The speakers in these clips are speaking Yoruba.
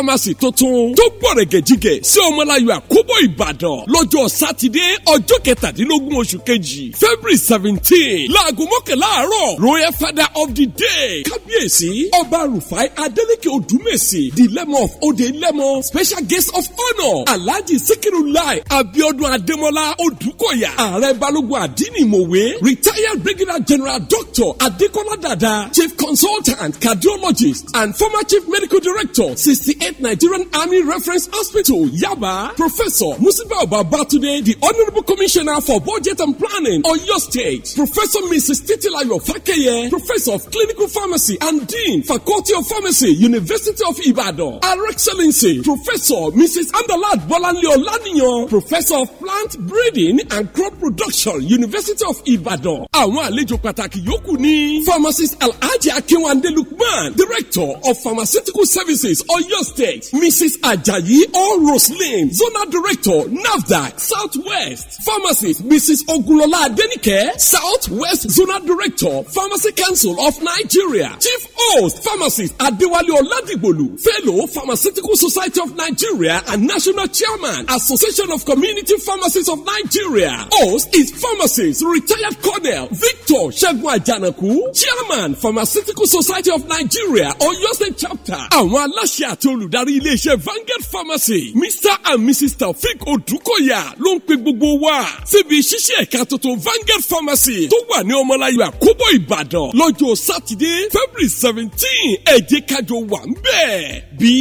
fámásì tuntun tó gbọ̀rẹ̀gẹ̀ jígẹ̀ sí ọmọláyọ̀ àkóbọ̀ ìbàdàn lọ́jọ́ sátidé ọjọ́ kẹtàdínlógún oṣù kejì february seventeen láago mọ́kànlá àárọ̀ royal father of the day kábíyèsí ọba rufai adeleke odumesi the lemon of ode lemon special guest of honour alhaji sikiru lai abiodun ademola odukoya ààrẹ balógun adínìmọ̀wé retired regular general doctor adekola dada chief consultant cardiologist and former chief medical director sixty eight. 8 Nigerian Army Reference Hospital, Yaba. Professor Musiba Babatude, the Honorable Commissioner for Budget and Planning, on your State. Professor Mrs. Titilayo Fakeye, Professor of Clinical Pharmacy and Dean, Faculty of Pharmacy, University of Ibadan. Our Excellency, Professor Mrs. Andalad Bolanle Olaniyan, Professor of Plant Breeding and Crop Production, University of Ibadan. Àwọn àlejò pàtàkì yòókù ní Pharmacist Alhaji Akinwande Lukman, Director of Pharmaceutical Services, Oyo State architect mrs ajayi o roslyn zonal director nafdac southwest pharmacist mrs ogunlola adenike southwest zonal director pharmacy council of nigeria chief host pharmacist adewale oladigbolu fellow pharmaceutical society of nigeria and national chairman association of community pharmacists of nigeria host is pharmacist retired colonel victor segun ajanaku chairman pharmaceutical society of nigeria oyo state chapter àwọn aláṣẹ àti olùdókòwò olùdarí iléeṣẹ́ Vanguard Pharmacy Mr and Mrs Taofik Odukoya ló ń pe gbogbo wa síbi ṣíṣe ẹ̀ka tuntun Vanguard Pharmacy tó wà ní ọmọláyọ àkóbọ̀ Ìbàdàn lọ́jọ́ sátidé February seventeen ẹ jẹ́ ká jọ wà ń bẹ̀ bí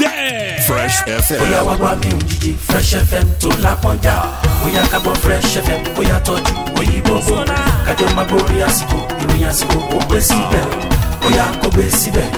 dẹ́. Fresh FM. bóyá wàá wá mi ò yíyí Fresh FM tó lápọ́njà bóyá ká gbọ́ Fresh FM bóyá tọ́jú òyìnbó bò kájọ máa gbórí àsìkò ìròyìn àsìkò ó pé síbẹ̀ bóyá kò gbé síbẹ̀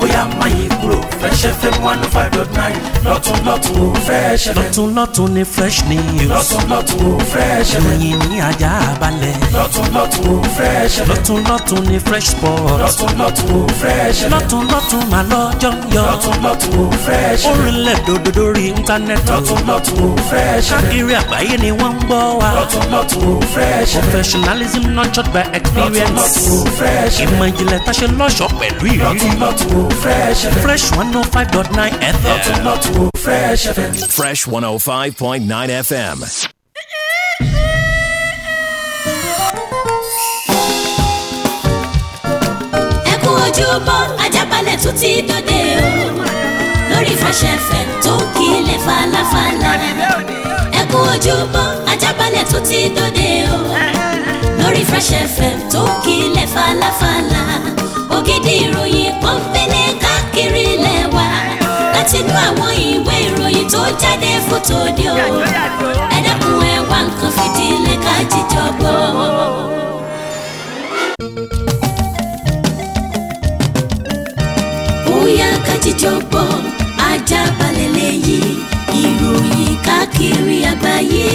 bóyá má yí kúrò Fresh FM one five dot nine lọ́tún lọ́tún ó Fresh FM. lọ́tún lọ́tún ni fresh news. lọ́tún lọ́tún ó Fresh FM. ròyìn ní ajá balẹ̀. lọ́tún lọ́tún ó Fresh FM. lọ́tún lọ́tún ni fresh sport. lọ́tún lọ́tún ó Fresh FM. lọ́tún lọ́tún mà lọ́jọ́ ń yọ. lọ́tún lọ́tún ó Fresh FM. orílẹ̀ dòdò lórí íńtánẹ́ẹ̀tì. lọ́tún lọ́tún ó Fresh FM. káàkiri àgbáyé ni wọ́n ń gbọ́ wa. lọ́tún lọ́tún ó Fresh FM. professionalism nurtured by experience. lọ́tún lọ́tún ó Fresh FM. ìmọ̀ ìjìnlẹ̀ tá a ṣe lọ́ rọ̀ṣọ̀ pẹ̀lú ìrọ̀tún. lọ́tún fresh fm. fresh one oh five dot nine fm. lọ́tún fresh fm. fresh one oh five point nine fm. Oh ẹ ojúbọ ajábalẹ̀ tó ti dòde o lórí fresh fm tó kílẹ̀ falafala ẹ ojúbọ ajábalẹ̀ tó ti dòde o lórí fresh fm tó kílẹ̀ falafala ògidì ìròyìn kan fẹlẹ̀ káàkiri lẹ́wà láti inú àwọn ìwé ìròyìn tó jáde fótó di o ẹ dẹ́kun ẹ wá nǹkan fìdílé ká jíjọ gbọ́. bóyá ká jíjọ gbọ́ ajá balẹ̀ lẹ́yìn ìròyìn káàkiri àgbáyé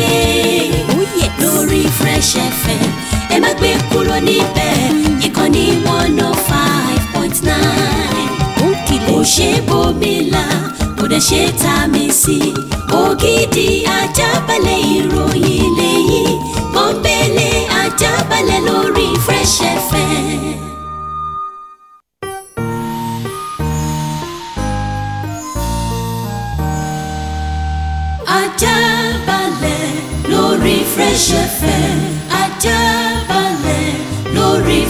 oh lórí Fresh FM ẹ má gbé kúrò níbẹ̀ ìkànnì one oh five point nine. ó kìlẹ̀ kò ṣe bómi la kò dẹ̀ ṣe tá a mi sí. ògidì ajábalẹ̀ ìròyìn lẹ́yìn pọ́npẹ́lẹ́ ajábalẹ̀ lórí Fresh FM. ajábalẹ̀ lórí Fresh FM ajá.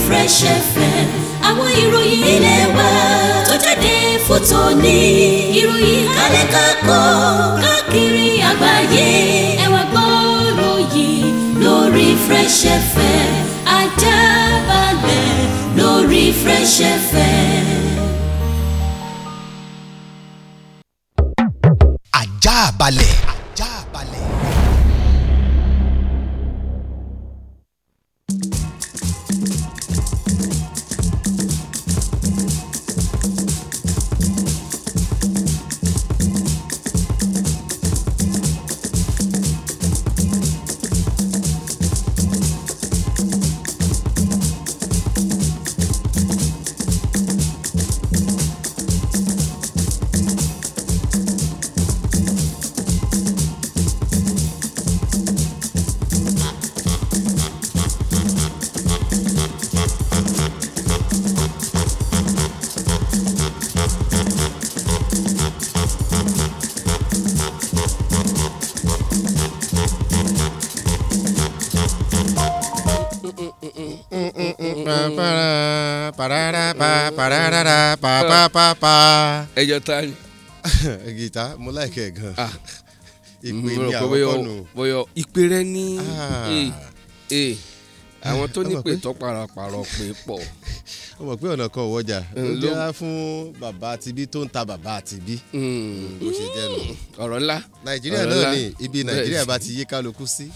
Fresh FM àwọn ìròyìn ilé wa tó jáde fún tòní ìròyìn kálẹ̀ kákọ́ káàkiri àgbáyé ẹ wá gbọ́rọ̀ yìí lórí Fresh FM ajá balẹ̀ lórí Fresh FM. ajá balẹ̀. pàápàá. ẹjọ ta ni. gita mo láìkẹ gan. Ah. ìpè mm, ní àwọn kọ́nù. bóyọ ìpè rẹ ní ah. eh, eh. àwọn tó ní pè tó parapàrọ̀ pè pọ̀. ó mọ̀ pé ọ̀nà kan ò wọjà eh, ló jẹ́ fún bàbá àtibí tó ń ta bàbá àtibí. Hmm. bó ṣe jẹ́ nù. ọ̀rọ̀ ńlá. nàìjíríà náà ni ibi nàìjíríà bá ti yí kálukú sí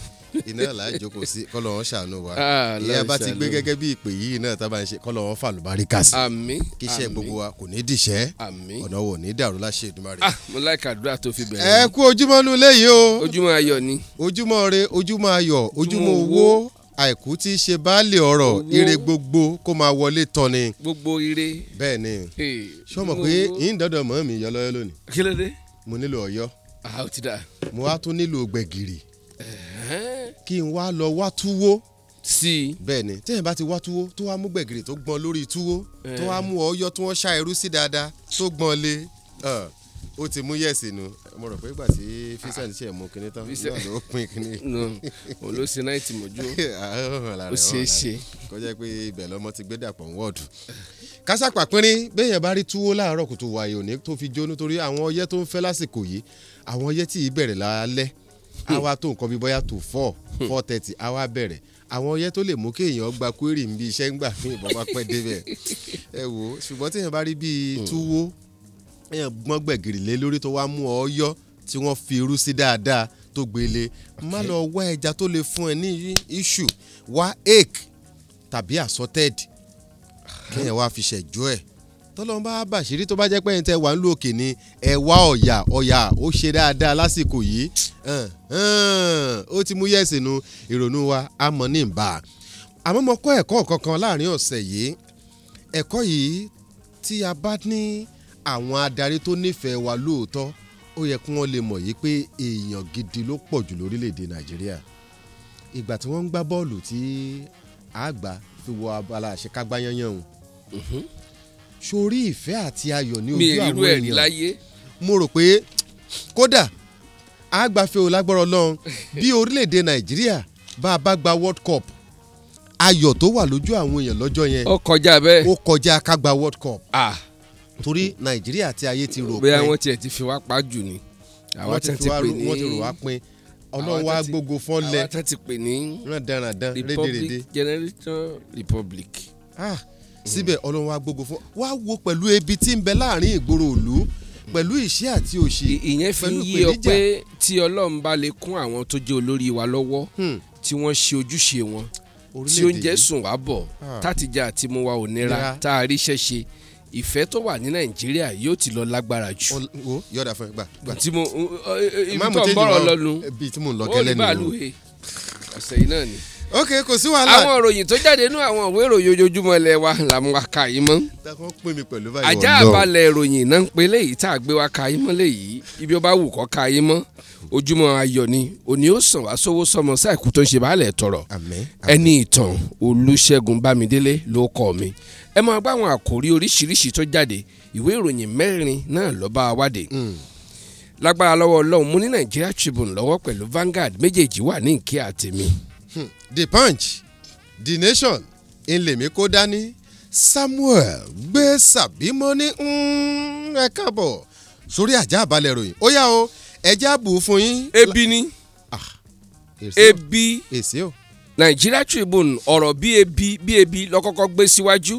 iná làájókòó sí kọ́lọ̀ ah, ṣàánú wa ìyá bá ti gbé gẹ́gẹ́ bí ìpè yìí náà tá a bá ń ṣe kọ́lọ̀ wọn sí kí iṣẹ́ gbogbo wa kò ní dìṣẹ́ ọ̀nà wo ní dàrú láṣẹ Èdùmàrè. Ah, mo láìka àdúrà tó fi bẹ̀rẹ̀. ẹ kú ojúmọ́ nu léyìí o ojúmọ́ ayọ̀ ni ojúmọ́ re ojúmọ́ ayọ̀ ojúmọ́ owó àìkú tí í ṣe baálé ọ̀rọ̀ ire gbogbo kó máa wọlé tán ni. gbogbo ire. bẹ́ẹ̀ ni ṣé o mọ̀ pé yín dandan mọ́ mi yọ lónìí. kí ló dé. mo nílò ọ̀yọ́. àá ah, ó ti dà. mo wá tún nílò gbẹ̀gìrì kí n wá lọ wá túwó. sí i bẹ́ẹ̀ ni téèyàn bá ti wá túwó tó wá mú gbẹ̀gìrì tó gbọ́n lórí túwó tó wá mú ọyọ́ tó wọ́n ṣá irú sí dáadáa tó gbọ́n lé ó ti mú yẹ̀sì nu mo rò pé ìgbà tí fíṣàn ṣe mú kinní tán yóò ló pin kinní. o ló ṣe náà ìtìmọ̀jú ah, ó ṣe é ṣe. kọjá pé ibẹ̀ lọmọ ti gbé dàpọ̀ ń wọ́ọ̀dù kásápà pínrín béèyàn bá rí túwó láàárọ̀ kùtù wàyò ní tó fi jó nítorí àwọn ọyẹ́ tó ń fẹ́ lásìkò yìí àwọn ọyẹ́ tí ì bẹ̀rẹ̀ lálẹ́ Hmm. àwa tó nǹkan bíi bóyá tó four hmm. four thirty àwa bẹ̀rẹ̀ àwọn ọyẹ tó lè mú kéèyàn gba query ń bí iṣẹ́ ń gbà fún ìbọn bá pẹ́ débẹ̀ ẹ wò ó ṣùgbọ́n téèyàn bá rí bíi hmm. túwó èèyàn gbọ́n gbẹ̀gìrì lé lórí tó wá mú ọ yọ tí wọ́n fi irú sí dáadáa tó gbélé má lọ wá ẹja tó lè fún ẹ ní issue wá egg tàbí assorted kéèyàn wá fi ṣẹ̀jọ́ ẹ̀ tọ́lọ́n bá bàṣírí tó bá jẹ́ pé ẹ̀yin tẹ́ wà ń lu òkè ni ẹ wá ọ̀yà ọ̀yà ó ṣe dáadáa lásìkò yìí ó ti mú yẹ̀sìn nu ìrònú wa á mọ̀ ní ìbá àmọ́ mo kọ́ ẹ̀kọ́ kankan láàrin ọ̀sẹ̀ yìí ẹ̀kọ́ yìí tí a bá ní àwọn adarí tó nífẹ̀ẹ́ wa lóòótọ́ ó yẹ kí wọ́n lè mọ̀ yìí pé èèyàn gidi ló pọ̀ jù lórílẹ̀‐èdè nàìjíríà ìgbà tí wọ́n ń gbá bọ́ọ̀lù tí àgbà fi wọ abala àṣekágbá yányán o sórí ìfẹ́ àti ayọ̀ ní ojú àwọn ènìyàn mo rò pé kódà àgbàfẹ́ ò lágbára ọlọ́run bí orílẹ̀-èdè nàìjíríà bá a bá gba world cup ayọ̀ tó wà lójú àwọn èèyàn lọ́jọ́ yẹn ó kọjá bẹ́ẹ̀ ó kọjá ká gba world cup ah. torí nàìjíríà tí ayé ti rò pé bóyá wọ́n tiẹ̀ ti fi wá pa jù ni àwọn tí wọ́n ti rò wá pin ọlọ́run wa gbogbo fọ́n lẹ̀ àwọn tí wọ́n ti pè ní Republic Generation Republic. Ah Mm. síbẹ̀ ọlọ́run wa gbogbo fún wa wo pẹ̀lú ebi tí ń bẹ láàrin ìgboro òlu mm. pẹ̀lú ìṣẹ́ àti òṣì ìyẹn fi ń yé ọ pé tí ọlọ́run bá lè kún àwọn tó jẹ́ olórí wa lọ́wọ́ hmm. tí wọ́n ṣe ojúṣe wọn tí oúnjẹ sùn wá bọ̀ ah. tátìjà àti mu wa ò nira tá a rí iṣẹ́ ṣe ìfẹ́ tó wà ní nàìjíríà yóò ti lọ lágbára jù. o yọ̀dà fún ẹ gbà. tí mo ibi tó ń bọ̀rọ̀ lọ́nu ó ní bàálù he ọ̀sẹ̀ yìí náà ni ok kò sí wàhálà. àwọn òròyìn tó jáde nínú àwọn òwe ìròyìn ojoojúmọ́ ilẹ̀ wa là ń wa ka yìí mọ́. takun pè mí pẹ̀lú báyìí ọ̀dọ́. ajá àbálẹ̀ ìròyìn náà ń pe léyìí tá a gbé wa ka yìí mọ́ léyìí ibi ó bá wù kó ka yìí mọ́ ojúmọ́ ayọ̀ ni òní ó sàn wá sówó sọmọ sáìkú tó ń ṣe baálẹ̀ tọrọ ẹni ìtàn Olúṣẹ́gun Bámidélé ló kọ mi ẹ máa gbá àwọn àkòrí oríṣiríṣi tó jáde ìwé ìròyìn mẹ́rin náà ló bá wádé hmm. lágbára lọ́wọ́ Ọlọ́run mo ní Nigeria Tribune lọ́wọ́ pẹ̀lú Vanguard méjèèjì wà ní ìkí àtẹ̀mí the punch the nation ńlẹ̀mí kó dání samuel gbé sàbímọ ní hmm, ẹ káàbọ̀ sórí ajá balẹ̀ ròyìn ó yá o ẹja bù ú fún yín. ebi ni ah, ebi Nigeria Tribune ọ̀rọ̀ bí ebi bí ebi lọ́kọ́kọ́ gbé síwájú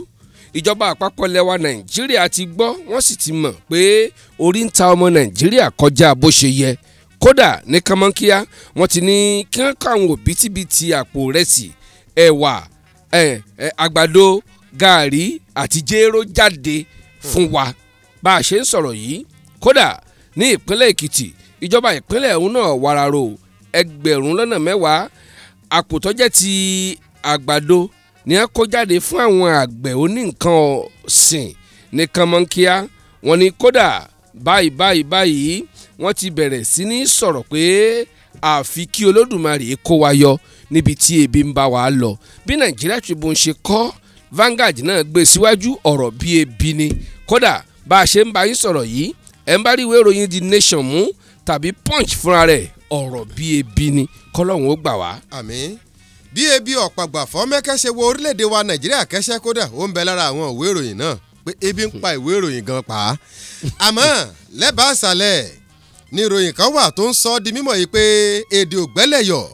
ìjọba àpapọ̀ lẹwa Nàìjíríà ti gbọ́ wọ́n sì ti mọ̀ pé orí ń ta ọmọ Nàìjíríà kọjá bó ṣe yẹ kódà ní kánmọ́nkíá wọ́n ti ní kí wọ́n kọ́ àwọn òbítíbitì àpò rẹsì ẹ̀wà àgbàdo gàárì àti jéró jáde fún wa bá a ṣe ń sọ̀rọ̀ yìí kódà ní ìpínlẹ̀ èkìtì ìjọba ìpínlẹ̀ ọ̀hún náà wararo ẹgbẹ̀rún lọ́nà mẹ́wàá àpò ti àgbàdo ni a kó jáde fún àwọn àgbẹ̀ oní nǹkan ọ̀sìn ní kánmọ́nkíá wọ́n ní kódà báyìí báyìí báyìí wọ́n ti bẹ̀rẹ̀ sí ní sọ̀rọ̀ pé àfi kí olódùmarè kó wa yọ níbi tí ebi ń bá wa lọ bí nàìjíríà Tribune ṣe kọ Vanguard náà gbé e síwájú ọ̀rọ̀ bí ebi ni kódà bá a ṣe ń bá yín sọ̀rọ̀ yìí ẹ̀ ń bá rí ìwé ìròyìn The Nation mú tàbí Punch fúnra rẹ̀ ọ̀rọ̀ bí ebi ni kọ́lọ́hún ó gbà wá. àmín bí ebi ọ̀pàgbà fọ́mẹ́kẹ́ ṣe wo orílẹ̀-èdè wa nàìjíríà kẹ́sẹ́ kódà ó ń bẹ lára àwọn ìwé ìròyìn náà pé ebi ń pa ìwé ìròyìn gan pa á àmọ́ lẹ́bàá àṣálẹ̀ ní ìròyìn kan wà tó ń sọ di mímọ̀ yìí pé èdè ògbẹ́lẹ̀yọ̀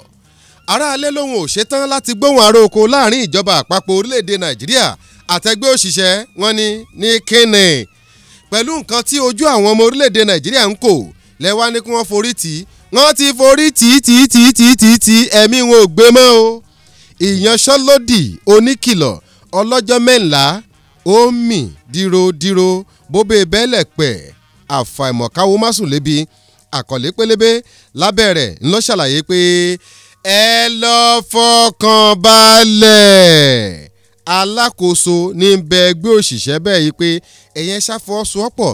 aráalé lòun ò ṣetán láti gbóhùn aróko láàrin ìjọba àpapọ̀ orílẹ̀-èdè nàìjíríà àtẹgbẹ́ òṣìṣẹ́ wọn ni ní kínní pẹ̀lú nǹkan tí ojú àwọn ọmọ orílẹ̀-èdè nàìjíríà ń kò lẹ́wà ní kí wọ́n forí tì í wọ́n ti forí tì í tì í tì í tì í tì í tì í ẹ̀mí wọn ò gbé mọ́ o ìyanṣẹ́lódì oníkìlọ̀ ọlọ́jọ́ mẹ́ńlá ó mì dírodíro bóbá bẹ́lẹ̀ pẹ̀ àfàìmọ̀káwó másùnlébi àkọlé pélébé lábẹ́ rẹ̀ ńlọ ṣàlàyé pé ẹ lọ fọkàn balẹ̀ alákòóso ní bẹ̀ ẹgbẹ́ òṣìṣẹ́ bẹ́ẹ̀ yìí pé ẹ̀yẹn ṣàfọwọ́sowọ́pọ̀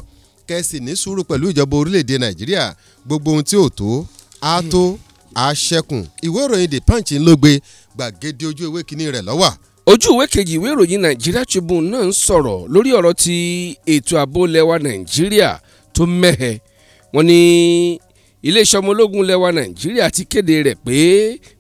kẹ́sì ní sùúrù pẹ̀lú ìjọba orílẹ̀‐èdè nàìjíríà gbogbo ohun tí ò tó á tó á ṣẹ́kùn ìwé ìròyìn the punch ń ló gbé gbàgede ojú ewé kínní rẹ̀ lọ́wà ojú ìwé kejì ìwé ìròyìn nàìjíríà tribune náà ń sọ̀rọ̀ lórí ọ̀rọ̀ ti ètò ààbò lẹ́wà nàìjíríà tó mẹ́hẹ̀ wọ́n ní iléeṣẹ́ ọmọ ológun lẹwa nàìjíríà ti kéde rẹ̀ pé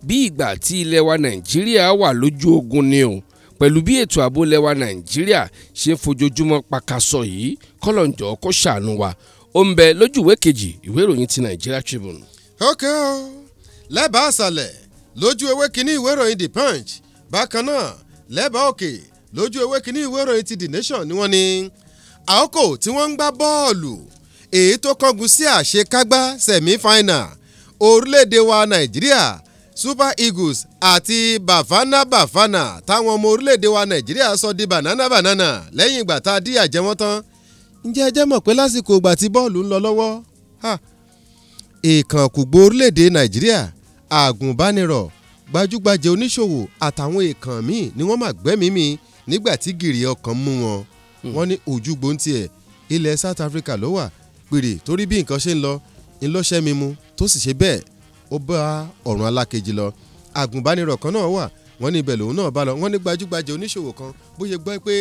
bí ìgbà tí ilẹ̀wa nàìjíríà wà lójú ogun ni o pẹ̀lú bí ètò ààbò lẹwa nàìjíríà ṣe fojoojúmọ́ pakasọ yìí kọ́lọ̀njọ́ kó ṣàánú wa ó ń bẹ lójú ìwé kejì ìwé ìròyìn ti Nigeria Tribune. ok o lẹ́bàá àṣàlẹ̀ lójú ewé kínní ìwé ìròyìn The Punch bákan náà lẹ́bàá òkè lójú ewé kínní ìwé ìròyìn ti The Nation ni wọ́n ní àókò tí wọ́n ń gbá bọ́ọ̀lù èyí tó kángun sí àṣekágbá semi-final orílẹ̀-èdè wa nàìjíríà super eagles àti bafana bafana táwọn ọmọ orílẹ̀-èdè wa nàìjíríà sọ di banana banana lẹ́yìn ìgbà tá a díyà jẹ wọ́n tán ǹjẹ́ ẹ jẹ́ mọ̀ pé lásìkò ìgbà tí bọ́ọ̀lù ń lọ lọ́wọ́ ìkànkùgbò orílẹ̀-èdè nàìjíríà àgùnbánirọ̀ gbajúgbajà oníṣòwò àtàwọn èèkàn míì ni wọ́n máa gbẹ́mìí mi nígbà tí gìrì ọkàn mú wọn hmm. wọ́n ní ojúgbó ń tiẹ̀ ilẹ̀ South Africa ló wà pèrè torí bí nǹkan ṣe ń lọ ńlọ́ṣẹ́ mi mu tó sì ṣe bẹ́ẹ̀ ó bá ọ̀run alákejì lọ àgùnbánirọ̀ kan náà wà wọ́n ní ibẹ̀ lòun náà bá lọ wọ́n ní gbajúgbajà oníṣòwò kan bóyá gbọ́ pé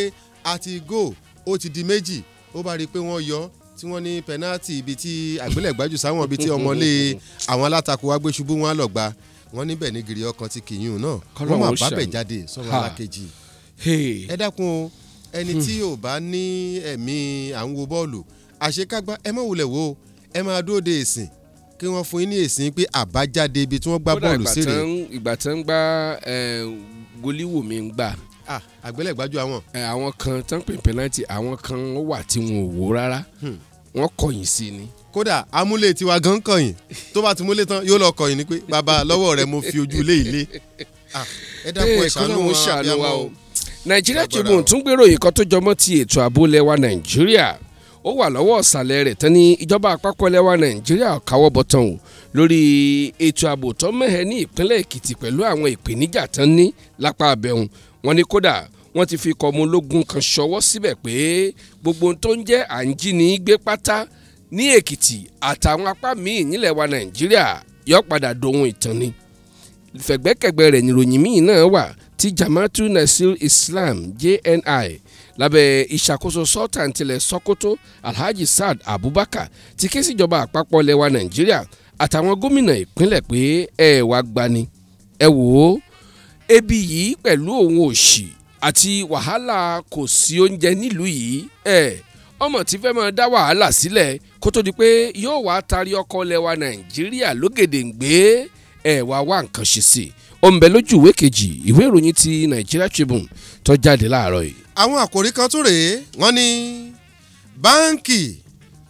àti go ó ti di méjì ó bá rí i pé wọ́n yọ tí wọ́n ní pẹnáàtì ibi tí àgbélẹ̀gbájú sáwọn ibi tí ọmọlé àwọn alátakò wá gbé ṣubú wọn á lọ gbà wọ́n níbẹ̀ ní gírí ọkàn ti kìyìn náà wọ́n máa bá bẹ̀ jáde sọ̀rọ̀ alákejì ẹ dákun ẹni hmm. tí yóò bá ní ẹ̀mí à ń wo bọ́ọ̀lù àṣekágbá ẹ má wulẹ̀ wo ẹ máa dúró de èsìn kí wọ́n fún yín ní èsìn pé àbájáde ibi tí wọ́n gbá bọ́ọ̀lù sí rè. ìgbà tán ń gbá goliwoo mi ń gbà. àgbélẹ̀gbájú àwọn. àwọn kan tán pè pẹ́nàtì àwọn kan wà tí wọn ò wò rárá hmm. wọ́n kọ̀yìn sí ni kódà amúlé tiwa gan kọyìn tó bá ti múlé tán yóò lọ kọyìn ni pé bàbá lọ́wọ́ rẹ mo fi ojú ilé nàìjíríà Tribune tún gbèrò ìkan tó jọmọ́ ti ètò ààbò lẹ́wà nàìjíríà ó wà lọ́wọ́ ọ̀sàlẹ̀ rẹ̀ tán ní ìjọba àpapọ̀ lẹ́wà nàìjíríà káwọ́ bọ̀tán o lórí ètò ààbò tó mẹ́hẹ̀ ní ìpínlẹ̀ èkìtì pẹ̀lú àwọn ìpèníjà tán ní lápá abẹ́hùn wọn ni kódà wọ́n ti fi ikọ̀ ọmọ ológun kan ṣọwọ́ síbẹ̀ pé gbogbo ohun tó ń jẹ́ à ń jí ní gbé pátá ní èkìtì àtàwọn apá míì nílẹ̀ wa nàìjíríà yọ padà dohun ìtàn ni fẹ̀gbẹ́kẹ̀gbẹ́ rẹ̀ níròyìn míì náà wà tí Jama'atu Nasir Islam JNI lábẹ́ ìṣàkóso sultan tilẹ̀ Sokoto Alhaji Saad Abubakar ti ké síjọba àpapọ̀ lẹwa Nàìjíríà àtàwọn gómìnà ìpínlẹ̀ pé ẹ wá gbani ẹ wò ó ebi yìí pẹ̀lú òun òṣì àti wàhálà kò sí oúnjẹ nílùú yìí ẹ ọmọ tí fẹ́ máa dá wàhálà sílẹ̀ kó tó di pé yóò wá tari ọkọ lẹwa Nàìjíríà lógèdè ẹ wá wá nǹkan ṣe sí i ó ń bẹ lójú ìwé kejì ìwé ìròyìn ti Nigeria Tribune tó jáde láàárọ̀ yìí. àwọn àkòrí kan tó rèé wọ́n ní báńkì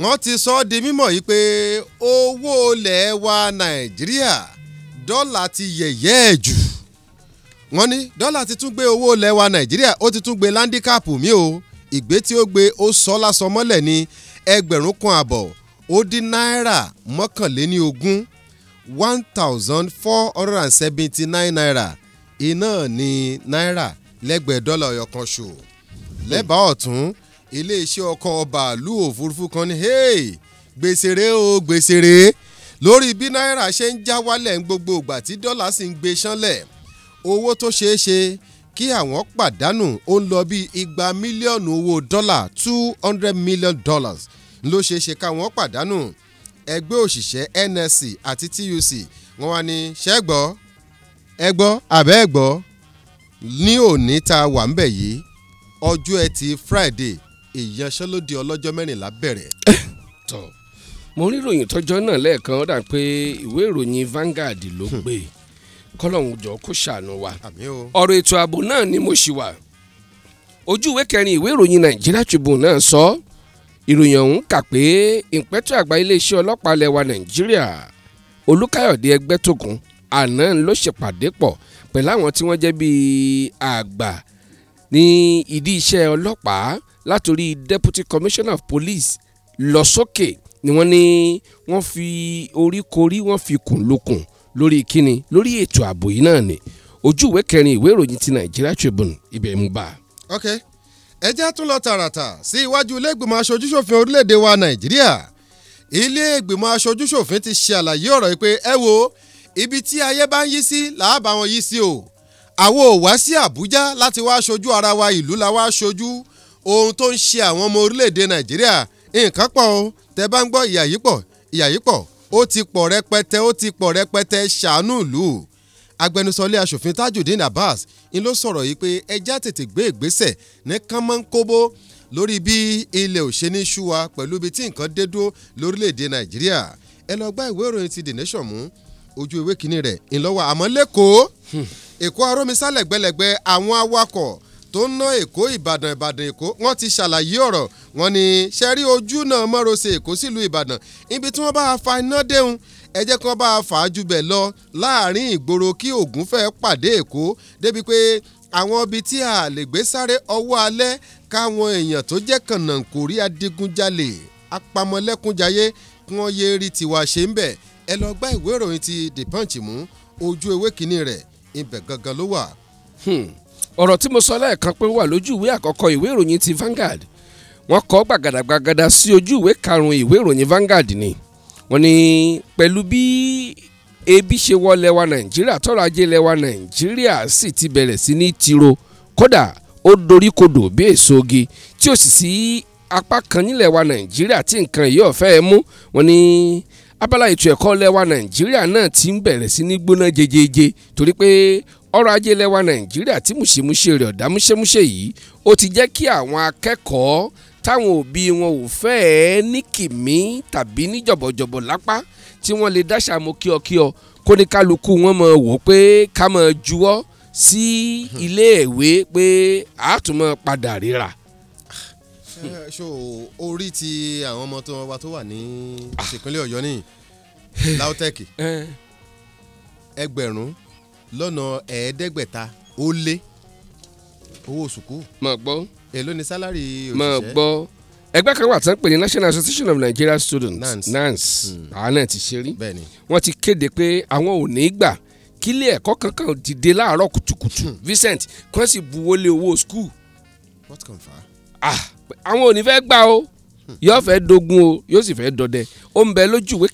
wọ́n ti sọ ọ́ di mímọ̀ yìí pé owó ilẹ̀ wa Nàìjíríà dọ́là ti yẹ̀yẹ́ ẹ̀ jù wọ́n ní dọ́là ti tún gbé owó ilẹ̀ wa Nàìjíríà ó ti tún gbé láńdíkàpù mi o ìgbé tí ó gbé ó sọ lásán mọ́lẹ̀ ní ẹgbẹ̀rún kan àbọ̀ ó dín náírà mọ́kànléní ogún one thousand four hundred and seventy nine naira iná ní náírà lẹ́gbẹ̀ẹ́ dọ́là ọyọ kan ṣò lẹ́bàá ọ̀tún iléeṣẹ́ ọkọ̀ bàálù òfurufú kan ní hey gbèsè rèé o gbèsè rèé lórí bí náírà ṣe ń já wálẹ̀ ń gbogbo ìgbà tí dọ́là sì ń gbé sánlẹ̀ owó tó ṣeé ṣe kí àwọn pàdánù ó ń lọ bí igba mílíọ̀nù owó dọ́là two hundred million dollars ló ṣeé ṣe káwọn pàdánù ẹgbẹ́ òṣìṣẹ́ NSC àti TUC wọ́n wá ní ṣẹ́gbọ́ ẹgbọ́ àbẹ́ ẹgbọ́ ní òní tá a wà ń bẹ̀ yìí ọjọ́ ẹtì Friday ìyanṣẹ́lódì ọlọ́jọ́ mẹ́rìnlá bẹ̀rẹ̀. tọ́ mo rí ìròyìn tọ́jọ́ náà lẹ́ẹ̀kan ó dà pé ìwé ìròyìn Vanguard ló hmm. gbé e. kọ́lọ́hún jọ kó ṣàánú wa ọ̀rọ̀ ètò ààbò náà ni mo ṣì wà ojú ìwé kẹrin ìwé ìròyìn Nigeria Tribune náà sọ so, ìròyìn ọ̀hún kà pé ìpẹ́tọ́ àgbà iléeṣẹ́ ọlọ́pàá lẹwa nàìjíríà olùkàyọ̀dé ẹgbẹ́tókun àná ló ṣèpàdé pọ̀ pẹ̀lú àwọn tí wọ́n jẹ́ bíi àgbà ní ìdí iṣẹ́ ọlọ́pàá látòrí deputy commissioner of police lọ sókè ni wọ́n ní wọ́n fi orí korí wọ́n fi kùn lukùn lórí kíni lórí ètò ààbò yìí náà ni ojú ìwé kẹrin ìwé ìròyìn ti Nigeria Tribune ibẹ̀ mú bá. okay ẹ jẹ́ tún lọ tààràtà sí iwájú ilé ìgbìmọ̀ aṣojúṣòfin orílẹ̀-èdè wa nàìjíríà ilé ìgbìmọ̀ aṣojúṣòfin ti ṣe àlàyé ọ̀rọ̀ yìí pé ẹ wo ibi tí ayé bá ń yí sí làábà wọn yí sí o àwo ò wá sí àbújá láti wá aṣojú ara wa ìlú la wá aṣojú ohun tó ń ṣe àwọn ọmọ orílẹ̀-èdè nàìjíríà nǹkan pọ̀ o tẹ bá ń gbọ́ ìyà yìí pọ̀ ìyà yìí pọ̀ ó ti pọ̀ rẹpẹtẹ ó ti pọ̀ rẹpẹtẹ ṣàánú ìlú agbẹnusọ ilé aṣòfin Tajudeen Abbas ń ló sọ̀rọ̀ yìí pé ẹjá tètè gbé ìgbésẹ̀ ní kánmọ́nkóbó lórí bí ilẹ̀ òṣèlú ṣúwa pẹ̀lú ibi tí nǹkan dé dúró lórílẹ̀‐èdè Nàìjíríà ẹ lọ gbá ìwé ìròyìn ti The Nation mú ojú ìwé kínní rẹ̀ ńlọ́wọ́ àmọ́ lẹ́kọ̀ọ́ èkó arómisálẹ̀ gbẹlẹ̀gbẹ àwọn awakọ̀ tó ń ná èkó ìbàdàn ìbàdàn èkó wọ́n ti ṣàlàyé ọ̀rọ̀ wọn ni ṣẹ́rí ojú náà mọ́rọ̀ọ́sẹ̀ èkó sílùú ìbàdàn ibi tí wọ́n bá fa iná déhùn ẹ jẹ́ kán bá a fà á jù bẹ̀ lọ láàrin ìgboro kí Ògùn fẹ́ pàdé Èkó débi pé àwọn ibi tí a lè gbé sáré ọwọ́ alẹ́ káwọn èèyàn tó jẹ́ kànáńkórí adigunjalè apamọ́lẹ́kúnjayé kí wọ́n yéé rí tiwa ṣe ń bẹ̀ ẹ lọ gbá ìwé ìròyìn ti The Punch mú ojú ewé kínní rẹ̀ ibẹ̀ gangan ló wà. Hmm. ọ̀rọ̀ tí mo sọ lẹ́ẹ̀kan pé wà lójú ìwé àkọ́kọ́ ìwé ìròyìn ti Vanguard wọ́n kọ gbàgàdàgbàgàdà sí ojú ìwé karùn-ún ìwé ìròyìn Vanguard ni wọ́n ní pẹ̀lú bí ebi ṣe wọ lẹ́wà nàìjíríà tọ́rọ̀ ajé lẹ́wà nàìjíríà sì ti bẹ̀rẹ̀ sí ní tiro kódà ó dorí kodò bí èso oge tí ó sì sí apá kan nílẹ̀ wa nàìjíríà tí nǹkan yìí ọ̀fẹ́ mú wọ́n ní abala ètò ẹ̀kọ́ lẹ́wà nàìjíríà náà ti ń bẹ̀rẹ̀ sí ní gbóná jejeje torí pé ọrọ̀ ajé lẹ́wà nàìjíríà tí mùṣemúṣe rẹ̀ ọ̀dá múṣemúṣe yìí ó ti jẹ́ kí àwọn akẹ́kọ̀ọ́ táwọn òbí wọn ò fẹ́ ẹ ní kìmí tàbí ní jọ̀bọ̀jọ̀bọ̀ lápá tí wọ́n lè dáṣà mọ́ kíọkíọ kó ní kálukú wọn mọ̀ wò pé ká mọ̀ juwọ́ sí hmm. iléèwé pé àtúmọ̀ padà ríra. ṣó hmm. eh, orí ti àwọn ọmọ tó wà tó wà ní ah. ìpínlẹ̀ ọ̀yọ́ nìyí LAUTECH eh. ẹgbẹ̀rún lọ́nà ẹ̀ẹ́dẹ́gbẹ̀ta ó lé owó sùkúù. mọ̀ gbọ́ èló ni sálárì òṣìṣẹ́. mọ̀ gbọ́ ẹgbẹ́ kan wà tán pè ní National Association of Nigeria Students NANS hmm. àwọn náà ti ṣe rí wọ́n ti kéde pé àwọn ò ní gbà kílé ẹ̀kọ́ kankan dìde láàárọ̀ kùtùkùtù hmm. Vincent kí wọ́n sì buwọ́lé owó skul. what can fa. ah àwọn ò ní fẹ́ gbà o hmm. yóò fẹ́ dogun o yóò sì fẹ́ dọdẹ ó ń bẹ lójú ìwé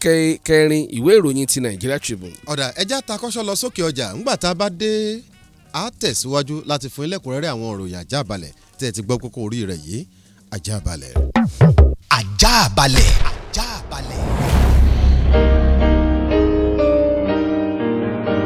kẹrin ìwé ìròyìn ti Nigeria Tribune. ọ̀dà ẹja takọ́ṣọ́ lọ sókè ọjà ńgbà tá a bá dé á tẹ̀síwájú láti fún ilẹ̀kùnrẹ́rẹ́ àwọn òròyìn àjàbalẹ̀ tẹ́ ẹ ti gbọ́ kókó orí rẹ̀ yìí àjàbalẹ̀. àjàbalẹ̀ àjàbalẹ̀.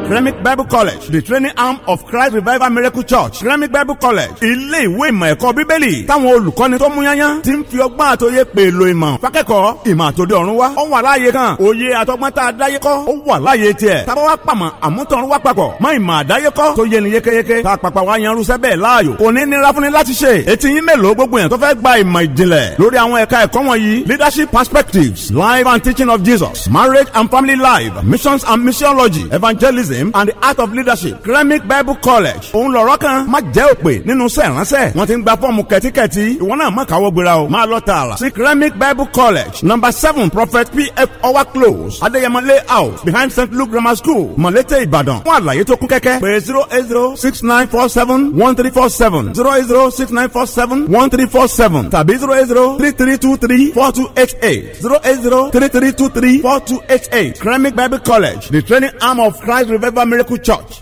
Gremic Bible College, the training arm of Christ Revival Miracle Church, Gremic Bible College, ilé ìwé ìmọ̀ ẹ̀kọ́ bíbélì, táwọn olùkọ́ni tó mú yányán ti ń fi ọgbọ́n àtòyé pèlò ìmọ̀ fákẹ́kọ̀ọ́ ìmọ̀ àtòdì ọ̀run wá. Ó wà láàyè kan, òye àtọgbọ́n tá a dáyé kọ́, ó wà láàyè tiẹ̀. Tábà wá pàmò àmútọ̀run wá papọ̀, mọ ìmọ̀ àdáyé kọ́ tó yẹ ni yékéyéké. Tá a pàpà wá yan irúṣẹ́ bẹ́ẹ̀ láàyò. Kò ní nira fúnni láti ṣe. Etí yín mélòó gbogbo Leadership perspectives, life and teaching of Jesus, marriage and family life, missions and missiology, evangelism Evangelism and the Art of Leadership Gremic Bible College. Òun lọ̀rọ̀ kan má jẹ́ òpè nínú sẹ́ẹ̀ránṣẹ́. Wọ́n ti ń gba fọ́ọ̀mù kẹ̀tíkẹ̀tí. Ìwọ náà má káwọ́ gbéra o. Máa lọ tààrà sí Gremic Bible College number seven Prophet P.F. Owa Close Adéyẹmọ Layout behind St. Luke Grammar School Mọ̀lété Ìbàdàn. Fún àlàyé tó kún kẹ́kẹ́ pé zero eight zero six nine four seven one three four seven zero eight zero six nine four seven one three four seven tàbí zero eight zero three three two three four two eight eight zero eight zero three three two three four two eight eight Gremic Bible College the training arm of Christ Revival. forever miracle church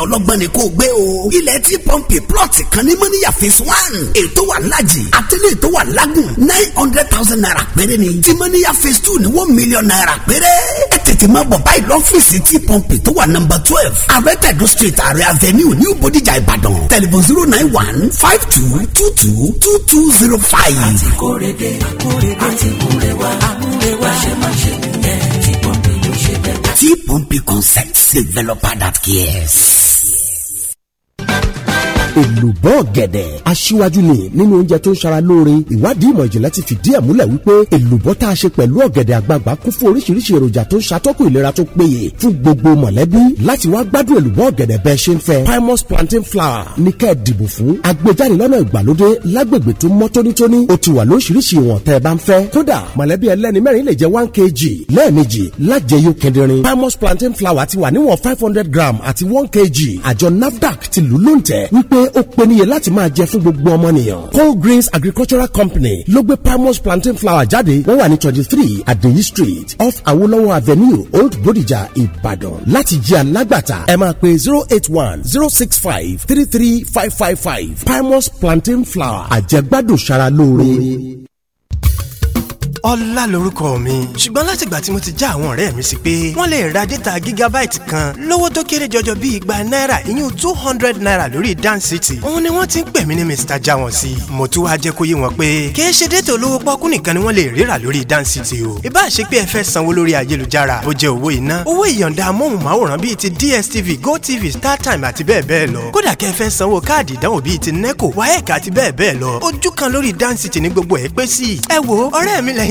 ọlọ́gbọ́n ni kò gbé o. ilẹ̀ tí pọ́ǹpì plọ̀tì kan ní mọ́níyà phase one ètò wà lájì àtẹlẹ́ ètò wà lágùn nine hundred thousand naira péré ni tí mọ́níyà phase two ni one million naira péré. ẹ tètè máa bọ̀ báyìí lọ́fíìsì tí pọ́ǹpì tó wà nọ́mbà twelve arẹ́tẹ̀dù street àrẹ avenue new bodijà ìbàdàn tẹlifon zero nine one five two two two two two zero five. àti kórede àti kúrẹ́wà àmúrẹ́wà ṣe máa ṣe nìyẹn. T-Pumpy concept. developer that cares. èlùbọ́ ọ̀gẹ̀dẹ̀ aṣíwájú ni nínú oúnjẹ tó ń ṣara lóore ìwádìí ìmọ̀ ìjìnlẹ̀ ti fìdí ẹ̀ múlẹ̀ wípé èlùbọ́ tá a ṣe pẹ̀lú ọ̀gẹ̀dẹ̀ àgbagbà kún fún oríṣiríṣi èròjà tó ń ṣàtọ́kùn ìlera tó péye fún gbogbo mọ̀lẹ́bí láti wá gbádùn èlùbọ́ ọ̀gẹ̀dẹ̀ bẹ́ẹ̀ ṣe ń fẹ́ Primus planting flower, ní kẹ́ ẹ̀ dìbò fún agbèjáde lọ́nà ìgbàlódé lágbègbè tó mọ́ tónítóní ó ti wà lóríṣiríṣi ìwọ̀n tẹ́ ẹ bá ń fẹ́ kódà mọ̀lẹ́bí ẹlẹ́ni mẹ́rin lè jẹ́ one kg lẹ́ẹ̀mejì lájẹyó kẹdìrín Primus planting flower ti wà níwọ̀n five hundred gram àti one kg àjọ NAFDAC ti lù lóǹtẹ̀ wípé pé ó pèniyè láti máa jẹ fún gbogbo ọmọnìyàn. Colgreens Agricultural Company ló gbé Primus plantain flour jáde wọ́n wà ní twenty three Adeyi Street off Awolowo Avenue Old Bodija Ibadan. Láti jẹ́ alágbàtà ẹ máa pe zero eight one zero six five three three five five five Primus plantain flour àjẹgbádùn ṣara lóore ọlá lorúkọ mi. ṣùgbọ́n látìgbà tí mo ti já àwọn ọ̀rẹ́ mi sí pé wọ́n lè ra dẹ́ta gígábáìtì kan lówó tó kéré jọjọ bíi igba náírà ìyún two hundred naira lórí DanCity. òun ni wọ́n ti ń pè mí ní Mr. Jawon sí. mo tún wá jẹ́ kó yé wọn pé kì í ṣe dẹ́tà olówó pọ́kú nìkan ni wọ́n lè ríra lórí DanCity o. ìbá ṣe pé ẹ fẹ́ sanwó lórí ayélujára bó jẹ́ owó iná owó ìyọ̀ǹda amóhùnmáwòrán bíi ti DSTV GoTV StarTime àti bẹ́ẹ̀ bẹ́ẹ̀ lọ kódà kẹ́ fẹ́ sanwó káàdì ìdánwò bíi ti NECO kan lórí DanCity ní gbogbo ẹ̀ pé sí. ẹ wo ọ̀rẹ́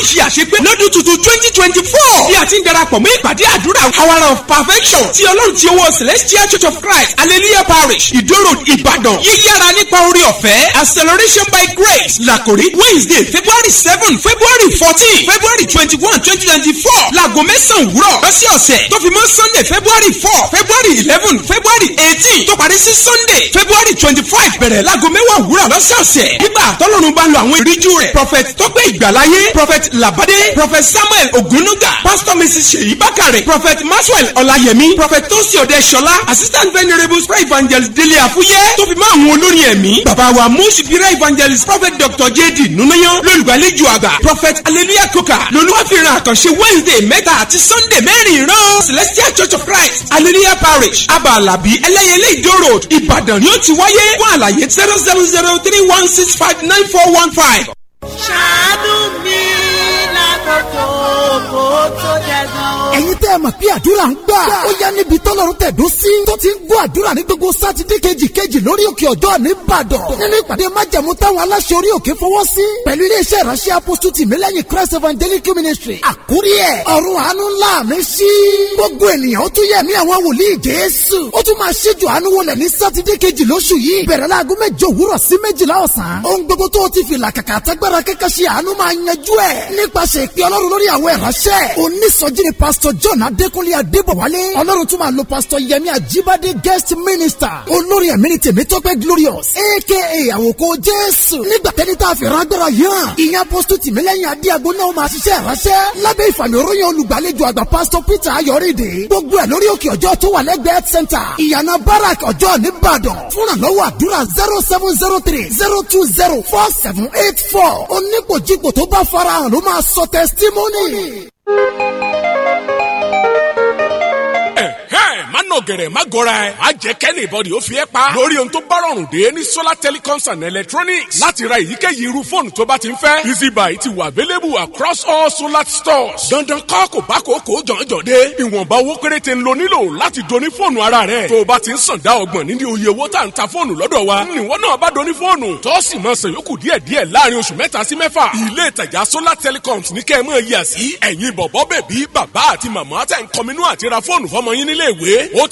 oríṣiríṣi àṣegbé lọ́dún tuntun twenty twenty four bí a ti ń darapọ̀ mọ́ ìpàdé àdúrà our of perfection ti ọlọ́run ti owó celestial church of christ hallelujah parish ìdóró ìbàdàn yíyára nípa orí ọ̀fẹ́ acceleration by grace làkòrí wednesday february seven february fourteen february twenty one twenty twenty four laago mẹ́sàn-án wúrọ̀ lọ́sẹ̀ ọ̀sẹ̀ tó fi mọ́ sunday february four february eleven february eighteen tó parí sí sunday february twenty five bẹ̀rẹ̀ laago mẹ́wàá wúrọ̀ lọ́sẹ̀ ọ̀sẹ̀ nígbà tọ́lọ́run bá lo àwọn ìríjú rẹ̀ prophet tó gbé ìgbàláyé prophet labade prophet samuel ogunuga pastor mrs seyi bakare prophet maxwell ọláyẹmí prophet tosi ọdẹsọlá assistant venerable spray evangelist dele afuye tó fi máa hun olórin ẹ̀mí bàbá wa mùsùlùmí evangelist prophet dr jd nunayan lólùgbàlejò àgbà prophet hallelujah koka lolúwàfíìràn àkànṣe wednesday mẹ́ta àti sunday mẹ́rin rán celestial church of christ hallelujah parish abalabi ẹlẹ́yẹlé ìdó road ìbàdàn ni ó ti wáyé fún àlàyé zero zero zero three one six five nine four one five. Otto ẹ̀yin tẹ́ ẹ mọ̀ pé àdúrà ń gbà ó yá níbi tọ́lọ́run tẹ̀dó sí tó ti ń gbọ́ àdúrà ní gbogbo sátidé kejì kejì lórí òkè ọjọ́ nìbàdàn nínú ìpàdé májẹ̀mú táwọn aláṣẹ orí òkè fọwọ́ sí pẹ̀lú iléeṣẹ́ ìránṣẹ́ apostol tìmílẹ́yìn Christ Evangelical Ministry àkórí ẹ̀ ọ̀run àánú ńlá mi sí gbogbo ènìyàn ó tún yẹ mí àwọn wòlíì Jésù ó tún máa ṣíjú àánú wọlé ní sátidé kejì lóṣù yìí bẹ̀rẹ̀ láago mẹ́jọ òwúrọ̀ sí méjìlá ọ̀sán ohun gbogbo tó o ti fi làkàkà àtẹ́gbára kẹ́kẹ́ ṣe àánú máa pastor john adékúnlé adébọ̀wálé ọlọ́run tún máa lo pastor yẹmi ajibade guest minister olórí ẹ̀mí ni tèmítọ́pẹ́ glorious aka àwòkọ́ jésù nígbà tẹ́ni tá a fẹ́ rágbára yàn ìyẹn apostle tìmílẹ́yìn adéago náà máa ṣiṣẹ́ ránṣẹ́ lábẹ́ ìfàmì oróyìn olùgbàlejò àgbà pastor peter ayọ̀rẹ́dẹ̀ gbogbo ẹ̀ lórí òkè ọjọ́ tó wà lẹ́gbẹ̀ẹ́ center ìyànà barak ọjọ́ nìbàdàn fúnra lọ́wọ́ àdúrà zero seven zero three zero two zero four seven eight four onípòjìpò tó bá farahàn ló máa sọ testimony. Thank you. ọ̀gẹ̀rẹ̀ má gọra ẹ̀. a jẹ́ kẹ́ni ìbọ̀dì ó fi ẹ́ pa. lórí ohun tó bá rọrùn dé ní solar telecoms and electronics. láti ra èyíkéyìí irú fóònù tó bá ti ń fẹ́. easy buy ti wà available across all solar stores. dandan kọ́ kò bá kò kò jọ̀njọ̀ dé. ìwọ̀nba owó péréte ń lo nílò láti doni fóònù ara rẹ̀. tó o bá ti ń sàn dá ọgbọ̀n nínú iye owó tá à ń ta fóònù lọ́dọ̀ wa. níwọ náà bá doni fóònù. tó sì máa san yòókù díẹ̀díẹ̀ láàrin oṣù mẹ́ta sí mẹ́fà. ilé ìtajà solar telecoms ní kẹ́ ẹ máa yà sí. ẹ̀yin bọ̀bọ́ bèbí bàbá àti màmá tẹ̀ ń kọminú àti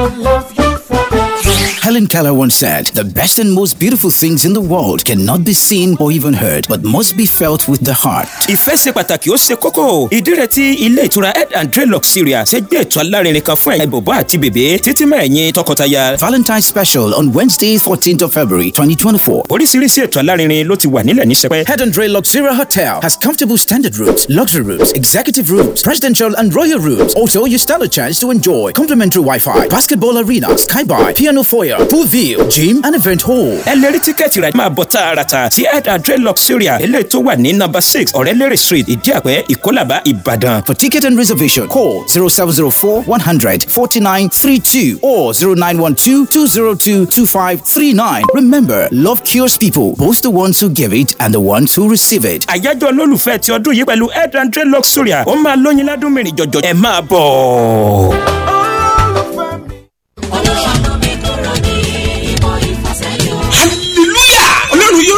love you forever. Helen Keller once said, The best and most beautiful things in the world cannot be seen or even heard, but must be felt with the heart. Ìfẹ́ ṣe pàtàkì ó ṣe kókó. Ìdí tí ilé ìtura Head and Dreadlock Syria ṣe gbé ètò alárinrin kan fún ẹ̀yin bòbá àti bèbè títí mọ́ ẹ̀yin tọkọtaya. Valentine special on Wednesday fourteenth of February twenty twenty four. Oríṣiríṣi ètò alárinrin ló ti wà nílẹ̀ ní sẹpẹ́. Head and Dreadlock Syria Hotel has comfortable standard rooms, luxury rooms, executive rooms, presidential and royal rooms. Also, you stand a chance to enjoy complimentary Wi-Fi, basketball arena, skybar, piano foyer, Area pool view gym and event hall. ẹ lè rí tíkẹ́ẹ̀tì rà máa bọ̀ tààràtà sí head and dread luxuria eléyìí tó wà ní number six ọ̀rẹ́lérè street ìdíàpẹ́ ìkólàbà ìbàdàn. for ticket and reservation call zero seven zero four one hundred forty nine three two or zero nine one two two zero two two five three nine. remember love cures people both the ones who give it and the ones who receive it. àyájọ́ olólùfẹ́ ti ọdún yìí pẹ̀lú head and dread luxuria ó máa lóyin ládùn mìíràn jọ̀jọ̀ ẹ máa bọ̀.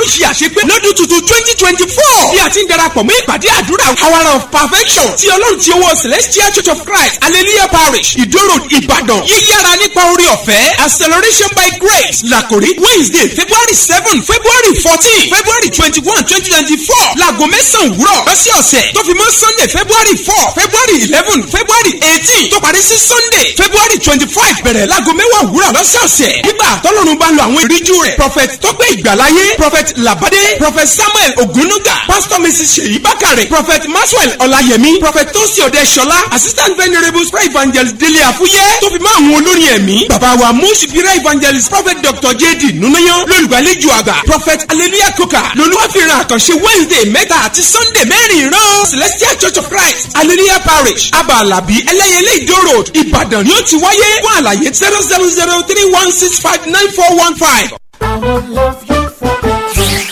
ń ṣe àṣepé lọ́dún tuntun twenty twenty four bí a ti ń darapọ̀ mọ́ ìpàdé àdúrà hour of perfection ti ọlọ́run ti owó celestial church of christ hallelujah parish ìdóró ìbàdàn yíyára nípa orí ọ̀fẹ́ acceleration by grace làkòrí wednesday february seven february fourteen february twenty one twenty twenty four laago mẹ́sàn-án wúrọ̀ lọ́sẹ̀ ọ̀sẹ̀ tó fi mọ́ sunday february four february eleven february eighteen tó parí sí sunday february twenty five bẹ̀rẹ̀ laago mẹ́wàá wúrọ̀ lọ́sẹ̀ ọ̀sẹ̀ nígbà tọ́lọ́run bá lo àwọn ìríjú rẹ̀ prophet tó gbé ìgbàláyé prophet labade prophet samuel ogunuga pastor mrs seyi bakare prophet maxwell ọláyẹmí prophet tosi ọdẹsọlá assistant venerable spray evangelist dele afuye tó fi máa hun olórin ẹ̀mí bàbá wa mosipira evangelist prophet dr jd nunayan lolùgbàlejò àgbà prophet hallelujah koka lolúwàfíìràn àkànṣe wednesday mẹ́ta àti sunday mẹ́rin ìran celestial church of christ hallelujah parish abalabi ẹlẹ́yẹlé ìdó road ìbàdàn ni ó ti wáyé fún àlàyé zero zero zero three one six five nine four one five. I will love you forever.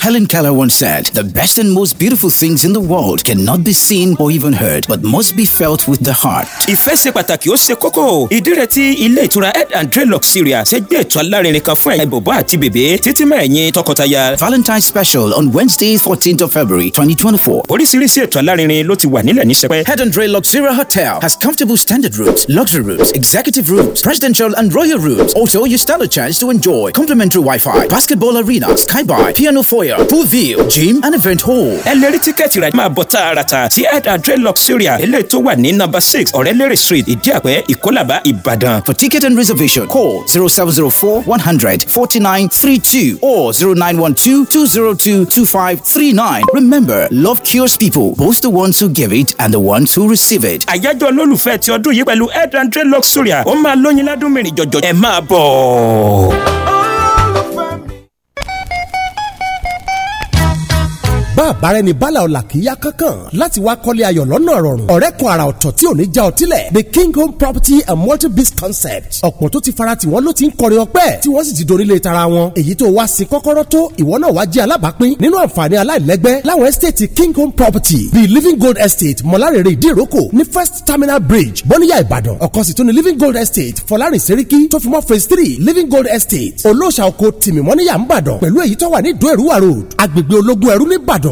Helen Keller once said, The best and most beautiful things in the world cannot be seen or even heard, but must be felt with the heart. Ìfẹ́ ṣe pàtàkì ó ṣe kókó. Ìdí tí ilé ìtura Head and Drain Luxuria ṣe gbé ètò alárinrin kan fún ẹ̀yin bòbá àti bèbè títí mọ́ ẹ̀yin tọkọtaya. Valentine special on Wednesday fourteenth of February twenty twenty four. Oríṣiríṣi ètò alárinrin ló ti wà nílẹ̀ ní sẹpẹ́. Head and Drain Luxuria Hotel has comfortable standard rooms, luxury rooms, executive rooms, presidential and royal rooms. Also, you stand a chance to enjoy complimentary Wi-Fi, basketball arena, skybar, piano Channel Foyer, Poolville, Gym and Event Hall. Ẹ lè rí tíkẹ́ẹ̀tì rà máa bọ̀ tààràtà sí Head and Dreadlock Syria eléyìí tó wà ní number six Ọ̀rẹ́lérè Street, Ìdíàpẹ́, Ìkólàbá, Ìbàdàn. For ticket and reservation, call zero seven zero four one hundred forty nine three two or zero nine one two two zero two two five three nine. Remember, love cures people, both the ones who give it and the ones who receive it. Àyájọ́ olólùfẹ́ ti ọdún yìí pẹ̀lú Head and Dreadlock Syria, ó máa lóyin ládùn mìíràn jọ̀jọ̀ ẹ máa bọ̀. bá àbárẹ́ni bala ọ̀la kìíyá kankan láti wá kọ́lé ayọ̀ lọ́nà rọrùn ọ̀rẹ́kùn àrà ọ̀tọ̀ tí ò ní já ọtí the king home property and multi-biz concept ọ̀pọ̀ tó ti fara tiwọn ló ti ń kọrin ọpẹ́ tí wọ́n sì ti dorí lé tara wọn èyí tó wá sí kọ́kọ́rọ́ tó ìwọ náà wá jẹ́ alábàápín nínú àǹfààní aláìlẹ́gbẹ́ láwọn estate king home property bíi living gold estate mọ̀lárèrè ìdíròkò ní first terminal bridge bóníyà ìbàdàn ọ̀kan sì tún ní living gold estate fọlárin seriki tó fi mọ́ phase three living gold estate olóòṣà oko tìmímọ́níyà ń bàdàn pẹ̀lú èyí tó wà ní ìdó road agbègbè ológun ẹrú ní ìbàdàn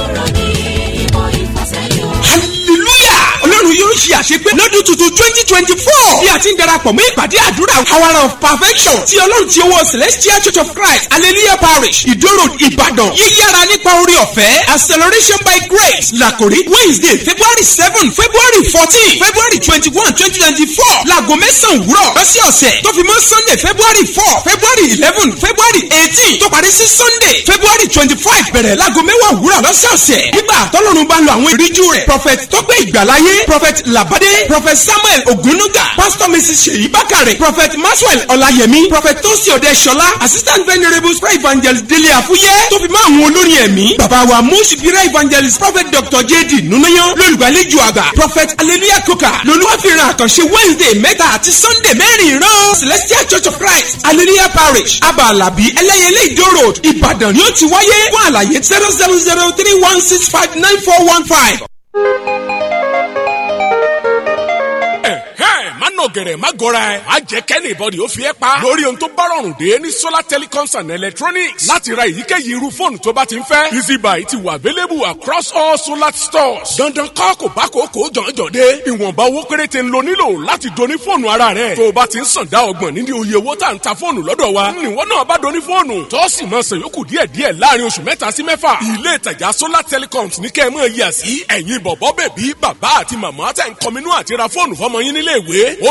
oríṣiríṣi. àṣepé lọ́dún tuntun twenty twenty four bí a ti ń darapọ̀ mọ́ ìpàdé àdúrà hour of perfection ti ọlọ́run ti owó celestial church of christ hallelujah parish ìdóró ìbàdàn yíyára nípa orí ọ̀fẹ́ acceleration by grace làkòrí wednesday february seven february fourteen february twenty one twenty twenty four laago mẹ́sàn-án wúrọ̀ lọ́sọ̀ọ̀sẹ̀ tó fi mọ́ sunday february four february eleven february eighteen tó parí sí sunday february twenty five bẹ̀rẹ̀ laago mẹ́wàá wúrọ̀ lọ́sọ̀ọ̀sẹ̀ nígbà tọ́lọ́run bá lo àwọn ìríjú rẹ̀ prophet tọ́pẹ́ ìgbàláyé prophet lab Àbádé prophet Samuel Ogunuga pastor Mrs. Seyi Bakare prophet Maxwell Ọláyẹmí prophet Tosin Ọdẹṣọlá assistant venerable spray evangelist Délé Àfúyé tó fi máa hun olórin ẹ̀mí bàbá wa mùsùlùmí evangelist prophet Dr. J.D. Nunayan lólùgbàlejò àgbà prophet hallelujah koka lolúwàfíìràn àkànṣe Wednesday mẹ́ta àti Sunday mẹ́rin rán Celestial Church of Christ hallelujah parish abalabi ẹlẹ́yẹlé ìdó road Ìbàdàn ni ó ti wáyé fún àlàyé zero seven zero three one six five nine four one five. àánú gẹ̀rẹ̀ má gọra ẹ̀. má jẹ́ kẹ́ni ìbọ̀dì ó fi ẹ́ pa. lórí ohun tó bá rọrùn dé ní solar telecoms and electronics. láti ra èyíkéyìí irú fóònù tó bá ti ń fẹ́. easy buy ti wà available across all solar stores. dandan kọ́ kò bá kò kò jọ̀njọ̀ dé. ìwọ̀nba owó péréte ń lo nílò láti doni fóònù ara rẹ̀. tó o bá ti ń sàn dá ọgbọ̀n nídìí oye owó tá à ń ta fóònù lọ́dọ̀ wa. níwọ̀n náà bá doni fóònù. tó sì máa san yòókù díẹ̀díẹ̀ láàrin oṣù mẹ́ta sí mẹ́fà. ilé ìtajà solar telecoms ní kẹ́ ẹ mọ̀ yíyà sí. ẹ̀yin bọ̀bọ̀ bèbí bàbá àti màmá tẹ̀ ń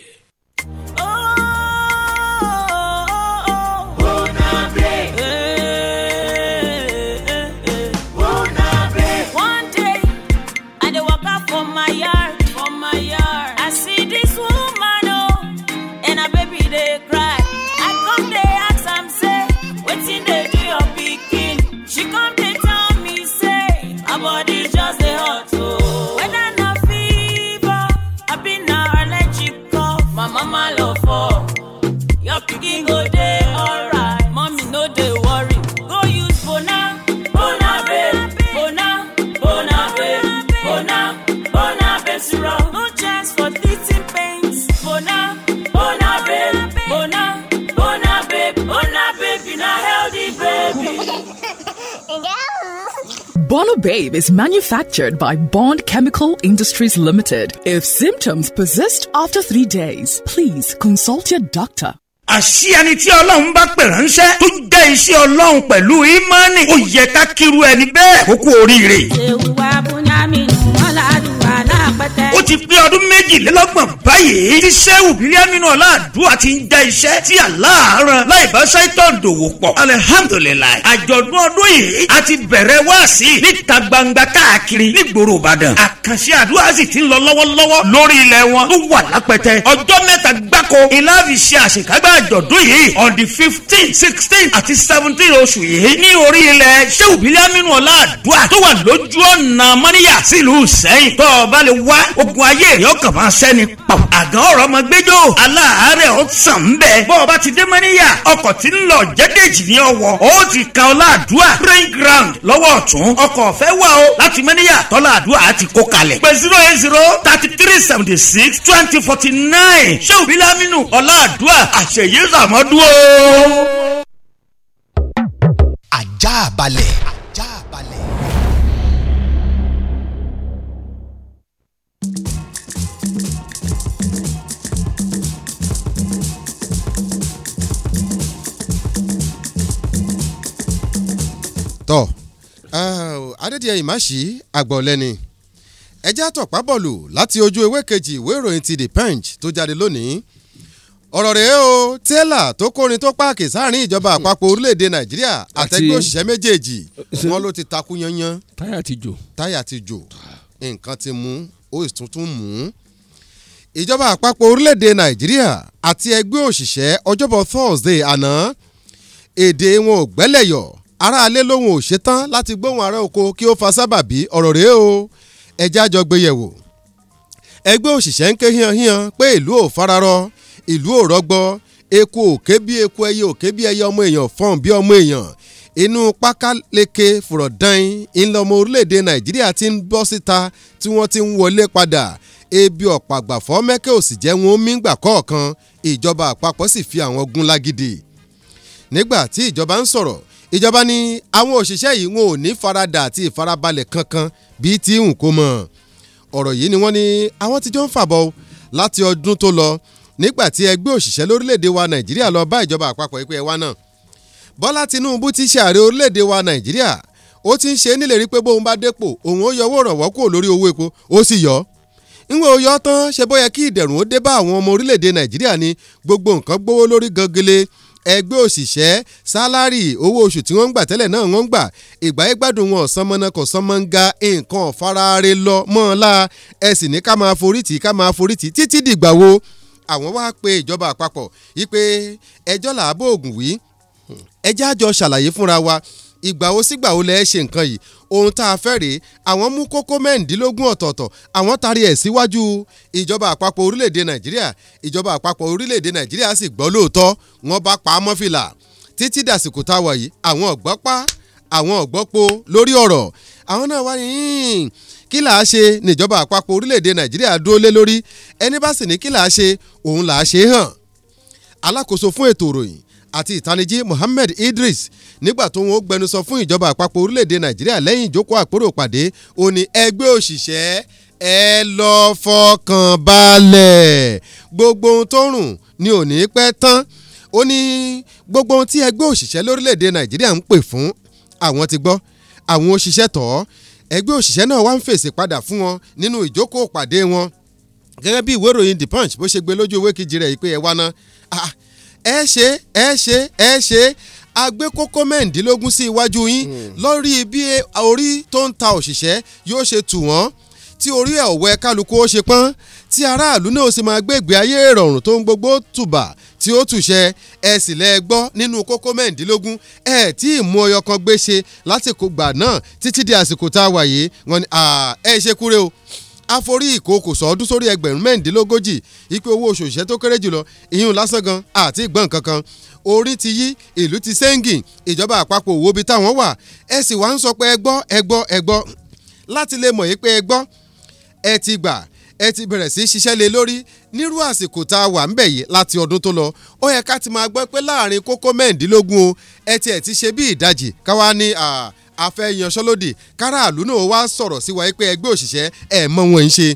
Bono Babe is manufactured by Bond Chemical Industries Limited. If symptoms persist after three days, please consult your doctor. àṣì ẹni tí ọlọ́run bá pè ránṣẹ́ tó jẹ́ iṣẹ́ ọlọ́run pẹ̀lú ìmọ̀ọ́nì ó yẹ ká kírú ẹni bẹ́ẹ̀ kókó oríire. rẹpẹtẹ. ó ti pé ọdún méjìlélọ́gbọ̀n báyìí tí sẹ́wù bíríàmínú ọ̀làdúrà ti ń jẹ́ iṣẹ́ tí àláàrán láì bá ṣáìtàn dòwò pọ̀. alihamudulilayi àjọ̀dún ọdún yìí a ti bẹ̀rẹ̀ wáàsí níta gbangba káàkiri nígboro ìbàdàn. àkànṣe àdúrà sì ti ń lọ lọ́wọ́lọ́wọ́ lórí ilẹ̀ wọn tó wà lápẹtẹ. ọjọ́ mẹ́ta gbáko ìlàfi ṣe àṣekágbá àjọ̀dún yìí on the fifteen sixteen àti seventeen oṣù yìí ní orí ilẹ̀ sẹ́wù bíríàmínú ọ̀làdúrà tó wà lójú ọ̀nà mọ́níyà sílùú sẹ́yìn tó o wá ogun ayé rẹ̀ ọkàn máa sẹ́ni pọ̀ àgàn ọ̀rọ̀ ọmọ gbẹjọ́ aláàárẹ̀ ó sàn ń bẹ̀ bọ́ ọba ti dé mọ́níyà ọkọ̀ tí ń lọ jẹ́dẹ̀jì ní ọwọ́ ó ti ka ọlá praying ground lọ́wọ́ ọ̀tún ọkọ̀ ọ̀fẹ́ wà ó láti mọ́níyà tọ́lá ti kó kalẹ̀ pé zero eight zero thirty three seventy six twenty forty nine ṣé òbí lámínú ọlá àṣeyé sàmọ́dúró. ajá balẹ̀. tọ́ ah, adédìyẹ ìmáṣí àgbà ọ̀lẹ́ni ẹjẹ́ àtọ̀pá bọ̀lù láti ojú ewé kejì ìwé ìròyìn ti the punch tó jáde lónìí ọ̀rọ̀ rèé o tẹ́là tó kórin tó páàkì sáàrin ìjọba àpapọ̀ orílẹ̀‐èdè nàìjíríà àtẹgbẹ́ òṣìṣẹ́ méjèèjì wọn ló ti takú yanyan táyà ti jò táyà ti jò nǹkan ti mú ó tuntun mú ìjọba àpapọ̀ orílẹ̀‐èdè nàìjíríà àti ẹgbẹ́ òṣìṣẹ́ ọjọ́bọ̀ thursday àná èdè wọn ò gbẹ́lẹ̀ aráalé lòun ò ṣetán láti gbóhùn ará oko kí ó fa sábàbí ọ̀rọ̀ rèé o ẹja jọ gbé yẹ̀wò ẹgbẹ́ òṣìṣẹ́ ń ké híyanhíyan pé ìlú ò fararọ ìlú ò rọgbọ eku òké bí eku ẹyẹ òké bí ẹyẹ ọmọ èèyàn fọ́n bí ọmọ èèyàn inú pákáleke fùrọ̀dán ńlọmọ orílẹ̀-èdè nàìjíríà ti ń bọ́ síta tí wọ́n ti ń wọlé padà ebi ọ̀pọ̀ àgbàfọ́ mẹ́kẹ́ òsì jẹ́ wọn mí gbà kọ̀ọ̀kan ìjọba àpapọ̀ sì fi àwọn ogun lágídí nígbà tí ìjọba ń sọ̀rọ̀ ìjọba ní àwọn òṣìṣẹ́ yìí wọn ò ní faradà àti ìfarabalẹ̀ kankan bíi ti hùn kó mọ̀ ọ̀rọ̀ yìí ni wọ́n ní àwọn ti jọ ń fàbọ̀ láti ọdún tó lọ nígbà tí ẹgbẹ́ òṣìṣẹ́ lórílẹ̀‐èdè wa nàìjíríà lọ bá ìjọba àpapọ̀ ìpè ẹ̀wá náà bọ́lá tinubu ti ṣe ààrẹ orílẹ̀‐èdè wa nàìjíríà ó ti ń ṣe nílẹ̀ rí pé bóun bá dépò òun ó yọwọ́ rọ̀wọ́ kúrò lórí owó epo ó sì yọ ìwé oyọ tán ṣe bóyá kí ìdẹ̀rùn ó dé bá àwọn ọmọ orílẹ̀‐èdè nàìjíríà ni gbogbo nǹkan gbówó lórí gangele ẹgbẹ́ òṣìṣẹ́ sálárì owó oṣù tí wọ́n ń gbà tẹ́lẹ̀ náà wọ́n ń gbà ìgbáyé gbádùn wọn ọ̀sánmọ́ná kò sánmọ́nga nǹkan ọ̀faraare lọ mọ́ ọ la ẹ sì ní ká máa forítì ká máa forítì títí dìgbà wo àwọn wá pe ìjọba àpapọ̀ yí pé ẹjọ́ làábò ògùn wí ẹjẹ́ àjọ ṣàlàyé fúnra wa ìgbà wo sígbà wo lẹ ṣe nǹkan yìí ohun tá a fẹ́ rèé àwọn mú kókó mẹ́rìndínlógún ọ̀tọ̀ọ̀tọ̀ àwọn tarí ẹ̀ síwájú ìjọba àpapọ̀ orílẹ̀-èdè nàìjíríà ìjọba àpapọ̀ orílẹ̀-èdè nàìjíríà sì gbọ́ lóòótọ́ wọn bá pa á mọ́fìlà títí dàsìkò tá a wà yìí àwọn ọ̀gbọ́n pa àwọn ọ̀gbọ́n po lórí ọ̀rọ̀ àwọn náà wá ní hmm, kí là á ṣe níjọba àpapọ̀ orílẹ̀-èdè nàìjíríà dúró lé lórí ẹni bá sì ní kí là á ṣe òun là á ṣe hàn alákòóso fún ètò ìròyìn àti ìtanijí Mohammed Idris nígbà tó wọn ó gbẹnusọ fún ìjọba àpapọ̀ orílẹ̀-èdè Nàìjíríà lẹ́yìn ìjókòó àpérò pàdé ó ní ẹgbẹ́ òṣìṣẹ́ ẹ lọ fọkàn balẹ̀ gbogbo ohun tó rùn ni ò ní pẹ́ tán ó ní gbogbo ohun tí ẹgbẹ́ òṣìṣẹ́ lórílẹ̀‐èdè Nàìjíríà ń pè fún àwọn ti gbọ́ àwọn òṣìṣẹ́ tọ̀ ẹgbẹ́ òṣìṣẹ́ náà wá ń fèsì padà fún wọn nínú ìjókòó pàdé wọn gẹ́gẹ́ bí ìwé ìròyìn The Punch bó ṣe gbé lójú ewé kejì rẹ̀ yìí pé ẹ wá ná ah, ẹ ṣe ẹ ṣe ẹ ṣe a gbé kókó mẹ́ǹdínlógún sí iwájú yín hmm. lórí bí orí tó ń ta òṣìṣẹ́ yóò ṣe tù wọ́n tí orí ẹ̀ ọ̀wẹ́ kálukú ó ṣe pọ́n tí aráàlú náà sì máa gbé ìgbé ayé ìrọ̀rùn tó ń gbogbo tùbà tí ó túṣẹ ẹ sì lẹ gbọ́ nínú kókó mẹ́ǹdínlógún ẹ tí ìmú ọyọ kan gbé lásìkò gbà náà títí di àsìkò tá a wà yìí wọ́n ní ẹ ṣe kúrẹ́ o àforí ìkókò sọ́ọ́dún sórí ẹgbẹ̀rún mẹ́rìndínlógójì ipe owó oṣù òṣìṣẹ́ tó kéré jùlọ ìyún lásán gan àti ìgbọ̀n kankan orí ti yí ìlú ti sẹ́ńgì ìjọba àpapọ̀ òwò bíi táwọn wà ẹ sì wá ń sọ pé ẹ gbọ́ ẹ gbọ́ ẹ gbọ́ láti lè mọ̀ yí pé ẹ gbọ́ ẹ ti gbà ẹ ti bẹ̀rẹ̀ sí ṣiṣẹ́ lé lórí nírú àsìkò tá a wà ń bẹ̀ yìí láti ọdún tó lọ ó yẹ ká ti máa gbọ́ pé láàrin kókó mẹ́ẹ̀ẹ́dínlógún o ẹ tiẹ̀ ti ṣe bí ìdajì káwá ní afẹ́ yanṣọ́lódì káràlú náà wá sọ̀rọ̀ sí wa pé ẹgbẹ́ òṣìṣẹ́ ẹ̀ mọ wọn ń ṣe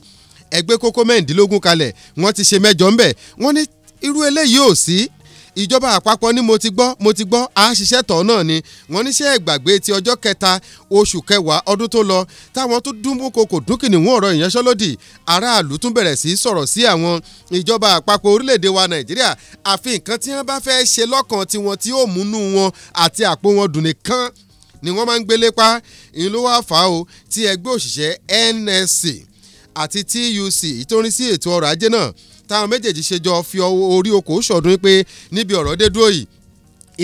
ẹgbẹ́ kókó mẹ́rìndínlógún kalẹ̀ wọ́n ti ṣe mẹ́jọ ńbẹ̀ wọ́n ní irú eléyìí ò sí ìjọba àpapọ̀ ní mo ti gbọ́ mo ti gbọ́ a ṣiṣẹ́ tọ̀ náà ni wọ́n níṣẹ́ ìgbàgbé ti ọjọ́ kẹta oṣù kẹwàá ọdún tó lọ táwọn tó dúnmú kokò dúnkìní wọn ọ̀rọ̀ ìyanṣẹ́lódì aráàlú tún bẹ̀rẹ̀ sí í sọ̀rọ̀ sí àwọn ìjọba àpapọ̀ orílẹ̀-èdè wa nàìjíríà àfi nǹkan tí wọ́n bá fẹ́ ṣe lọ́kàn tiwọn tí ó múnú wọn àti àpò wọn dùn nìkan ni wọ́n máa ń gbélé pa ìyẹn ló wáá fà á o tí ẹgbẹ́ òṣìṣẹ́ NSC àti TUC ìtòrin sí ètò ọrọ̀ ajé náà táwọn méjèèjì ṣe jọ fi orí okòó sọdún pé níbi ọ̀rọ̀ dé dúró yìí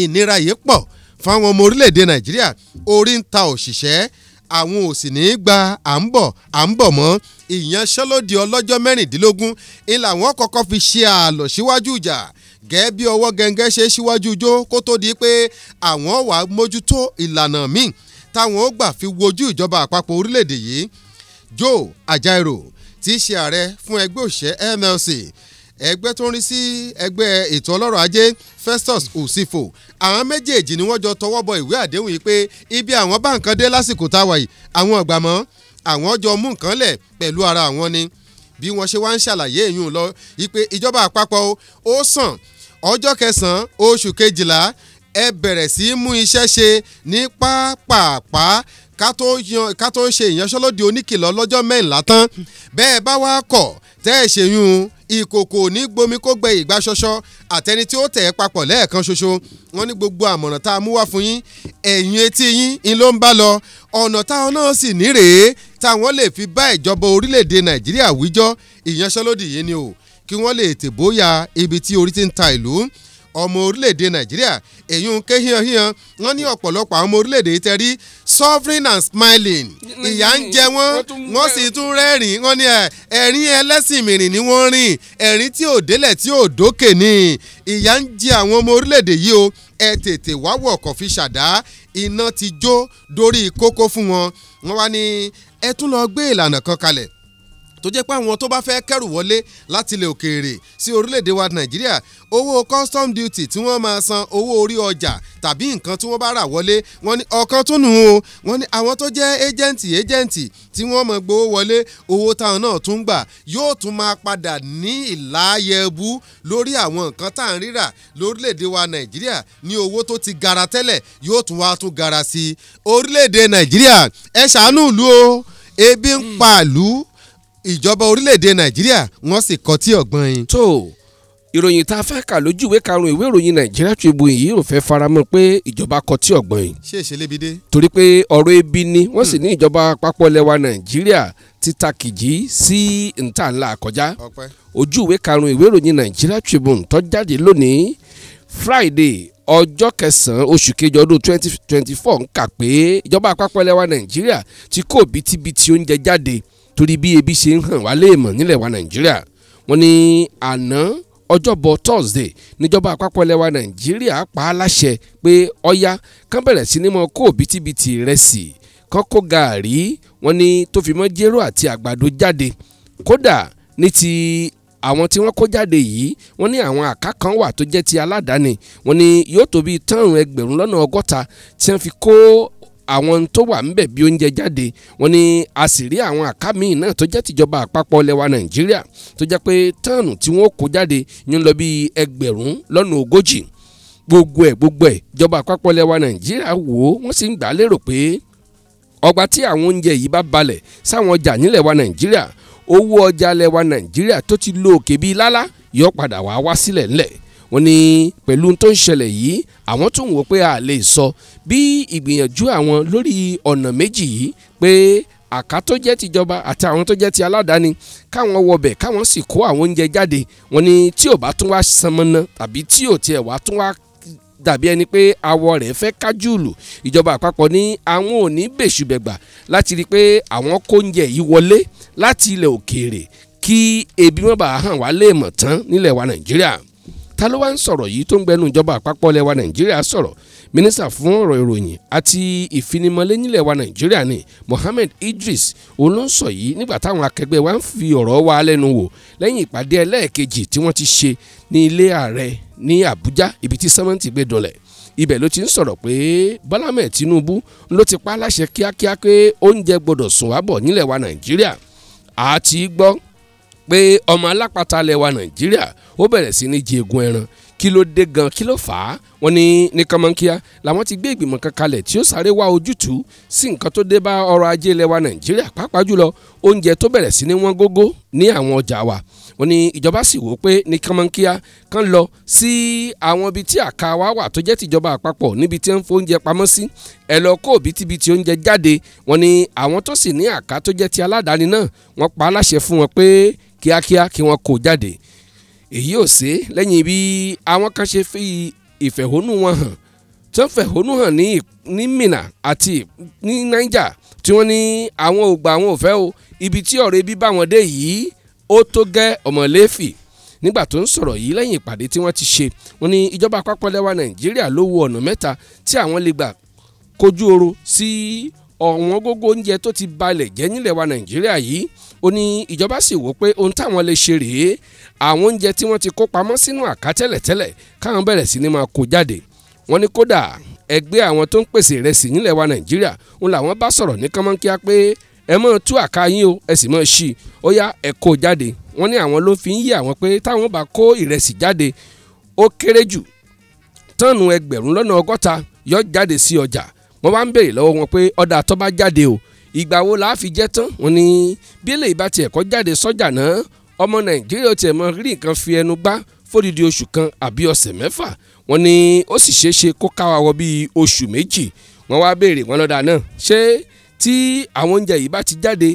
ìnira yìí pọ̀ fáwọn ọmọ orílẹ̀-èdè Nàìjíríà orí ń ta òṣìṣẹ́ àwọn ò sì ní í gba à ń bọ̀ à ń bọ̀ mọ́ ìyanṣẹ́lódì ọlọ́jọ́ mẹ́rìndínlógún ni làwọn kọ́kọ́ fi ṣe àlọ́ síwájú ìjà gẹ́gẹ́ bí ọwọ́ gẹ́gẹ́ ṣe síwájú ijó kó tó di pé àwọn wà mójútó ìlànà míì táwọn ó gbà fi wojú ìjọba àpapọ̀ orílẹ̀-èdè yìí Joe Ajaero tí í ṣe ààrẹ fún ẹgbẹ́ òṣẹ́ MLC ẹgbẹ́ tó ń rí sí ẹgbẹ́ ètò ọlọ́rọ̀ ajé Festus Osifo àwọn méjèèjì ni wọ́n jọ tọwọ́ bọ ìwé àdéhùn yìí pé ibi àwọn bá nǹkan dé lásìkò táwa yìí àwọn ọ̀gbà mọ́ àwọn jọ mú nǹkan lẹ̀ pẹ̀lú ara àwọn ni bí wọ́n ṣe wá ń ṣàlàyé èyí lọ wípé ìjọba àpapọ̀ ó sàn ọjọ́ kẹsàn-án oṣù kejìlá ẹ bẹ̀rẹ̀ sí í mú iṣẹ́ ṣe ní pápápá ká tó ṣe ìyanṣẹ́lódì oníkìlọ̀ lọ́jọ́ mẹ́rìnlá tán bẹ́ẹ̀ bá wá kọ̀ tẹ́ ẹ̀ ṣe yún un ìkòkò ní gbomi kó gbẹ ìgbà ṣọṣọ àtẹni tí ó tẹ̀ ẹ́ papọ̀ lẹ́ẹ̀kan ṣoṣo wọn ní gbogbo àmọ̀ràn tá a mú wá fún yín ẹ̀yìn etí yín ń ló ń bá lọ ọ̀nà táwọn náà sì nírèé táwọn lè fi bá ìjọba orílẹ̀-èdè nàìjíríà wíjọ́ ìyanṣẹ́lódì yìí ni o kí wọ́n lè tèbóyà ibi tí orí ti ń ta ìlú ọmọ orílẹ̀-èdè nàìjíríà èyí ń ké híyanhíyan wọ́n ní ọ̀pọ̀lọpọ̀ àwọn ọmọ orílẹ̀-èdè tẹ́rí sovereign and smiling ìyà ń jẹ wọ́n wọ́n sì tún rẹ́rìn wọ́n ní ẹ̀rín ẹlẹ́sìn mìrìn ni wọ́n rìn ẹ̀rín tí ò délẹ̀ tí ò dókè ni ìyà ń jẹ àwọn ọmọ orílẹ̀-èdè yìí o ẹ tètè wá wọ̀ kọ̀ fi ṣàdá iná ti jó dórí kókó fún wọn wọ́n wá ní ẹ tún lọ gbé ìlànà kan kalẹ̀ tó jẹ́ pé àwọn tó bá fẹ́ kẹ́rù wọlé láti ilẹ̀ òkèèrè sí orílẹ̀-èdè wa nàìjíríà owó custom duty tí wọ́n máa san owó orí ọjà tàbí nǹkan tí wọ́n bá rà wọlé wọ́n ní ọ̀kan tún nù o wọ́n ní àwọn tó jẹ́ agent agent tí wọ́n máa gbowó wọlé owó táwọn náà tún gbà yóò tún máa padà ní ìláyẹ̀bú lórí àwọn nǹkan tá à ń rírà lórílẹ̀‐èdè wa nàìjíríà ní owó tó ti gara tẹ́lẹ̀ yóò tún wá tún gara sí i orílẹ̀‐èdè nàìjíríà ẹ ṣàánú ìlú o ebi ń pa ìlú ìjọba orílẹ̀-èdè nàìjíríà wọ́n sì kọ́ tí ọ̀gbọ́n yín. tó ìròyìn tá a fẹ́ kà lójú ìwé karùn-ún ìwé ìròyìn nàìjíríà Tribune yìí ò fẹ́ faramọ́ pé ìjọba kọ́ tí ọ̀gbọ́n yín. ṣé èṣe lébi dé. torí pé ọ̀rọ̀ ebi ni wọ́n sì hmm. ní ìjọba àpapọ̀ lẹ́wà nàìjíríà títa kìjì sí níta ńlá àkọjá. ojú ìwé karùn-ún ìwé ìròyìn nàìjíríà Tribune tó jáde lónìí Friday ọjọ́ kẹsàn-án oṣù kejì ọdún twenty twenty four ń kà pé ìjọba àpapọ̀ lẹ́wà nàìjíríà ti kó bìtìbìtì oúnjẹ jáde torí bí ebi ṣe ń hàn wá léèmọ̀ nílẹ̀ wa nàìjíríà wọ́n ní àná ọjọ́bọ̀ thursday níjọba àpapọ̀ ilẹ̀ wa nàìjíríà pa á láṣẹ pé ọ̀yá kán bẹ̀rẹ̀ sí ní mọ kó òbítíbitì rẹsì kán kó gàárì wọ́n ní tó fi mọ́ jéró àti àgbàdo jáde kódà ní ti àwọn tí wọ́n kó jáde yìí wọ́n ní àwọn àká wà tó jẹ́ ti aládàáni wọ́n ní yóò tó bíi tọ́rùn ẹgbẹ̀rún lọ́nà ọgọ́ta tí wọ́n fi kó àwọn tó wà ńbẹ̀ bí oúnjẹ jáde wọ́n ní a sì rí àwọn àká míì náà tó jẹ́ tìjọba àpapọ̀ lẹ́wà nàìjíríà tó jẹ́ pé tọ́ọ̀nù tí wọ́n kó jáde ní lọ bí ẹgbẹ̀rún lọ́nà ogójì gbogbo ẹ̀ gbogbo ẹ̀ ìjọba àpapọ̀ lẹ́wà nàìjíríà wò ó wọ́n sì ń gbà lérò pé ọgbà tí àwọn oúnjẹ yìí bá balẹ̀ sáwọn ọjà nílẹ̀ wa nàìjíríà owó ọjà lẹ́wà nàìjíríà tó ti lo òkè bíi lálá yọ padà wá wá sílẹ̀ ńlẹ̀ wọ́n ní pẹ̀lú tó ń ṣẹlẹ̀ yìí àwọn tó ń wò pé a lè sọ bí ìgbìyànjú àwọn lórí ọ̀nà méjì yìí pé àká tó jẹ́ tìjọba àti àwọn tó jẹ́ ti aládàáni káwọn wọbẹ̀ káwọn sì kó àwọn oúnjẹ jáde wọn ni tí ò bá tún wá sanmọ́nà tàbí tí ò tiẹ̀ wá tún wá dàbí ẹni pé awọ rẹ̀ fẹ́ kájúlù ìjọba àpapọ̀ ní àwọn ò ní bẹ̀ṣùbẹ̀gbà láti rí i pé àwọn kó oúnjẹ yìí wọlé láti ilẹ̀ òkèèrè kí ebi mọ́ba hàn wá lè mọ̀ tán nílẹ̀ wa Nàìjíríà ta ló wá ń sọ̀rọ̀ yìí tó ń gbẹnu ìjọba àpapọ̀ lẹ́wà nàìjíríà sọ̀rọ̀ mínísítà fún ọ̀rọ̀ ìròyìn àti ìfinimọ̀lé nílẹ̀ wa nàìjíríà ni Mohammed Idris òun ló ń sọ yìí nígbà táwọn akẹgbẹ́ wa ń fi ọ̀rọ̀ wa lẹ́nu wò lẹ́yìn ìpàdé ẹlẹ́ẹ̀kejì tí wọ́n ti ṣe ní ilé ààrẹ ní Àbújá ibi tí sẹ́mẹ́ǹtì gbé dọ̀lẹ̀ ibẹ̀ ló ti ń sọ̀rọ̀ pé Bọ́lá Tinubu ló ti pa láṣẹ kíákíá pé oúnjẹ gbọ́dọ̀ sùn wá bọ̀ nílẹ̀ wa nàìjíríà àti gbọ́ pé ọmọ alápatà lẹwa nàìjíríà ó bẹ̀rẹ̀ sí ní jẹgun ẹran kí ló dé gan kí ló fà á wọ́n ní ní kànmọ́nkíá làwọn ti gbé ìgbìmọ̀ kan kalẹ̀ tí ó sáré wá ojútùú sí nǹkan tó dé bá ọrọ̀ ajé ilẹ̀ wa nàìjíríà pàápàá jùlọ oúnjẹ tó bẹ̀rẹ̀ sí ní wọ́n gógó ní àwọn ọjà wa wọ́n ní ìjọba sì wò pé ní kànmọ́nkíá kan lọ sí àwọn ibi tí àka wa wà tó jẹ́ tìjọba àpapọ̀ níbi tí wọ́n ń fóúnjẹ pamọ́ sí ẹ lọ kó òbítíbitì oúnjẹ jáde wọ́n ní àwọn tó sì ní àká tó jẹ́ ti aládàáni náà wọ́n pa aláṣẹ fún wọn pé kíákíá kí wọ́n kó jáde èyí ò ṣe lẹ́yìn bí àwọn kan ṣe fi ìfẹ̀hónú wọn hàn tí wọ́n fẹ̀hónú hàn ní ní Minna àti ní Niger tí wọ́n ní àwọn ò gbà àwọn ò fẹ́ o ibi tí ọ̀rẹ́ bí bá wọn dé yìí ó tó gẹ́ ọmọlẹ́fì nígbà tó ń sọ̀rọ̀ yìí lẹ́yìn ìpàdé tí wọ́n ti ṣe wọ́n ní ìjọba àpapọ̀ lẹ́wà Nàìjíríà ló wo ọ̀nà mẹ́ta tí àwọn lè gbà kojú oro sí ọ̀wọ́n gógó oúnjẹ tó ti balẹ̀ jẹ́ nílẹ̀ wa Nàìjíríà yìí ó ní ìjọba sì wò pé ohun táwọn lè ṣe rèé àwọn oúnjẹ tí wọ́n ti kó pamọ́ sínú àká tẹ́lẹ̀tẹ́lẹ̀ káwọn bẹ̀rẹ̀ sí ni máa kó jáde wọ́n ní kódà ẹgbẹ́ àwọn tó ń pèsè ìrẹsì nílẹ̀ wa nàìjíríà ń làwọn bá sọ̀rọ̀ ní kánmọ́nkíá pé ẹ mọ̀ tú àká yín o ẹ sì mọ̀ ṣí i ó yá ẹ kó jáde wọ́n ní àwọn ló fi ń yí àwọn pé táwọn bá kó ìrẹsì jáde ó kéré jù tọ́ọ̀nù ẹgbẹ̀rún lọ́nà ọgọ́ta yọ jáde sí ọjà wọ́n bá ń béèrè lọ́wọ́ wọn pé ọ̀dà tó bá jáde o ìgbà wo la fi jẹ́ tán wọ́n ní bí eléyìí bá tiẹ̀ kọ́ jáde sọ́jà náà ọmọ nàìjíríà ó tiẹ̀ mọ rí nǹkan fi ẹnu gbá fódìdí oṣù kan àbí ọ̀sẹ̀ mẹ́fà wọ́n ní ó sì ṣeé ṣe kó káwa wọ bíi oṣù méjì wọ́n wá béèrè wọn lọ́dà náà ṣé tí àwọn oúnjẹ yìí bá ti jáde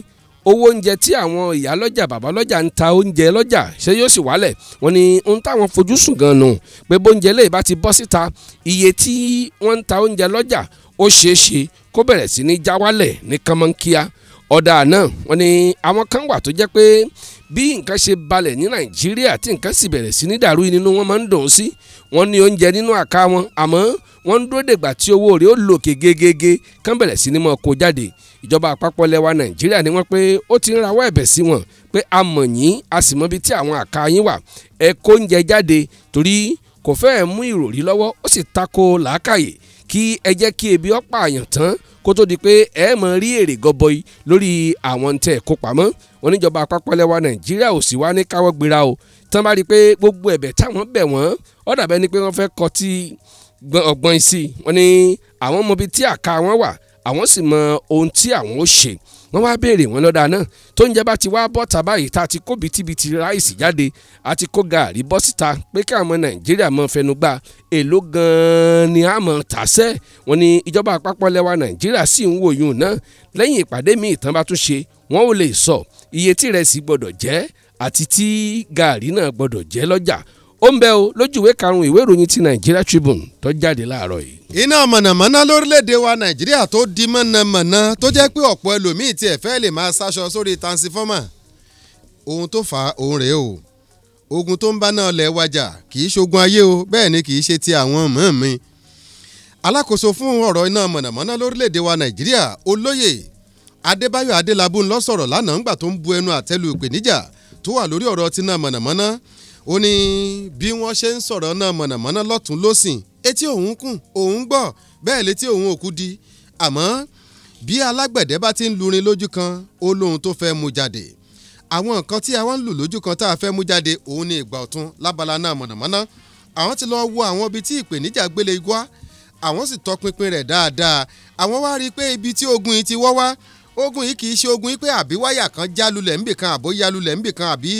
owó oúnjẹ tí àwọn ìyá lọ́jà bàbá lọ́jà ń ta oúnjẹ lọ́jà ṣé yóò sì wálẹ̀ wọ́n ní ohun táwọn fojú sùn gan nù pé bóúnjẹ lè bá ti bọ́ síta iye tí wọ́n ń ta oúnjẹ lọ́jà ó ṣeé ṣe kó bẹ̀rẹ̀ sí ní já wálẹ̀ ní kánmọ́nkíá ọ̀dà náà wọ́n ní àwọn kan wà tó jẹ́ pé bí nǹkan ṣe balẹ̀ ní nàìjíríà tí nǹkan sì bẹ̀rẹ̀ sí ní dàrú nínú wọn máa ń dùn sí wọ́n ní oúnjẹ nínú àká wọn àmọ́ wọ́n ń dúró dègbà tí owó rẹ̀ ó lòkè gegege kán bẹ̀rẹ̀ sí ní mọ́ kó jáde ìjọba àpapọ̀ lẹwa nàìjíríà ni wọ́n pé ó ti ń rawọ́ ẹ̀bẹ̀ sí wọn pé a mọ̀ yín a sì mọ̀ bí tí àwọn àká yín wà ẹ kó oúnjẹ jáde torí kò fẹ́ẹ̀ mú ìròrí lọ́wọ́ ó sì tako làákàyè kí ẹ jẹ́ kí ebi ó pààyàn tán kó tó di pé ẹ mọ̀ rí èrè gọbọi lórí àwọn tẹ̀ kó pamọ́ oníjọba àpapọ̀ lẹ́wà nàìjíríà ò sì wá ní káwọ́ gbéra o tán bá rí i pé gbogbo ẹ̀bẹ̀ táwọn bẹ̀ wọ́n ó dàbẹ́ ni pé wọ́n fẹ́ kọ tí ọgbọ́n sí wọ́n ní àwọn mọbi tí àká wọn wà àwọn sì mọ ohun tí àwọn ó ṣe wọ́n wá béèrè wọn lọ́dà náà tó ń jẹ́ bá ti wá bọ́ tàbá yìí tá a ti kó bitibiti ráìsì jáde a ti kó gàárì bọ́ síta pé kí àwọn nàìjíríà mọ fẹnu gbà èló gan-an ni a mọ̀ tàṣẹ́ wọn ni ìjọba àpapọ̀ lẹwa nàìjíríà sì ń wò náà lẹ́yìn ìpàdé mi ìtàn bá tún ṣe wọn ò lè sọ iye tí ìrẹsì gbọ́dọ̀ jẹ́ àti tí gàárì náà gbọ́dọ̀ jẹ́ lọ́jà ó ń bẹ o lójú ìwé karùn ìwé ìròyìn ti Nigeria Tribune tó jáde láàárọ̀ yìí. iná mọ̀nàmọ́ná lórílẹ̀‐èdè wa nàìjíríà tó di mọ̀nàmọ́ná tó jẹ́ pé ọ̀pọ̀ ẹlòmíì tiẹ̀ fẹ́ lè máa ṣaṣọ sórí tansifọ́mà ohun tó fà á òun rèé o ogun tó ń bá náà lẹ̀ wájà kì í ṣogun ayé o bẹ́ẹ̀ ni kì í ṣe ti àwọn mọ̀-mí alákòóso fún ọ̀rọ̀ iná mọ̀nàmọ́ná lórílẹ̀‐èdè wa nàìjíríà olóyè adébáyọ̀ adélábù ńlọ sọ̀rọ̀ lánàá ńgbà tó ń bu ẹnu àtẹ́lù ìpèníjà tó wà lórí ọ̀rọ̀ tiná mọ̀nàmọ́ná ó ní bí wọ́n ṣe ń sọ̀rọ̀ náà mọ̀nàmọ́ná lọ́tún lọ́sìn etí òun kùn òun gbọ́ bẹ́ẹ̀ létí òun òkú di àmọ́ bí alágbẹ̀dẹ bá ti ń lurin lójú kan ó lóhun tó fẹ́ mú jáde àwọn nǹkan tí àwọn ń lù lójú kan tá a fẹ́ mú jáde òun ni ìgbà ọ̀tún lábala náà mọ̀nàmọ́ná àwọn ti lọ wo àwọn ibi tí ìpèníjà gbélé igwá àwọn sì tọpinpin rẹ̀ dáadáa àwọn wá rí i pé ibi tí ogun yìí ti wọ́ wá ogun yìí kì í ṣe ogun yìí pé àbí wáyà kan já lulẹ̀ ńbì kan àbó ya lulẹ̀ ńbì kan àbí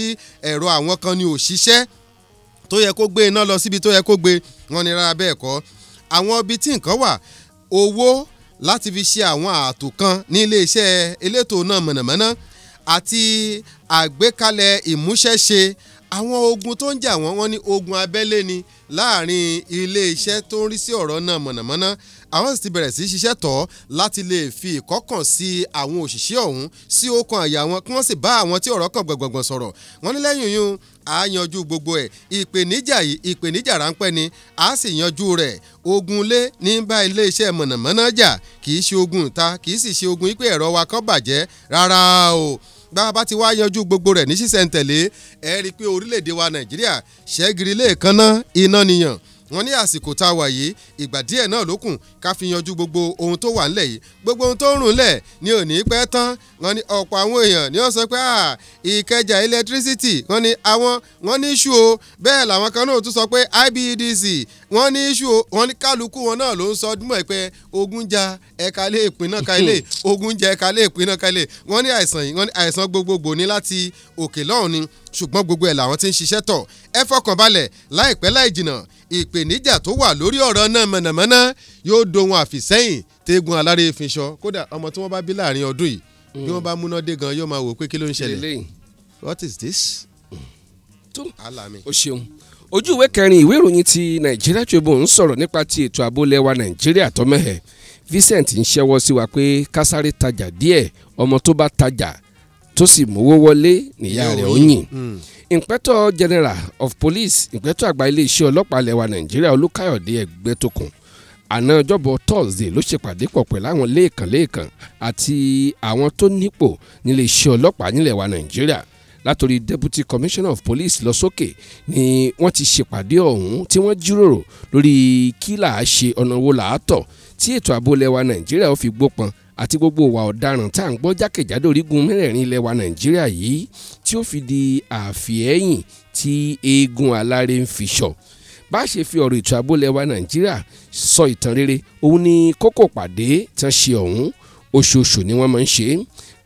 ẹ̀rọ àwọn kan ni ò ṣiṣẹ́ tó yẹ kó gbé iná lọ síbi tó yẹ kó gbé wọn ni rárá bẹ́ẹ̀ kọ́ àwọn ibi tí nǹkan wà owó láti fi ṣe àwọn ààtò kan ní iléeṣẹ́ elétò náà mọ̀nàmọ́ná àti àgbékalẹ̀ ìmúṣẹ́ṣe àwọn ogun tó ń jà wọ́n wọ́n ní ogun abẹ́lé ni láàrin iléeṣẹ́ tó ń rí sí ọ̀rọ̀ náà mọ̀nàmọ́ná àwọn sì ti bẹ̀rẹ̀ sí ṣiṣẹ́ tọ̀ láti lè fi ìkọ́kàn sí àwọn òṣìṣẹ́ ọ̀hún sí okun àyà wọn kí wọ́n sì bá àwọn tí ọ̀rọ̀ kàn gbọ̀ngbọ̀ngbọ̀n sọ̀rọ̀ wọ́n ní lẹ́yìn yún a yanjú gbogbo ẹ̀ ìpèníjà yìí ìpèníjà ráńpẹ́ ni a sì yanjú rẹ̀ ogun lé ní bá iléeṣẹ́ mọ̀nàmọ́ná jà kì í ṣe ogun ìta kì í sì ṣe ogun ipe ẹ̀rọ wa kọ́ bàjẹ́ rárá o bá a bá ti wá yanjú gbogbo rẹ̀ ní sísẹ̀ntẹ̀lé ẹ rí i pé orílẹ̀-èdè wa Nàìjíríà ṣẹ́giri lè kanná iná nìyàn wọ́n ní àsìkò tá a wà yìí ìgbà díẹ̀ náà ló kùn ká fi yanjú gbogbo ohun tó wà ńlẹ̀ yìí gbogbo ohun tó ń rùn lẹ̀ ni ò ní pẹ́ tán wọ́n ní ọ̀pọ̀ àwọn èèyàn ni wọ́n sọ pé ìkẹjà electricity wọ́n ní àwọn wọ́n ní iṣu o bẹ́ẹ̀ làwọn kan náà tún sọ pé IBEDC wọ́n ní iṣu o wọ́n ní kálukú wọn náà ló ń sọ dúmọ̀ pé ogun ja ẹ̀ka lé ìpín náà kalẹ̀ ogun ja ẹ̀ka lé ìpín náà kalẹ̀ wọ́n ní àìsàn yìí wọ́n ní àìsàn gbogbogbò ní láti òkè lọ́hùn ni ṣùgbọ́n gbogbo ẹ̀ làwọn ti ń ṣiṣẹ́ tọ̀ ẹ fọkàn láìpẹ́ láì jìnnà ìpèníjà tó wà lórí ọ̀rọ̀ náà mọ̀nàmọ́ná yóò dohun àfìsẹ́yìn tégun aláré ìfinṣọ kódà ọmọ tí wọ́n bá bí láàrin ọdún yìí bí wọ́n bá mm. múná dé gan yóò máa wò pé kí ló ń ṣẹlẹ̀ what is this? Mm. alami. o ṣeun ojú ìwé kẹrin ìwé ìròyìn ti nàìjíríà Tribune ń sọ̀rọ̀ nípa ti ètò ààbò lẹ́wà nàìjíríà tọ́mẹ̀hẹ̀ Vincent ń ṣẹ́wọ́ sí wa pé kásáré tajà díẹ̀ ọmọ tó bá tó sì mówó wọlé níyà rẹ̀ ó yìn ìǹpẹ́tọ̀ general of police ìǹpẹ́tọ̀ àgbà iléeṣẹ́ ọlọ́pàá ilẹ̀ wa nàìjíríà olúkáyọ̀dé ẹgbẹ́tókun àná ọjọ́bọ̀ thursday ló ṣèpàdé pọ̀ pẹ̀lú àwọn lẹ́ẹ̀kan lẹ́ẹ̀kan àti àwọn tó nípò níléeṣẹ́ ọlọ́pàá nílẹ̀ wa nàìjíríà látòrí deputy commissioner of police lọ sókè ni wọ́n ti ṣèpàdé ọ̀hún tí wọ́n jíròrò lórí kí là á ṣe ọ̀nà wo là tọ̀ tí ètò ààbò lẹwa nàìjíríà ó fi gbópọn àti gbogbo ìwà ọ̀daràn tá à ń gbọ́ jákèjádò orígun mẹ́rẹ̀ẹ̀rin ilẹ̀ wa nàìjíríà yìí tí ó fi di àfihẹ́yìn tí eégún aláré ń fi ṣọ̀ bá a ṣe fi ọ̀rọ̀ ètò ààbò wa nàìjíríà sọ ìtàn rere òun ni kókó pàdé tán ṣe ọ̀hún oṣooṣù ni wọ́n máa ń ṣe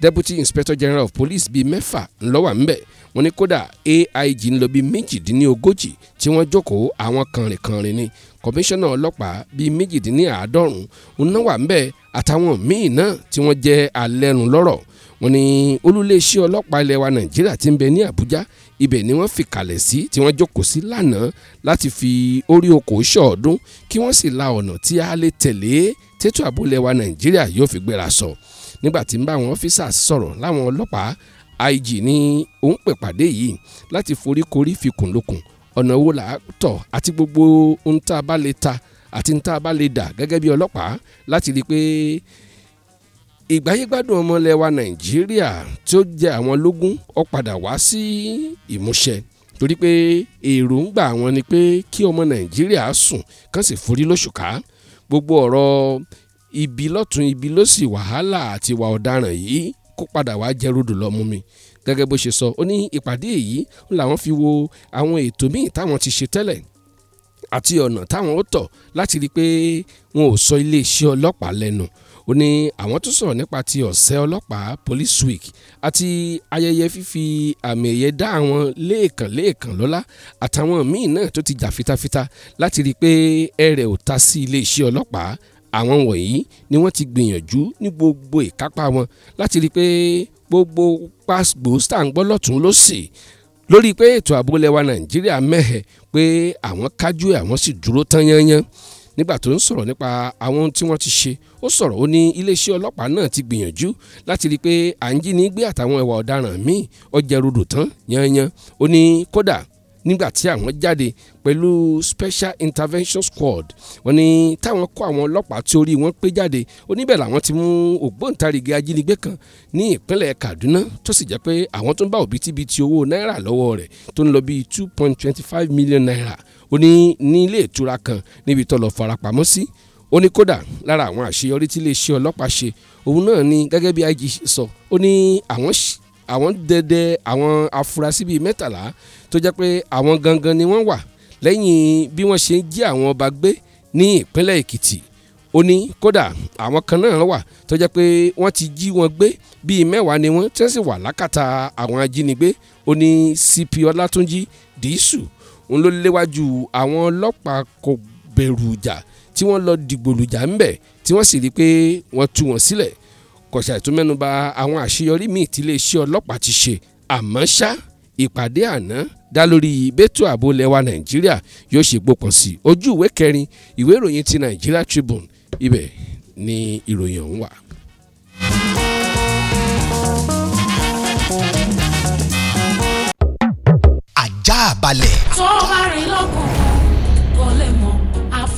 deputy inspector general of police bíi mẹ́fà ńlọ́wà ńbẹ̀ wọ́n ní kódà AIG ń lọ bíi méjìdínlógójì tí wọ́n jókòó àwọn kànrìnkànrìn ni kọmíṣánná ọlọ́pàá bíi méjìdínláàádọ́rùn-ún náà wà ń bẹ̀ àtàwọn míì náà tí wọ́n jẹ́ alẹ́rùn lọ́rọ̀ wọ́n ní olúléeṣẹ́ ọlọ́pàá ilẹ̀ wa nàìjíríà ti ń bẹ ní àbújá ibẹ̀ ni wọ́n fìkàlẹ̀ sí tí wọ́n jókòó sí lánàá láti fi orí oko ṣọ̀ọ́dún kí wọ́n sì la ọ̀nà tí a lè tẹ̀lé tètò ààbò wa nàìjíríà yóò fi gbéra sọ nígbà tí ń bá àwọn ọ́fíṣà sọ̀rọ̀ láwọn ọlọ́pàá IG ní òun pè pàdé yìí láti foríkorí fikùn lókun ọ̀nà wo là á tọ̀ àti gbogbo ohun tá a bá lè ta àti ohun tá a bá lè dà gẹ́gẹ́ bí ọlọ́pàá láti rí i pé ìgbáyégbádùn ọmọlẹ́wà Nàìjíríà tí ó jẹ́ àwọn lógún ó padà wá sí ìmúṣẹ torí pé èròǹgbà wọn ni pé kí ọmọ Nàìjíríà sùn kán sì forí lóṣùká gbogbo ọ̀rọ̀ ibi lọ́tún ibi lósì wàhálà àti ìwà ọ̀daràn yìí kó padà wá jẹrúdù lọ mú mi gẹ́gẹ́ bó ṣe sọ ó ní ìpàdé èyí làwọn fi wo àwọn ètò míì táwọn ti ṣe tẹ́lẹ̀ àti ọ̀nà táwọn ó tọ̀ láti rí i pé wọn ò sọ iléeṣẹ́ ọlọ́pàá lẹ́nu ó ní àwọn tó sọ̀rọ̀ nípa ti ọ̀sẹ̀ ọlọ́pàá police week àti ayẹyẹ fífi àmì ẹ̀yẹ dá àwọn lẹ́ẹ̀kan lẹ́ẹ̀kan lọ́lá àtàwọn míì náà tó ti jà fitafita láti rí i pé ẹ̀rẹ̀ ò ta sí iléeṣẹ́ ọlọ́pàá àwọn wọ̀nyí ni wọ́n ti gbìyànjú ní gbogbo ìkápá wọn láti rí i pé gbogbo pàṣípò sàǹgbọ́ lọ́tún ló sì lórí pé ètò ààbò lẹwa nàìjíríà mẹ́hẹ̀ pé àwọn kájú àwọn sì dúró tán yányán nígbà tó ń sọ̀rọ̀ nípa àwọn tí wọ́n ti ṣe ó sọ̀rọ̀ ó ní iléeṣẹ́ ọlọ́pàá náà ti gbìyànjú láti rí i pé à ń jí ní gbé àtàwọn ẹ̀wà ọ̀daràn míì ọjà rodò tán yányán ó ní kódà nígbà tí àwọn jáde pẹ̀lú special intervention squad wọ́n ní táwọn kó àwọn ọlọ́pàá tí orí wọn pé jáde oníbẹ̀ làwọn ti mú ògbóǹtarìgì ajínigbé kan ní ìpínlẹ̀ Kaduna tó sì jẹ́ pé àwọn tó ń bá òbítíbitì owó náírà lọ́wọ́ rẹ̀ tó ń lọ bíi two point twenty five million naira ó ní ní ilé ìtura kan níbi tó lọ farapamọ́ sí ó ní kódà lára àwọn àṣeyọrí tí iléeṣẹ́ ọlọ́pàá ṣe òun náà ni gẹ́gẹ́ bí IG sọ ó ní àwọn àwọn dẹdẹ àwọn afurasí bíi mẹ́tàlá tó jẹ́ pé àwọn gangan ni wọ́n wà lẹ́yìn bí wọ́n ṣe ń jí àwọn ọba gbé ní ìpínlẹ̀ Èkìtì ó ní kódà àwọn kan náà wà tó jẹ́ pé wọ́n ti jí wọn gbé bíi mẹ́wàá ni wọ́n tí wọ́n sì wà lákàtà àwọn ajínigbé ó ní CP Ọlátúnjí Dìísù ń ló léwájú àwọn ọlọ́pàá kò bẹ̀rù ìjà tí wọ́n lọ dìgbòlùjà ńbẹ̀ tí wọ́n sì rí i pé wọ́n tú wọn sílẹ̀ kò ṣàì tún mẹ́nuba àwọn àṣeyọrí míì tí iléeṣẹ́ ọlọ́pàá ti ṣe àmọ́ ṣá ìpàdé àná dá lórí ìbẹ́tò ààbò lẹ́wà nàìjíríà yóò ṣe gbópọn sí ojú ìwé kẹrin ìwé ìròyìn ti Nigeria Tribune ibẹ̀ ni ìròyìn ọ̀hún wà. ajá balẹ̀. tó bá rí lọ́gùn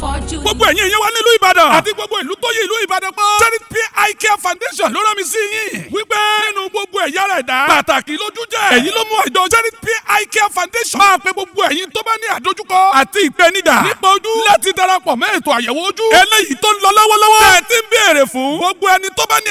afọ́jú. gbogbo ẹ̀yin ìyẹn wá nílùú ìbàdàn àti gbogbo ìlú tó yí ìlú ìbàdàn pọ̀. charity eye care foundation ló rán mi sí yín. wípé nínú gbogbo ẹ̀yà ẹ̀dá pàtàkì lójú jẹ́. èyí ló mú àjọ charity eye care foundation. máa pe gbogbo ẹ̀yin tó bá ní àdójúkọ àti ìpèníjà nípa ojú láti darapọ̀ mẹ́ ètò àyẹ̀wò ojú. eléyìí tó ń lọ lọ́wọ́lọ́wọ́. ẹ ti ń béèrè fún. gbogbo ẹni tó bá ní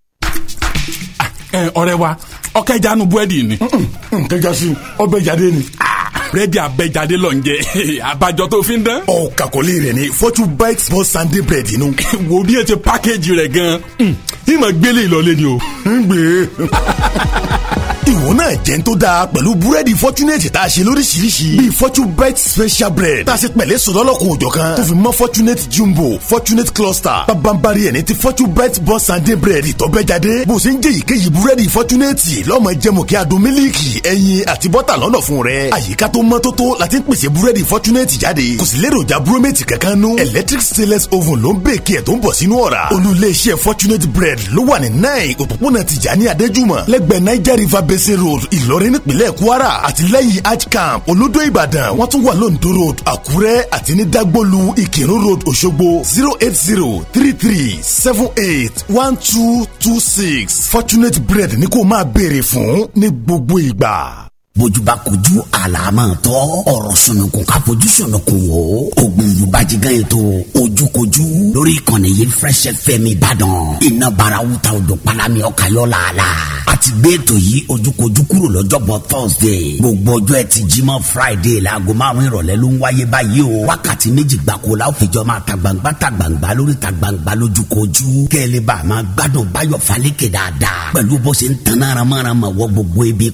ọ̀rẹ́ wa ọkẹjanu búrẹ́dì ni. nkẹjà mm, sí ọbẹ̀ jáde ni búrẹ́dì abẹ́jáde lọ ń jẹ abajọ tó fi ń dán. ọ kàkọ́lé rẹ ni fortune bikes for sunday bread inú. wo ni e ti pákéjì rẹ gan-an mm, ìmọ̀ gbélé ìlọlẹ́ ni o. ń gbé. ìwọ náà jẹ́ ń tó dáa pẹ̀lú búrẹ́dì fortunate tá a ṣe lóríṣiríṣi bíi fortune bite special bread tá a ṣe pẹ̀lẹ́ sọ̀dọ́lọ́kun òjọ̀ kan tó fi mọ́ fortunate jumbo fortunate cluster pabambari ẹni ti fortune bite bọ́ sunday bread ìtọ́bẹ́jáde bó ṣe ń jẹ́ ìkéyìí búrẹ́dì fortunate lọ́mọ jẹ́mu kí adùn mílíìkì ẹyin àti bọ́tà lọ́nà fún rẹ àyíká tó mọ́ tótó la ti ń pèsè búrẹ́dì fortunate jáde kò sì léròjà búrómètì kankan nú electric stainless oven ló ń bèèkì ẹ̀ tó ń bọ̀ sínú ọ̀rá olú fortunate bread ló wà ní nine òpópónà tìjà ní adéjúmọ̀ lẹ́gbẹ̀ẹ́ niger river abc road ìlọrin nípínlẹ̀ kwara àti lẹ́yìn hajj camp olódó ìbàdàn wọ́n tún wà lóńdó road àkúrẹ́ àti ní dagbolu ìkírun road òṣogbo zero eight zero three three seven eight one two two six fortunate bread ni kò máa béèrè fún ní gbogbo ìgbà bójúba kojú àlàmọ́tọ́ ọ̀rọ̀ sunukun ká fojú sunukun o ògùn yorùbájí gan yẹn tó ojúkojú lórí ìkànnì yìí fresh fm ìbàdàn iná bara wuta odò palami ọ̀kayọ̀ làálà àti gbé ètò yìí ojúkojú kúrò lọ́jọ́bọ̀ thursday gbogbo ọjọ́ ti jímọ̀ friday láago márùn ìrọ̀lẹ́ ló ń wáyé báyìí o wákàtí méjì gbáko la ó fi jọ máa ta gbangba ta gbangba lórí ta gbangba lójúkojú kẹ́lẹ́ bá a máa gbádùn báyọ̀ falẹ́kẹ̀ dáadáa pẹ̀lú bó ṣe ń tan náramárama wọ gbogbo ibi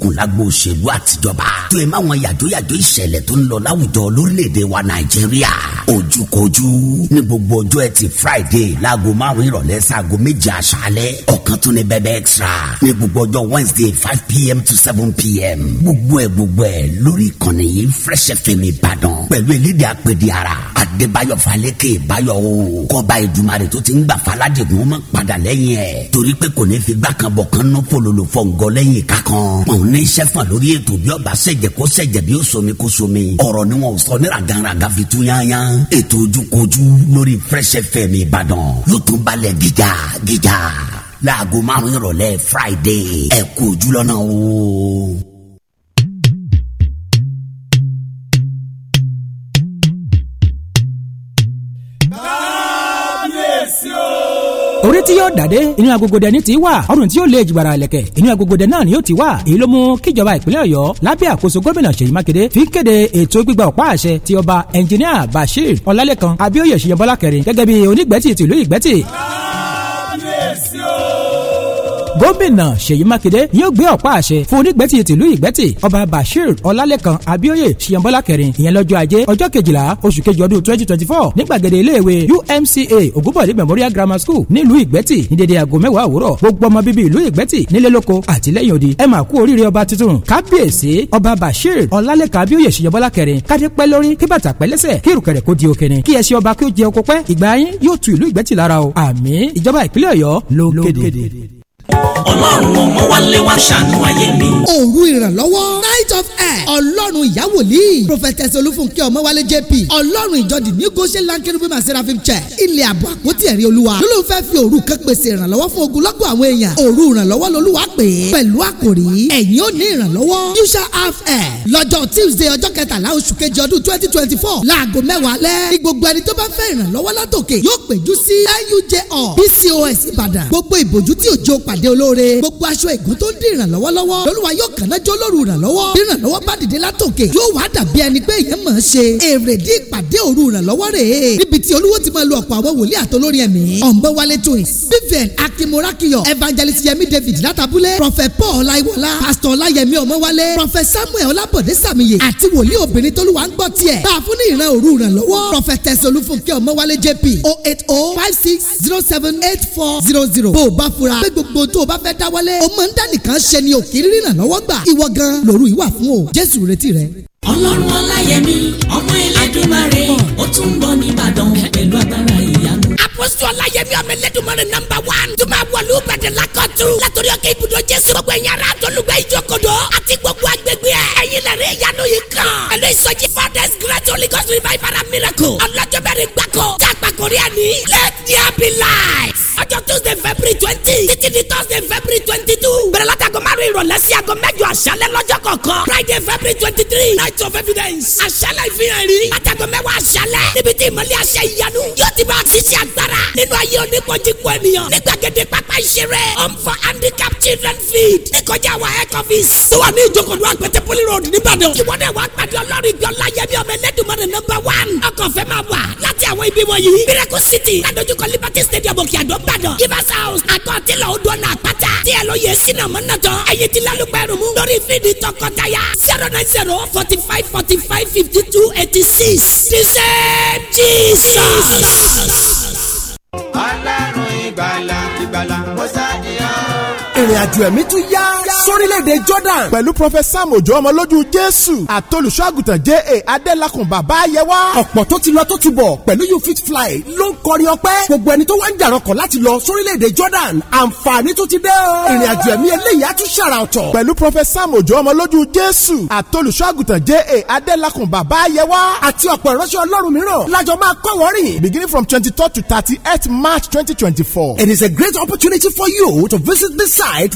kù lágbo òṣèlú àtijọba tó ẹ máwọn yàjóyàjó ìṣẹ̀lẹ̀ tó ń lọ láwùjọ lórílẹ̀‐èdè wa nàìjíríà ojúkojú ní gbogbo ọjọ́ ẹtì friday láago márùn-ún ìrọ̀lẹ́ sáago méje aṣáálẹ̀ ọ̀kan tún ní bẹ́bẹ́ extra ní gbogbo ọjọ́ wednesday five pm to seven pm gbogbo ẹ̀ gbogbo ẹ̀ lórí ìkànnì yìí fresh fm ìbàdàn pẹ̀lú elédè apèdè ara adébáyọ̀ falẹ́kẹ̀ ìbáyọ̀ o kọ́ba ìdùmarè tó ti ń gbà faládìgún mọ́ padà lẹ́yìn ẹ̀ torí pé kò ní fi gbà kan bọ̀ kan ná fòlòlò fọ̀ ǹgọ́ lẹ́yìn ìka kan ní iṣẹ́ fún lórí ètò bí ọba ṣẹ̀jẹ̀ kó ṣẹ̀jẹ̀ bí ó somi kó somi ọ̀rọ̀ ni wọn sọ ní ragaraga fi tú yányán ètò ojúkojú lórí Fresh FM Ìbàdàn ló tún balẹ̀ gíga gíga láago márùn-ún ìrọ̀lẹ́ Friday ẹ kú ojú tí yóò dàdé inú agogodẹ ní ti wà ọrùn tí yóò lé ìjìgbara ẹlẹ́kẹ̀ inú agogodẹ náà ni yóò ti wà èyí ló mú kíjọba ìpínlẹ̀ ọ̀yọ́ lábẹ́ àkóso gómìnà ṣèyí mákindé fi kéde ètò gbígba ọ̀pá àṣẹ ti ọba ẹnjìníà bashir ọlálẹ́kan abíóyè ṣìyẹn bọ́lá kẹrin gẹ́gẹ́ bí onígbẹ̀tì tìlú ìgbẹ́tì. kábíyèsí o gómìnà ṣèyí mákindé yóò gbé ọ̀pá àṣẹ fún onígbẹ́tì tìlú ìgbẹ́tì ọba bashir ọlálẹ́kan abíóyè ṣiyànbọ́lá kẹrin ìyẹn lọ́jọ́ ajé ọjọ́ kejìlá oṣù kejì ọdún twenty twenty four ní gbàgede iléèwé umca ògúnbọ̀dé memorial grammar school nílùú ìgbẹ́tì ní dédé aago mẹ́wàá òwúrọ̀ gbogbo ọmọ bíbí ìlú ìgbẹ́tì nílé lóko àti lẹ́yìn odi ẹ máa kú oríire ọba tuntun kábíyèsí ọba bashir ọlálẹ́kan abíóyè ṣiyànbọ́lá kẹrin kádé pẹ́ lórí kí bàtà pẹ́ lẹ́sẹ̀ kí ìrùkẹ̀rẹ̀ kó di òkèrè kí ẹṣin ọba kí ó jẹ oko pẹ́ ìgbà yín yóò tu ìlú ìgbẹ́tì lára o ìjọba ìpínlẹ̀ ọ̀yọ́ ló kéde ọlọ́run ọmọ wálé wá ṣàánú ayé mi. òru ìrànlọ́wọ́. náírà of air ọlọ́run ìyá wòlíì prophetess olúfúnkẹ́ ọmọwálé jp ọlọ́run ìjọdì ní goshen lankerubu maseraphim church ilẹ̀ àbọ̀ àpótí ẹ̀rí olúwa ló ló fẹ́ fi òru kan pèsè ìrànlọ́wọ́ fún ogunlọ́gọ̀ àwọn èèyàn òru ìrànlọ́wọ́ lolúwa pè é pẹ̀lú àkòrí ẹ̀yin ò ní ìrànlọ́wọ́ you shall have air lọ́jọ́ tuesday ọjọ́ kẹtàlá oṣù kejì ọdún twenty twenty four láago mẹ́wàá lẹ́ ní gbogbo ẹni tó bá fẹ́ ìrànlọ́wọ́ látòkè yóò péjú sí nujọ pcos ìbàdàn gbogbo ìbòjú tí òjò pàdé olóore gbogbo aṣọ ìgún tó ń dín ìrànlọ́wọ́ lọ́wọ́ lolúwa yóò kànájọ́ lóru ìrànlọ́wọ́ bí ìrànlọ́wọ́ bá dìde látòkè yóò wá dàbí ẹni pé èèyàn mọ̀ ọ́n ṣe èrèdí ìpàdé òru ìrànlọ́wọ́ rèé níbi tí olúwo ti máa lo ọ̀pọ̀ àwọn wòlíì àtolórí ẹ̀mí ọ̀nbọ̀wálé twins vivian akimorakiyo evangelist yemi david látàbúlẹ̀ prophet paul ọláyíwọlá pastor ọláyẹmí ọmọwálé prophet samuel ọlábọ̀dé sàmìyẹ àti wòlíì obìnrin tólúwa ń gbọ́ tiẹ̀ bá a fún ní oh oh ìrànlọ́wọ́ gbà ìwọ gan lòru ìwà fún o jésù retí rẹ. ọlọ́run ọláyẹmí ọmọ ẹlẹ́dùnmáre ó tún bọ̀ nìbàdàn pẹ̀lú agbára ìyanu. apọ́sù ọláyẹmí ọmọ ẹlẹ́dùnmáre nọ́mbà wán tó máa wọlé ìbàdàn lákọ̀tún látọ̀rí ọkẹ́ ibùdó jésù gbogbo ẹ̀yìn ara àtọ́lùgbẹ́ ìjókòdó àti gbogbo agbègbè ẹ̀ ẹ̀yìn lẹ́rìí ìyanu yìí kan. pẹ̀lú ìsọjí fathers great holy gods revival and miracle ọlọ́jọ́ bẹ̀rẹ̀ gbàkọ̀ there be ọjọ́ tuesday february twenty títí di thursday february twenty two bẹ̀rẹ̀ látàgọ́ márùn ìrọ̀lẹ́ sí àgọ́ mẹ́jọ àṣálẹ́ lọ́jọ́ kọ̀ọ̀kan friday february twenty three night of evidence àṣálẹ́ ìfihàn rí látàgọ́ mẹ́wàá àṣálẹ́ níbi tí ìmọ̀lẹ́ àṣẹ ìyanu yóò ti bá ṣiṣẹ́ agbára nínú ayé oníkojúkọ ènìyàn ní gbàgede pápá ìṣeré home for handicapped children feed ní kọjá wa head office tó wà ní ìjókòó àgbẹ̀tẹ̀ poli road nìbàdàn ìwọ́dẹ̀ wà pàdé ọlọ́rin ìgbọ́láyẹmí ọmọ ẹlẹ́dùnmọ́rin number one ọkọ̀ fẹ́ máa wà láti àwọn ibi wọ̀nyí miracle city kọ́ liberty stadium òkè àdó gbàdàn givers house àtọ́ tí lọ ó dọ́nà àpáta tí ẹ lọ yẹ sínú mọ́nàtọ́ ẹ̀yìn tí lálùpẹ̀ rùn mú lórí fídì tọkọtaya zero nine zero forty five forty five fifty two eighty six the same Jesus. ọlọ́run ìgbàlá àjò ẹ̀mí tún yá sórílẹ̀-èdè Jordan. pẹ̀lú prọfẹsọ Sam ọmọlójú Jésù àtolùṣọ́àgùtàn J.A. Adélakùn bàbá Ayẹ́wá. ọ̀pọ̀ tó ti lọ tó ti bọ̀ pẹ̀lú you fit fly ló ń kọrin ọpẹ́. gbogbo ẹni tó wá ń jàrọ̀kọ̀ láti lọ sórílẹ̀-èdè Jordan àǹfààní tó ti dé o. ẹ̀mí eléyìí á tún ṣàrà ọ̀tọ̀. pẹ̀lú prọfẹsọ Sam ọmọlójú Jésù àtolùṣọ́àgùtàn you to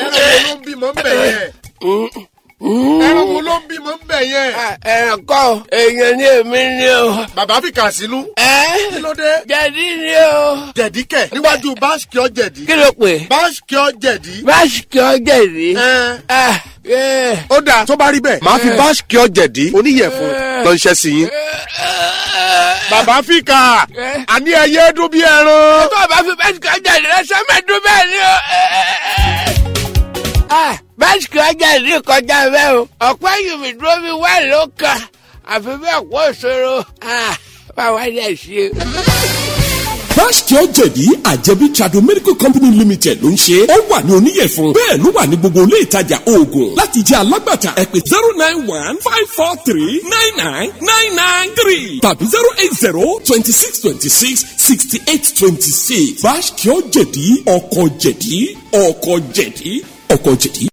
ẹran ló ń bímọ ń bẹ̀rẹ̀ ẹranko ló ń bímọ ń bẹ yẹn. Ah, ẹranko èèyàn ni èmi ni o. bàbá fi kà sínú. ẹ kí ló dé. jẹ̀dí ni o. jẹ̀dí kẹ̀ níwájú báṣkìọ́ jẹ̀dí. kí ló pè. báṣkìọ́ jẹ̀dí. báṣkìọ́ jẹ̀dí. Ah, eh. ó dáa tó bá rí bẹ́ẹ̀ máa fi eh. báṣkìọ́ jẹ̀dí oníyẹ̀fun eh. lọ iṣẹ́ sí yín. bàbá fi kà àní ẹyẹ dún bí ẹran. tó o bá fi báṣkìọ́ jẹ̀dí rẹ sẹ́mẹ̀ẹ́dún bẹ́ẹ̀ ni o. Ah báṣìkì ọjà ní kọjá bẹ́ẹ̀ o ọ̀pẹ́ yìí dúró mi wá ló kan àfi bẹ́ẹ̀ kó ṣòro bá wá dẹ̀ ṣe. Báṣkì ọ̀jẹ̀dí àjẹbí Trado Medical Company Limited ló ń ṣe. Ó wà ní oníyẹ̀fún. Bẹ́ẹ̀ ló wà ní gbogbo ilé ìtajà oògùn. Láti jẹ́ alágbàtà ẹ pè zero nine one five four three nine nine nine nine three tàbí zero eight zero twenty six twenty six sixty eight twenty six. Báṣkì ọ̀jẹ̀dí ọkọ̀ jẹ̀dí ọkọ̀ jẹ̀dí ọkọ̀ jẹ̀dí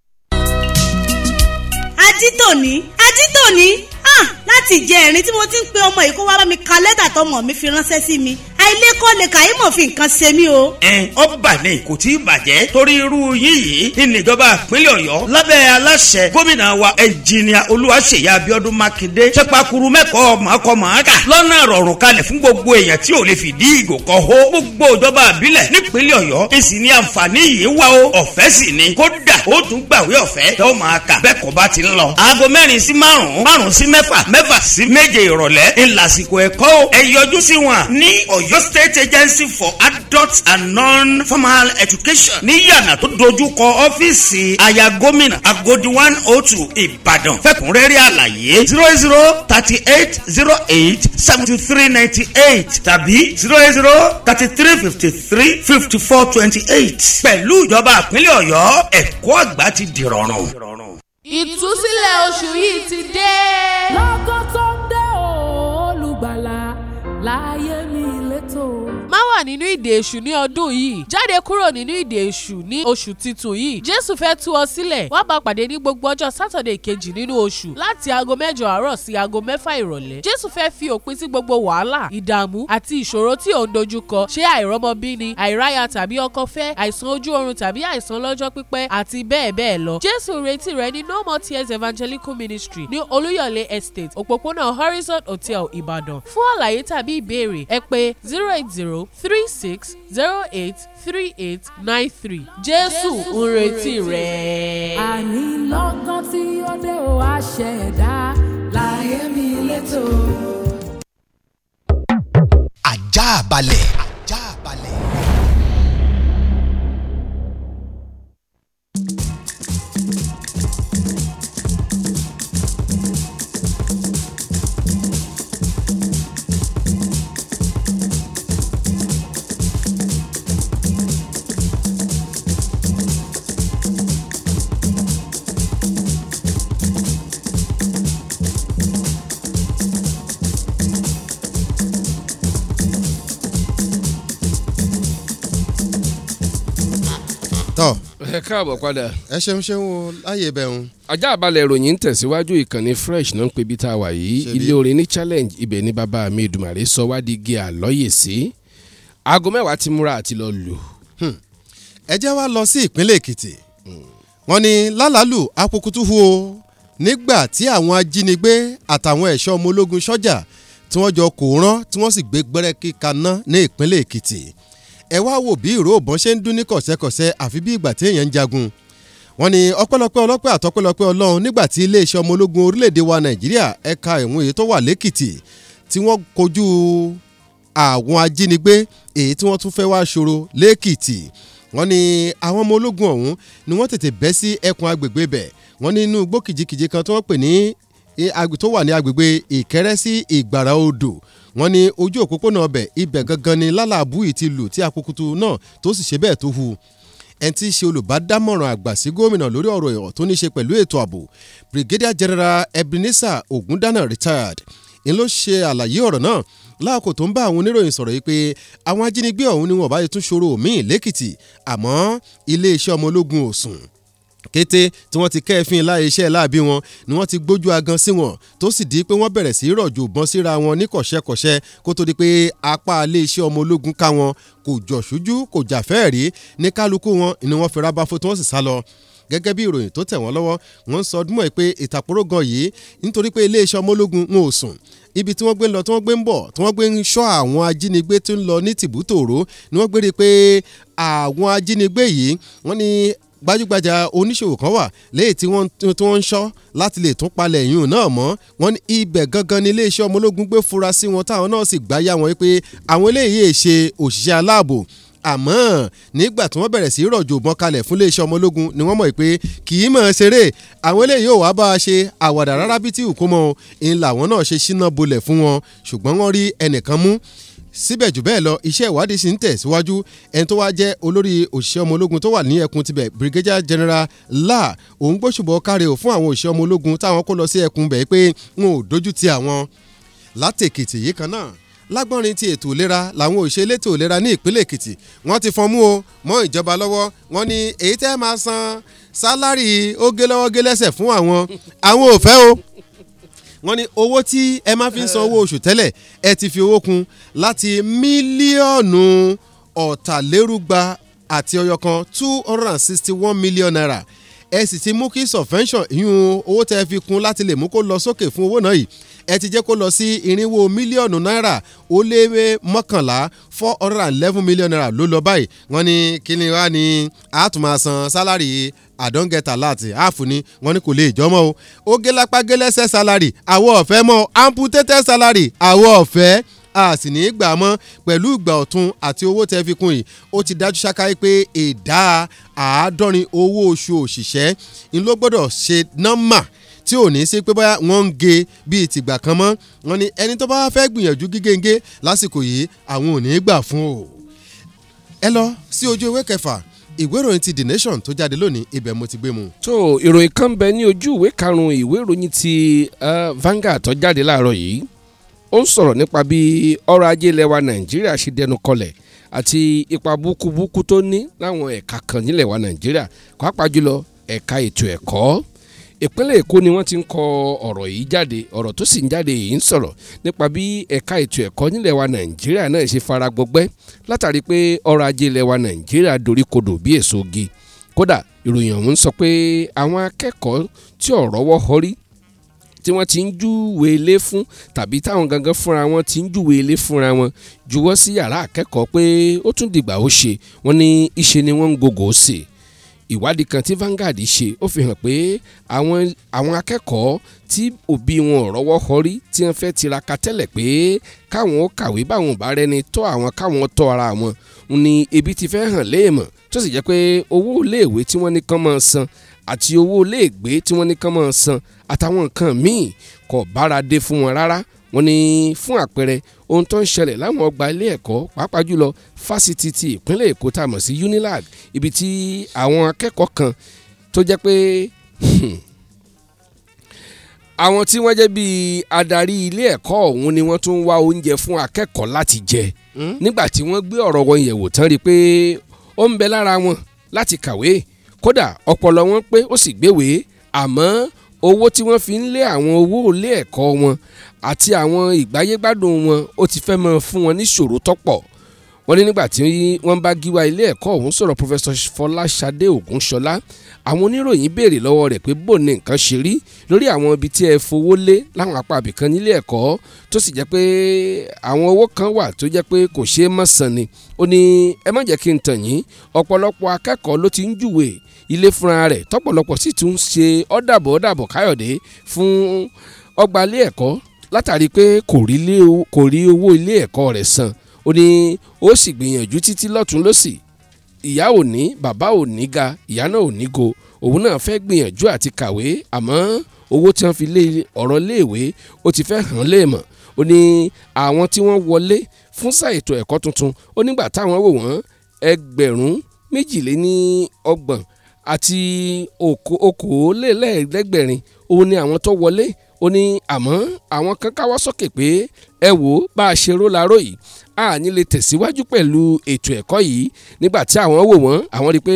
ajítòní ajítòní ah, láti ìjẹrin tí mo ti ń pe ọmọ yìí kó wá bá mi ka lẹ́tà tọmọ mi fi ránṣẹ́ sí mi àìlẹ́kọ́ lè kàí mọ̀ fi nǹkan ṣe mí o. ẹ ọ bà ní kò tí ì bàjẹ́ torí irú yín yìí ìníjọba ìpínlẹ̀ ọ̀yọ́ lábẹ́ aláṣẹ gómìnà wa ẹnjìnìà olúwaṣeyí abíọ́dún mákindé sẹpakuru mẹ́kọ̀ọ́ mọ́kọ́ mọ́ká lọ́nà rọrùn kalẹ̀ fún gbogbo èèyàn tí ò lè fìdí ìgò kan hó gbogbo ìjọba ìbílẹ̀ nípínlẹ̀ ọ̀yọ́ èsì ni àǹfààní yìí wà o ọ̀fẹ́ sì ni kódà ó tún gbàwé ọ̀fẹ́ tó máa kà bẹ́ẹ̀ kọ́ bá ti ń lọ. aago mẹ́rin sí márùn-ún márùn-ún sí mẹ́fà mẹ́fà sí méje ìrọ̀lẹ́ ìlàsìkò ẹ̀kọ́ ẹ yọjú sí wọn ní ọ̀y Ọ̀yọ́ State Agency for Adult and Non-Formal Education ní yàrá tó dojú kọ ọ́fíìsì aya gómìnà Agodi one oh two Ìbàdàn fẹ́kùnrẹ́rẹ́ àlàyé zero zero thirty eight zero eight seventy three ninety eight tàbí zero zero thirty three fifty three fifty four twenty eight pẹ̀lú ìjọba àpínlẹ̀ Ọ̀yọ́ ẹ̀kọ́ àgbà ti dìrọ̀rùn. Ìtúsílẹ̀ oṣù yìí ti dé. lọ́gọ́ tó ń dé olùgbàlà láyé má wà nínú ìdè èṣù ní ọdún yìí jáde kúrò nínú ìdè èṣù ní oṣù titun yìí jésù fẹ́ tú ọ sílẹ̀ wá bá pàdé ní gbogbo ọjọ́ sátọ̀dẹ̀ kejì nínú oṣù láti aago mẹ́jọ àárọ̀ sí aago mẹ́fà ìrọ̀lẹ́ jésù fẹ́ fi òpin sí gbogbo wàhálà ìdààmú àti ìṣòro tí ò ń dojúkọ ṣé àìrọ́mọbíni àìráyà tàbí ọkọ fẹ́ àìsàn ojú oorun tàbí àìsàn lọ́jọ́ pípẹ́ àti bẹ́ẹ̀ bẹ́ẹ̀ lọ jésù retí rẹ ní no more tears evangelical ministry ní olúyọ̀lé estate òpópónà horizon hotel ìbàdàn fún àlàyé tàbí ìbéèrè ẹ pè zero eight zero three six zero eight three eight nine three jésù ń retí rẹ. àní tí ó dé o àṣẹ̀dá láyé mi létò. ajá balẹ̀. ajá balẹ̀. ẹ káàbọ̀ padà. ẹ ṣeun ṣeun o láyé bẹ̀rùn. ajá balẹ̀ ìròyìn ń tẹ̀síwájú ìkànnì fresh náà ń pe ibi tá a wà yìí ilé orin ní challenge ibẹ̀ ni bàbá mi Èdùmàrè sọ wá di gé àlọ́yè sí aago mẹ́wàá ti múra àti lọ lù. Hmm. ẹ jẹ́ wá lọ sí ìpínlẹ̀ Èkìtì wọ́n ní lálàlù akukutuhu o nígbà tí àwọn ajínigbé àtàwọn ẹ̀ṣọ́ ọmọ ológun sọ́jà tí wọ́n jọ kò rán tí wọ́n sì gbé gbẹ́rẹ́kì kaná ní ìpínlẹ̀ Èkìtì ẹ wá wò bí ìró òbọ̀n ṣe ń dún ní kọ̀sẹ́kọ̀sẹ́ àfi bí ìgbà téèyàn ń jagun wọ́n ní ọpẹ́lọpẹ́ ọlọ́pẹ́ àtọpẹ́lọpẹ́ ọlọ́run nígbà tí iléeṣẹ́ ọmọ ológun orílẹ̀-èdè wa nàìjíríà ẹ̀ka ìwọ̀n èyí tó wà lẹ́kìtì tí wọ́n kojú àwọn ajínigbé èyí tí wọ́n tún fẹ́ wá ṣòro lẹ́kìtì wọ́n ní àwọn ọmọ ológun ọ̀hún ni wọ́n tètè bẹ́ sí ẹkùn agbègbè bẹ̀ wọ́n ní inú igbó kan eh, tó wà ní agbègbè ìkẹrẹ sí ìgbàrá odò wọ́n ní ojú òpópónà ọbẹ̀ ibẹ̀ gangan ni lálàbù ìti lù tí akukutu náà tó sì ṣe bẹ́ẹ̀ tó hu ẹni tí í ṣe olùbádámọ̀ràn àgbà sí gómìnà lórí ọ̀rọ̀ ìrọ̀ tó ní ṣe pẹ̀lú ètò ààbò brigadier general ebenezer ogundana retired ń ló ṣe àlàyé ọ̀rọ̀ náà láàkó tó ń bá àwọn oníròyìn sọ̀rọ̀ yìí pé àwọn ajínigbé ọ̀hún ni wọn bá tún ṣòro míì lẹ́kìtì àmọ́ iléeṣẹ́ ọmọ ológun ò kété tí wọ́n ti kẹ́ẹ̀fín láì iṣẹ́ láàbí wọn ni wọ́n ti gbójú agan sí wọn tó sì di pé wọ́n bẹ̀rẹ̀ sí í rọ̀jò bọ́n síra wọn ní kọ̀ṣẹ́kọ̀ṣẹ́ kó tó di pé apá ilé iṣẹ́ ọmọ ológun ká wọn kò jọ̀ṣújú kò jàfẹ́ rí ní kálukú wọn ni wọ́n fi rábáfó tí wọ́n sì sá lọ gẹ́gẹ́ bí ìròyìn tó tẹ̀ wọ́n lọ́wọ́ wọ́n ń sọ ọdún mọ́ ẹ pé ìtàkùrọ̀ gan yìí nítorí pé iléeṣẹ́ ọmọ ológun wọn ò sùn ibi tí wọ́n gbé ń lọ tí wọ́n gbé ń bọ̀ tí wọ́n gbé ń ṣọ́ àwọn ajínigbé tó ń lọ ní tìbútòrò ni wọ́n gbé pé àwọn ajínigbé yìí wọ́n ní gbajúgbajà oníṣòwò kan wà léyìí tí wọ́n ń ṣọ́ láti lè tún palẹ̀ ìyún náà mọ́ wọ́n ní ibẹ̀ gangan ní iléeṣẹ́ ọmọ ológun gbé fura sí wọn táwọn náà sì gbáyà wọn pé àwọn eléyìí ṣe òṣìṣẹ́ aláàbò àmọ́ nígbà tí wọ́n bẹ̀rẹ̀ sí rọ̀jò bọ́n kalẹ̀ fún iléeṣẹ́ ọmọ ológun ni wọ́n mọ̀ pé kì í mọ̀ ṣeré àwọn eléyìí ò wá bá a ṣe àwàdà rárá bí tí ò kó mọ́ ń làwọn náà ṣe ṣínà bolẹ̀ fún wọn ṣùgbọ́n wọ́n rí ẹnìkan mú síbẹ̀ jù bẹ́ẹ̀ lọ iṣẹ́ ìwádìí sì ń tẹ̀síwájú ẹni tó wá jẹ́ olórí òṣìṣẹ́ ọmọ ológun tó wà ní ẹkùn tibẹ̀ brigadier general la òun gbóṣùbọ̀ káre ò fún àwọn òṣìṣẹ́ ọmọ ológun táwọn kó lọ sí ẹkùn bẹ̀ pé wọn ò dójú ti àwọn látèkìtì yìí kan náà lágbọ́nrin ti ètò ìlera làwọn òṣè elétò ìlera ní ìpínlẹ̀ èkìtì wọ́n ti fọ́n mú o mọ́ ìjọba lọ́wọ́ wọ́n ní èyí tẹ́ máa san sálárì ó gé lọ́wọ́ gé lẹ́sẹ̀ fún àwọn àwọn ò fẹ́ o wọ́n ní owó tí ẹ máa fi ń san owó oṣù tẹ́lẹ̀ ẹ ti fi owó kún láti mílíọ̀nù ọ̀tàlérúgba àti ọyọ kan two hundred and sixty one million naira ẹ sì ti mú kí subvention ìyún owó tẹ́ fi kún láti lè mú kó lọ sókè fún owó náà yìí ẹ ti jẹ́ kó lọ sí irínwó mílíọ̀nù náírà ó lé mọ́kànlá four hundred and eleven million naira ló lọ báyìí wọ́n ní kíni wá ní àtúmọ̀ sálárì I don't get alert àáfù ni wọ́n ní kò lè jọmọ́ o ó gé lápá gé lẹ́sẹ̀ sálárì àwọ̀ ọ̀fẹ́ mọ́ amputated sálárì àwọ̀ ọ̀fẹ́ a sì ní í gbà mọ́ pẹ̀lú ìgbà ọ̀tun àti owó tẹ́ fi kún yìí ó ti dájú ṣáká pé ìdá àádọ́rin owó oṣù òṣìṣẹ́ ń gbọ́dọ̀ ṣe nọ́mà tí ò ní sí pé bóyá wọ́n ń ge bíi tìgbà kan mọ́ wọ́n ní ẹni tó bá fẹ́ gbìyànjú gígéńgé lásìkò yìí àwọn ò ní gbà fún o. ẹ lọ sí ojú ewé kẹfà ìwé ìròyìn ti the nation tó jáde lónìí ibẹ̀ mo ti gbé mu. tó ìròyìn kan bẹ ní ojú ìwé karùn-ún ìwé ìròyìn ti Vanguard tó jáde láàárọ̀ yìí ó ń sọ̀rọ̀ nípa bí ọrọ̀ ajé ilẹ̀ Nàìjíríà ṣe dẹnu kọlẹ̀ àti ipa búkúbúkú tó ní láwọn ẹ̀ka kan nílẹ̀ wa Nàìjíríà pàápàá jùlọ ẹ̀ka ètò ẹ̀kọ́ ìpínlẹ̀ èkó ni wọ́n ti ń kọ ọ̀rọ̀ yìí jáde ọ̀rọ̀ tó sì ń jáde yìí ń sọ̀rọ̀ nípa bí ẹ̀ka ètò ẹ̀kọ́ nílẹ̀ wa nàìjíríà náà ṣe fara gbọgbẹ́ látàrí pé ọrọ̀ ajé ilẹ̀ wa nàìjíríà dorí kodò bí èso igi kódà ìròyìn ọ̀hún sọ pé àwọn akẹ́kọ̀ọ́ tí ọ̀rọ̀ wọ́ họrí tí wọ́n ti ń júwèé lé fún tàbí táwọn gangan fúnra wọn ti ń júwèé lé fúnra wọn juwọ́ sí yàrá akẹ́kọ̀ọ́ pé ó tún dìgbà ó ṣe wọ́n ní ìṣe ni wọ́n ń gògò ṣe ìwádìí kan tí Vanguard ṣe ó fi hàn pé àwọn àwọn akẹ́kọ̀ọ́ tí òbí wọn rọ́wọ́ họrí tí wọ́n fẹ́ tiraka tẹ́lẹ̀ pé káwọn ó kàwé báwọn bá rẹni tọ́ àwọn káwọn tọ́ ara wọn ni ebi ti fẹ́ hàn léèmọ̀ tó sì jẹ́ pé owó iléèwé tí wọ́n ní kán máa san àti owó iléègbé tí wọ́n ní kán máa san àtàwọn nǹkan míì kò bára dé fún wọn rárá wọ́n ní fún àpẹẹrẹ ohun tó ń ṣẹlẹ̀ láwọn ọgbà ilé ẹ̀kọ́ pàápàá jùlọ fásitì ti ìpínlẹ̀ èkó tá a mọ̀ sí unilag ibi tí àwọn akẹ́kọ̀ọ́ kan tó jẹ́ pé hmm, àwọn tí wọ́n jẹ́ bíi adarí ilé ẹ̀kọ́ ọ̀hún ni wọ́n tún ń wá oúnjẹ fún akẹ́kọ̀ọ́ láti jẹ hmm? nígbà tí wọ́n gbé ọ̀rọ̀ wọn yẹ̀wò tán rí i pé ó ń bẹ lára wọn láti kàwé kódà ọpọlọ wọn pé ó sì gbéwèé àmọ́ owó tí wọ́n fi ń lé àwọn owó ilé ẹ̀kọ́ wọn àti àwọn ìgbáyégbádùn wọn ó ti fẹ́ mọ́ fún wọn níṣòro tọ́pọ̀ wọ́n ní nígbà tí wọ́n bá gíwá ilé ẹ̀kọ́ ọ̀hún sọ̀rọ̀ Professor Fọláṣadé Ògúnṣọlá àwọn oníròyìn béèrè lọ́wọ́ rẹ̀ pé bò ní nǹkan ṣe rí lórí àwọn ibi tí ẹ fowó lé láwọn apá abìkan nílé ẹ̀kọ́ tó sì jẹ́ pé àwọn owó kan wà tó jẹ́ pé kò ṣeé mọ̀ san ni ó ní ẹ má jẹ́ kí n tàn yín ọ̀pọ̀lọpọ̀ akẹ́kọ̀ọ́ ló ti ń júwe ilé fúnra rẹ̀ tọ́pọ̀lọpọ̀ sì tún ṣe ọ̀dàbọ̀ ọ̀dàbọ̀ káyọ̀dé fún ọgbà ilé ẹ̀kọ́ látàrí pé kò rí owó ilé ẹ̀kọ́ rẹ̀ san ó ní ó sì gbìyànjú títí lọ́tún lọ́sì ìyá ò ní bàbá ò ní ga ìyá náà ò ní go òun náà fẹ́ gbìyànjú àti kàwé àmọ́ owó tí wọ́n fi lé ọ̀rọ̀ léèwé ó ti fẹ́ hàn léèmọ̀ ó ní àwọn tí wọ́n wọlé fún sáà ẹ̀kọ́ tuntun ó nígbà táwọn wò wọ́n ẹgbẹ̀rún méjìléní àti okòólélẹ́ẹ̀ẹ́dẹ́gbẹ̀rin òun ni àwọn tó wọlé ó ní àmọ́ àwọn kan káwọ́ sókè pé ẹ wò ó bá a ṣe róláró yìí àní lè tẹ̀síwájú pẹ̀lú ètò ẹ̀kọ́ yìí nígbà tí àwọn wò wọ́n àwọn rí i pé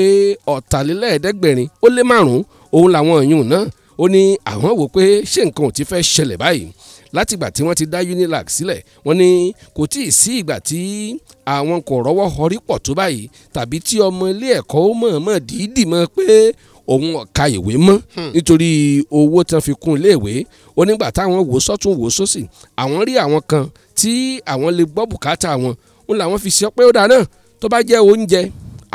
ọ̀tàlélẹ́ẹ̀ẹ́dẹ́gbẹ̀rin ó lé márùn-ún òun làwọn èèyàn náà ó ní àwọn wò pé ṣé nǹkan ò ti fẹ́ ṣẹlẹ̀ báyìí látìgbà tí wọ́n ti dá unilag sílẹ̀ wọ́n ní kò tíì sí ìgbà tí àwọn kò rọ́wọ́ họrí pọ̀ tó báyìí tàbí tí ọmọ ilé ẹ̀kọ́ mọ̀ọ́mọ̀ dìídì mọ́ pé òun ọ̀ka ìwé mọ́ hmm. nítorí owó tán fi kún iléèwé onígbà táwọn wò sọ́tún wò sósì àwọn rí àwọn kan tí àwọn lè gbọ́ bùkátà wọn ń làwọn fi ṣe pé ó dáa náà tó bá jẹ́ oúnjẹ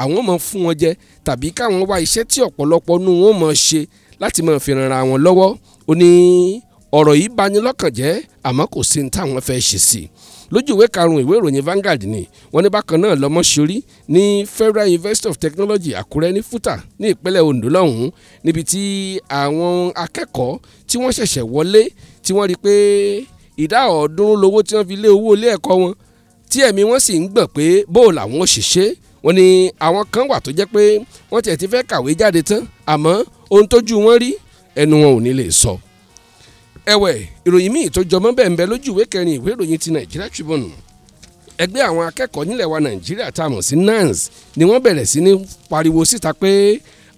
àwọn máa fún wọn jẹ tàbí káwọn wá iṣẹ́ tí ọ̀pọ̀lọpọ̀ nu wọn máa ṣe láti máa fi ràn ra wọn lọ́wọ́ ó ní ọ̀rọ̀ yìí bani lọ́kàn jẹ́ àmọ́ kò sí ní táwọn fẹ́ ṣe sí i lójú ìwé karùn-ún ìwé ìròyìn Vanguard ni wọ́n ní bákan náà lọ́mọ ṣorí ní Federal University of Technology Àkúrẹ́ ní futa ní ìpínlẹ̀ Ondo lọ́hùn-ún níbi tí àwọn akẹ́kọ̀ọ́ tí wọ́n ṣẹ̀ṣẹ̀ wọlé tí wọ́n rí i pé ìdá ọ̀ọ́dúnrún lówó tí wọ́n fi lé owó ilé ẹ̀kọ́ wọn tí ẹ̀mí wọn sì ń gbọ̀n pé bóò làwọn òṣìṣẹ́ wọn ni àwọn kan wà tó jẹ́ pé wọ́n tiẹ̀ ti fẹ́ kàwé jáde tán àmọ́ ohun tójú wọn rí ẹnu wọn ò ní lè sọ. So ẹ̀wẹ̀ ìròyìn míì tó jọmọ́ bẹ́ẹ̀ ń bẹ lójú ìwé kẹrin ìwé ìròyìn ti Nigeria Tribune ẹgbẹ́ àwọn akẹ́kọ̀ọ́ nílẹ̀ wa Nàìjíríà tá a mọ̀ sí NANS ni wọ́n bẹ̀rẹ̀ sí ní pariwo síta pé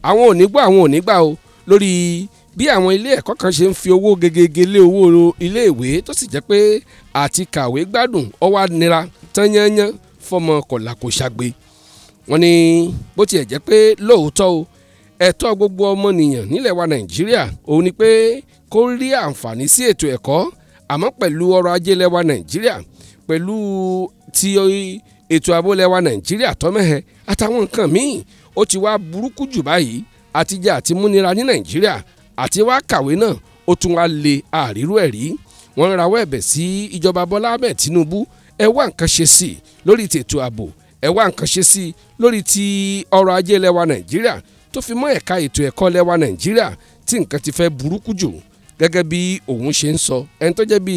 àwọn ò ní gbọ́ àwọn ò ní gbà o lórí bí àwọn ilé ẹ̀kọ́ kan ṣe ń fi owó gegege lé owó iléèwé tó sì jẹ́ pé àti kàwé gbádùn ó wá nira tányányán fọmọ kọ̀là kò ṣàgbé wọ́n ní bó tiẹ̀ jẹ́ pé lóòótọ́ o ẹ̀tọ́ gbogbo ọmọnìyàn nílẹ̀ wa Nàìjíríà òun ni pé kó rí àǹfààní sí ètò ẹ̀kọ́ àmọ́ pẹ̀lú ọrọ̀ ajé lẹ́wà nàìjíríà pẹ̀lú ti ètò ààbò lẹ́wà nàìjíríà tọ́mẹ́hẹ́ àtàwọn nǹkan míì ó ti wá burúkú jù báyìí àtijọ́ àti múnira ní nàìjíríà àti wá kàwé náà ó tún wá lé àrírú ẹ̀ rí wọ́n ń rawọ́ ẹ̀bẹ̀ sí ìjọba bọ́lá ahmed tinubu ẹ wá nǹkan ṣe sí i lórí ti ètò ààbò ẹ wá nǹkan ṣe sí i lórí ti ọrọ̀ ajé lẹ́wà nàìjíríà tó fi mọ́ ẹ̀ka ètò ẹ̀kọ́ lẹ́wà nàìjíríà tí nǹkan ti fẹ́ burúkú jù gẹ́gẹ́ bí òun ṣe ń sọ ẹni tó jẹ́ bí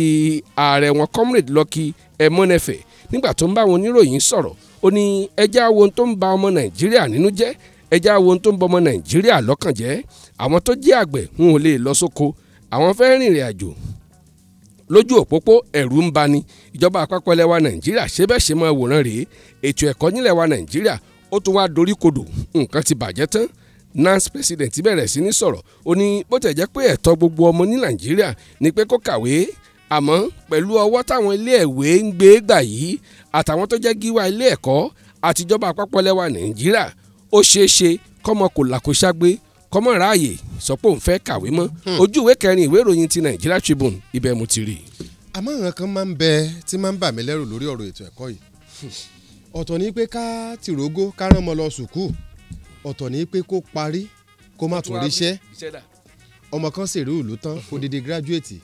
ààrẹ wọn comrade Lucky Ẹmọ́nẹfẹ̀ nígbà tó ń bá àwọn oníròyìn sọ̀rọ̀ ó ní ẹjẹ́ àwọn ohun tó ń ba ọmọ Nàìjíríà nínú jẹ́ ẹjẹ́ àwọn ohun tó ń ba ọmọ Nàìjíríà lọ́kàn jẹ́ àwọn tó jẹ́ àgbẹ̀ ń ò lè lọ sóko àwọn fẹ́ rìnrìn àjò lójú òpópó ẹ̀rù ń bani ìjọba àpapọ̀ ilẹ̀ wa Nàìjíríà ṣe bẹ́ẹ̀ ṣe mọ ìwòran rèé ètò ẹ̀kọ́ nílẹ̀ wa Nàìjíríà ó tún wá dorí kodò nǹkan ti bàjẹ́ tán nance president bẹ̀rẹ̀ sí ní sọ̀rọ̀ ó ní bó tẹ̀ jẹ́ pé ẹ̀tọ́ gbogbo ọmọ ní nàìjíríà ni pé kó kàwé àmọ́ pẹ̀lú ọwọ́ táwọn ilé ẹ̀wé ń gbé gbà yìí àtàwọn tó jẹ́ gíwá ilé ẹ̀kọ́ àtijọba àpapọ̀ lẹ́wà nàìjíríà ó ṣeé ṣe kọ́mọ kò làkóṣágbé kọ́mọ ráàyè sọ pé òun fẹ́ kàwé mọ́ hmm. ojú ìwé kẹrin ìwé ìròyìn ti Nigeria Tribune ibẹ̀ mo ti rí. àmọ́ ìran kan máa ń bẹ tí máa ń bà mí lẹ́rù lórí ọ̀rọ̀ ètò ẹ̀kọ́ yìí ọ̀tọ̀ ni pé ká tìrógó ká rán ọmọ lọ sùkúù ọ̀tọ̀ ní pé kó parí kó má tún ríṣẹ́ ọmọ kan sì rí ìlú tán kó dédé gírájúètì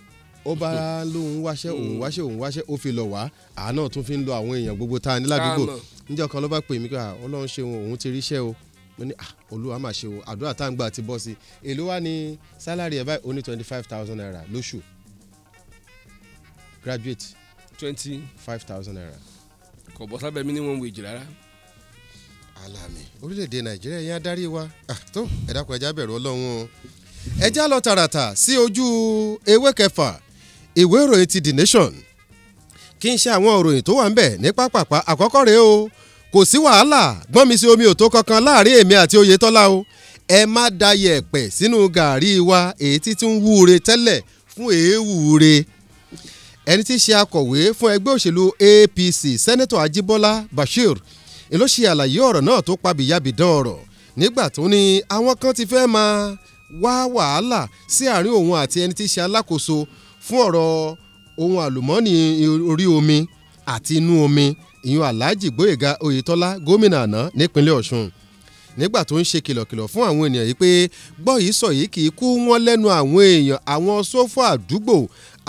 ó bá lóun wáṣẹ́ òun hmm. wáṣẹ́ òun wáṣẹ́ ó fi lọ wá àánà tún fi ń lo àwọn èèyàn gbogbo tá a ní ládùúgbò níjọ́ kan ló bá pè mí pé ọlọ́run ṣeun òun ti ríṣẹ́ o mo ní olúwa mà ṣe o àdúrà tá à ń gbà ti bọ́ sí i èló wá ní sálárì ẹ̀ báyìí ó ní twenty five thousand naira lóṣù graduate twenty five thousand naira kò bọ́ sábẹ́ minimum wage rárá alàmì orílẹ̀-èdè nàìjíríà yẹn adarí wa tó ẹ dákun ẹja bẹ̀rù ọlọ́run o ẹja lọ tààràtà sí ojú ewé kẹfà ìwé ìròyìn ti the nation kí n ṣe àwọn òròyìn tó wà ń bẹ̀ ní pápápá àkọ́kọ́ rèé o kò sí wàhálà gbọ́n mi sí omi òtó kankan láàrin èmi àti oyetola o ẹ má da yẹ̀pẹ̀ sínú gàárì wa èyí tí ń wúre tẹ́lẹ̀ fún èéwù re ẹni tí í ṣe akọ̀wé fún ẹgbẹ́ òṣèlú APC sẹ́nẹ́tọ̀ Ajíbọ́lá Bashir èló ṣe àlàyé ọ̀rọ̀ náà tó pa bìyàbìdán ọ̀rọ̀ nígbà tó ní àwọn kan ti fẹ́ máa wá wàhálà sí àárín òun àti ẹni tí í ṣe alákòóso fún ọ̀rọ̀ ohun àlùmọ́ọ́nì orí omi àti inú omi ìyún Alhaji Gbóyèga Oyètọ́lá gómìnà àná nípínlẹ̀ Ọ̀ṣun nígbà tó ń ṣe kìlọ̀kìlọ̀ fún àwọn ènìyàn yìí pé gbọ́ yìí sọ yìí kì í kú wọn lẹ́nu àwọn èèyàn àwọn sófò àdúgbò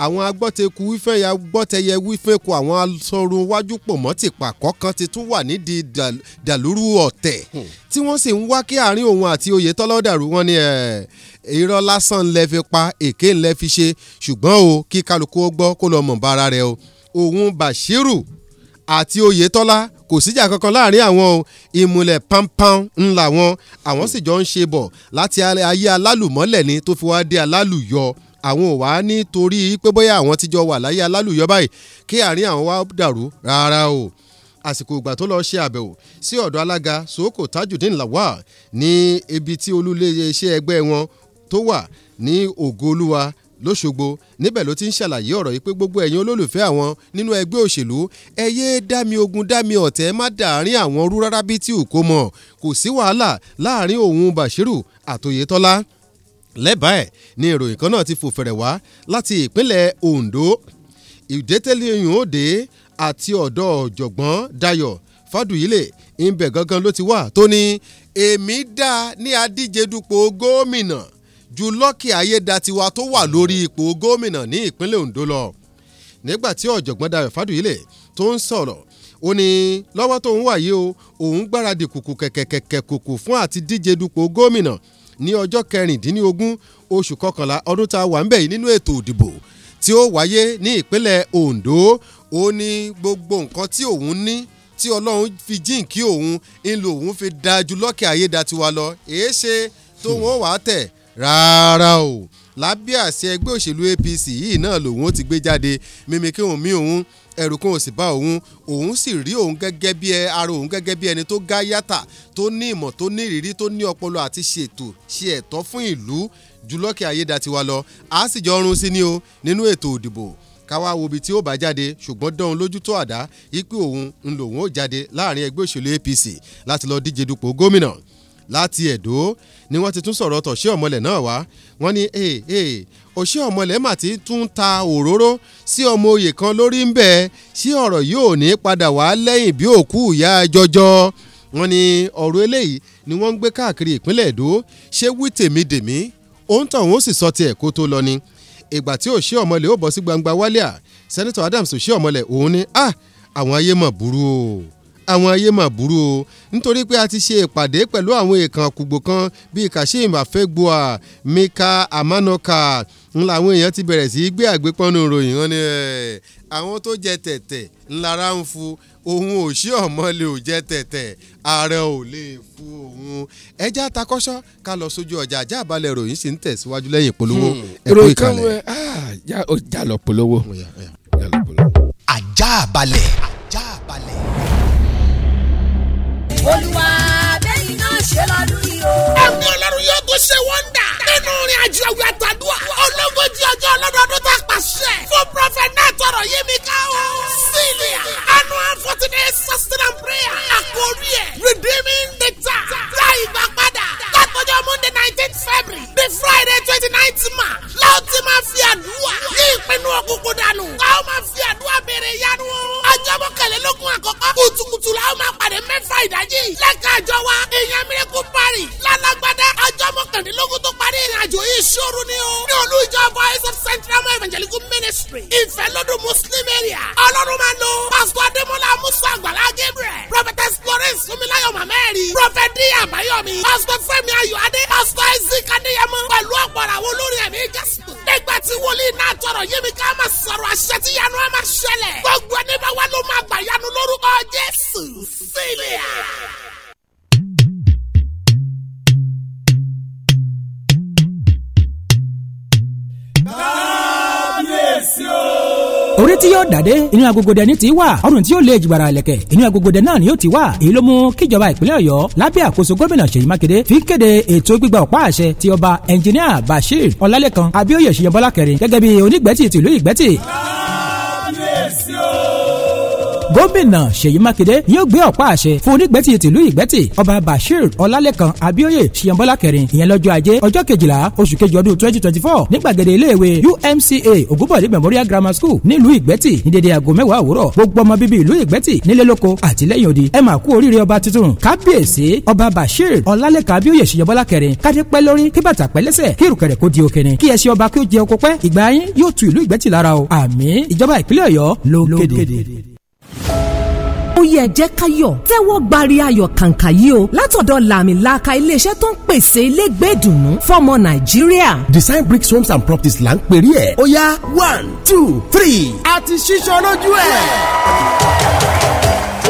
àwọn agbọ́tẹ̀kù wífẹ́ ya gbọ́tẹ̀yẹ wífẹ́ kó àwọn asọ̀rọ̀ wájú pọ̀ mọ́ tìpa kọ́kan ti tún wà nídìí dàlúrú ọ̀tẹ̀ hmm. tí wọ́n sì ń wá kí àárín òun àti Oyètọ́lá dàrú wọn ni irọ́ lásán lẹ fi pa èké lẹ fi ṣe ṣùgbọ́n o kí kálukú ó gbọ́ kó lọ mọ̀ bára rẹ o òun Bàṣírù àti Oyètọ́lá kò síjà kankan láàrin àwọn o ìmùlẹ̀ pánpán ńlá wọn àwọn sì jọ ń ṣe bọ̀ láti ayé alálùmọ́lẹ̀ ni tó fi wá dé alálùyọ àwọn ò wá nítorí pé bóyá àwọn ti jọ wà láyé alálùyọ báyìí kí àárín àwọn wá dàrú rárá o àsìkò ìgbà tó lọ́ọ́ ṣe àbẹ̀wò sí ọ̀dọ̀ alága Sòókò Tajudeen Lawal ní ibi tí olúléeṣẹ́ ẹgbẹ́ wọn tó wà ní ògo olúwa lọ́ṣogbo níbẹ̀ ló ti ń ṣàlàyé ọ̀rọ̀ yìí pé gbogbo ẹ̀yin olólùfẹ́ àwọn nínú ẹgbẹ́ òṣèlú ẹ yéé dá mi ogun dá mi ọ̀tẹ̀ má dàárín àwọn rú rárá bí tí mọ̀ kò sí wàhálà láàrin òun Bashiru àtòyétọ́lá lẹ́bàá ẹ̀ ni ìròyìn kan náà ti fò fẹ̀rẹ̀ wá láti ìpínlẹ̀ Ondo ìdẹ́tẹ̀lẹ́yìn òde àti ọ̀dọ́ ọ̀jọ̀gbọ́n Dayọ̀ Fádùyílẹ̀ ìbẹ̀ gangan ló ti wà tó ní èmi dá ní adíje dupò gómìnà ju Lọ́kì Ayédatiwa tó wà lórí ipò gómìnà ní ìpínlẹ̀ Ondo lọ nígbà tí ọ̀jọ̀gbọ́n Dayọ̀ Fádùyílẹ̀ tó ń sọ̀rọ̀ ó ní lọ́wọ́ tó ń wà o òun gbáradì kùkù kẹ̀kẹ̀kẹ̀kẹ̀ kùkù fún àti díje dupò gómìnà ní ọjọ́ kẹrìndínlógún oṣù kọkànlá ọdún tá a wà ń bẹ̀ yìí nínú ètò òdìbò tí ó wáyé ní ìpínlẹ̀ Ondo ó ní gbogbo nǹkan tí òun ní tí ọlọ́run fi jíǹkí òun ń lo òun fi dájú lọ́kẹ́ ayédatiwa lọ èé ṣe tóun hmm. wàá tẹ̀ rárá o. Hmm lábẹ́ àṣẹ ẹgbẹ́ òṣèlú APC yìí náà lòun ó ti gbé jáde mímíkí òun mí òun ẹ̀rù kan ò sì bá òun òun sì rí òun gẹ́gẹ́ bí ara òun gẹ́gẹ́ bí ẹni tó gá yàtà tó ní ìmọ̀ tó ní ìrírí tó ní ọpọlọ àti ṣètò ṣe ẹ̀tọ́ fún ìlú jùlọ́kẹ́ ayédatiwa lọ a sì jọ run sí ni o nínú ètò òdìbò káwá wo ibi tí ó bá jáde ṣùgbọ́n dán lójú tó àdá yí pé òun ń lòun ó jáde láàrin ẹgbẹ́ òṣèlú APC láti lọ díje dupò gómìnà láti Ẹdó ni wọ́n ti tún sọ̀rọ̀ tọ̀ṣẹ́ ọ̀mọlẹ̀ náà wá wọ́n ní ọ̀ṣẹ́ ọ̀mọlẹ̀ mà ti tún ta òróró sí ọmọ oyè kan lórí ń bẹ̀ sí ọ̀rọ̀ yóò ní padà wá lẹ́yìn bí òkú ìyá jọjọ wọ́n ní ọ̀rọ̀ eléyìí ni wọ́n ń gbé káàkiri ìpínlẹ̀ Ẹdó ṣé wí tèmi dèmi òun tàn òun sì sọ tiẹ̀ kó tó lọ ni ìgbà tí òṣìṣẹ́ ọ̀mọlẹ̀ ó bọ́ sí gbangba wálíà sẹ́nitọ̀ Adams òṣìṣẹ́ ọ̀mọlẹ̀ òun ni ah àwọn ayé mọ̀ burú o àwọn ayé mà burú o nítorí pé a ti ṣe ìpàdé pẹ̀lú àwọn èèkàn kùgbò kan bíi Kashim Afegbua Mika Amanoka ńlá àwọn èèyàn ti bẹ̀rẹ̀ sí í gbé àgbépọ́nú ìròyìn wọn ni àwọn tó jẹ tẹ̀tẹ̀ ńlára ń fu òun ò sí ọ̀mọ́lẹ̀ ò jẹ́ tẹ̀tẹ̀ ààrẹ ò lè fu òun ẹja takọ́ṣọ́ ká lọ sójú ọjà ajá àbálẹ̀ ìròyìn sì ń tẹ̀síwájú lẹ́yìn hmm. ah, polówó ẹ̀kú ìkàlẹ̀. ajá àbálẹ̀. ajá àbálẹ̀ olúwa bẹ́ẹ̀ni náà ṣe lọ́dún yìí o. ẹ̀mí ọlọ́run yóò kó ṣe wọ́ndà. nínú orin àjọ ìwé àtàdúrà. ológójì ọjọ́ ọlọ́dọọdún tá a pàṣẹ. fún prọfẹ̀t náà tọrọ yé mi ká o. sílíà annual forty days sustained prayer. àkórí ẹ̀ redeeming the time. láì gbà padà ọjọ́ monday nineteen february the friday twenty ninth march láwọn ti máa fi àdúrà ní ìpinnu òkùnkùn dànù láwọn máa fi àdúrà béèrè yánu ọjọ́ mọ́kànlélógún àkọ́kọ́ kùtùkùtù láwọn máa pàdé mẹ́fà ìdájí lẹ́ka àjọ wa èèyàn miracle party lálágbádá ọjọ́ mọ́kànlélógún tó parí ìrìnàjò yìí ṣòro ni o ní olú ìjọ voice of central evangelical ministry ìfẹ́ lọ́dún muslim area ọlọ́run máa lo pastor adémọlá musa àgbàlá gabriel prophetess florence sumilayo mamẹ́rì prophet d àbáyọ̀mí pastor fẹ́mi ayọ̀ ìpàdé pásítọ̀ isaac adéyẹmọ pẹ̀lú ọ̀pọ̀lọpọ̀ àwọn olórí ẹ̀mí jésù. nígbà tí wòlíì náà tọrọ yé mi ká máa sọ̀rọ̀ àṣẹ tí yanu á máa ṣẹlẹ̀. gbogbo ẹni bá wà ló máa gbà yanu lórúkọ jésù sílẹ̀. tí yóò dàdé inú agogodẹ ní ti wà ọrùn tí yóò lé ìjìbára ẹlẹ́kẹ̀ inú agogodẹ náà ni yóò ti wà èyí ló mú kíjọba ìpínlẹ̀ ọ̀yọ́ lábẹ́ àkóso gómìnà ṣèyí mákindé fi ń kéde ètò gbígba ọ̀pá àṣẹ ti ọba ẹnjiníà bashir ọlálẹ́kan abíóyè ṣìyẹnbọ́lá kẹrin gẹ́gẹ́ bí onígbẹ̀tì tìlú ìgbẹ́tì gómìnà ṣèyí mákindé yóò gbé ọ̀pá àṣẹ fún onígbẹ́tì tìlú ìgbẹ́tì ọba bashir ọlálẹ́kan abioye ṣiyànbọ́lá kẹrin ìyẹn lọ́jọ́ ajé ọjọ́ kejìlá oṣù kejì ọdún twenty twenty four ní gbàgede iléèwé umca ògúnbọ̀dé memorial grammar school nílùú ìgbẹ́tì ní dédé aago mẹ́wàá òwúrọ̀ gbogbo ọmọ bíbí ìlú ìgbẹ́tì nílé lóko àti lẹ́yìn ẹ máa kú oríire ọba tuntun kábíyèsí ọba bashir ọlálẹ́kan abioye ṣiyànbọ́lá kẹrin kádé pẹ́ lórí kí bàtà pẹ́ lẹ́sẹ̀ kí ìrùkẹ̀rẹ̀ kó di òkèrè kí ẹṣin ọba kí ó jẹ oko pẹ́ ìgbà yín yóò tu ìlú ìgbẹ́tì lára o àmín ìjọba ìpínlẹ̀ ọ̀yọ́ ló kéde ó yẹ jẹ́ káyọ̀ tẹ́wọ́ gbari ayọ̀ kàǹkà yìí o látọ̀dọ̀ làmìlaka iléeṣẹ́ tó ń pèsè ilé gbẹ́dùnú fọ́mọ nàìjíríà. design bricks homes and properties là ń pèrè ẹ̀ ó yá one two three àti ṣíṣọ́ lójú ẹ̀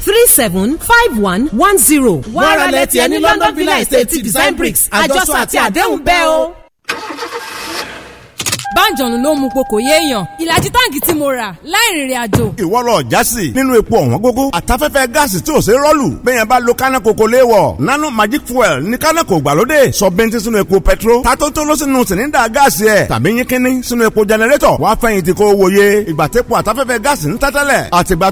three seven five one one zero. wàrálẹ̀ tiẹ̀ ní London Villa Estate Design Bricks àjọṣọ àti àdéhùn bẹ́ẹ̀ o báńjọ̀nù ló mu pokò yéèyàn ìlàjì táǹkì tí mo rà láì rìnrìn àjò. ìwọ lọ jásì nínú epo ọ̀wọ́n gógó àtafẹ́fẹ́ gáàsì tí ò ṣe rọ́ọ̀lù bẹ́ẹ̀ bá lo kánà kòkó léwọ̀ nano magic fuel ní kánà kò gbàlódé sọ bẹ́ntì sínú epo petro tatótó ló sínú sìnínda gáàsì ẹ̀ tàbí yín kínní sínú epo jẹnẹrétọ̀ wàá fẹ̀yìntì kó wòye ìgbà tẹ́po àtafẹ́fẹ́ gáàsì ń tẹ́tẹ́lẹ̀ àtìgbà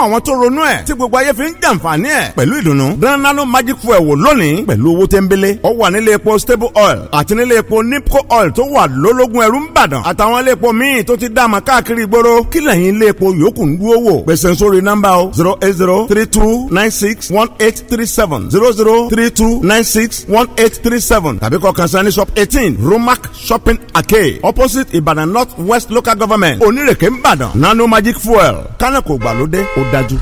fún àwọn tó ronú ẹ̀ tí gbogbo ayé fi ń jàǹfààní ẹ̀ pẹ̀lú ìdùnnú. dán magic fuel wò lónìí pẹ̀lú owó tẹ́ńbélé. ó wà nílé epo stable oil àti nílé epo nipco oil tó wà lólógún ẹrú ń bàdàn àtàwọn ilé epo míì tó ti dáàmà káàkiri ìgboro kí lẹ́yìn ilé epo yòókù ń dúró wò. gbèsè sórí nọ́mbà o zero eight zero three two nine six one eight three seven zero zero three two nine six one eight three seven tàbí kọ kànsáni shop eighteen romac shopping arcade opposite Ibadan north west local government onírèké ń bàdàn nano magic fuel kánà kò gbàlódé òd dájú.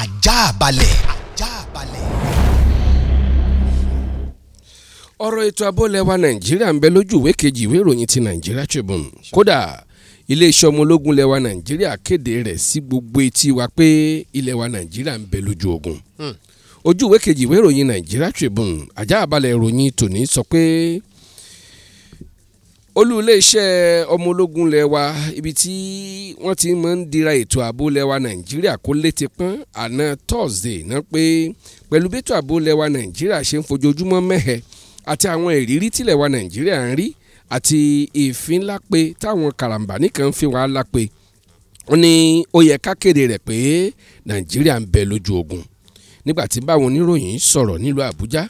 ajá balẹ̀. ọ̀rọ̀ ètò ààbò lẹ́wà nàìjíríà ń bẹ lójú ìwé kejì ìwé ìròyìn ti nàìjíríà Tribune kódà iléeṣẹ́ ọmọ ológun lẹ́wà nàìjíríà kéde rẹ̀ sí gbogbo etí wa pé ilẹ̀ nàìjíríà ń bẹ lójú ogun hmm. ojú ìwé kejì ìwé ìròyìn nàìjíríà Tribune ajá balẹ̀ ìròyìn tòní sọ pé olú iléeṣẹ́ ọmọ ológun lẹ́wà ibi tí wọ́n ti máa ń dira ètò ààbò lẹ́wà nàìjíríà kó létí pọ́n àná Thursday náà pé pẹ̀lú bẹ́tò ààbò lẹ́wà nàìjíríà ṣe ń fojoojúmọ́ mẹ́hẹ̀ àti àwọn ìrírí tí lẹ́wà nàìjíríà ń rí àti ìfínlápe táwọn karambani kan fi wá lápe wọ́n ní ó yẹ ká kéde rẹ̀ pé nàìjíríà ń bẹ lójú ogun nígbà tí báwọn oníròyìn sọ̀rọ̀ nílùú àbújá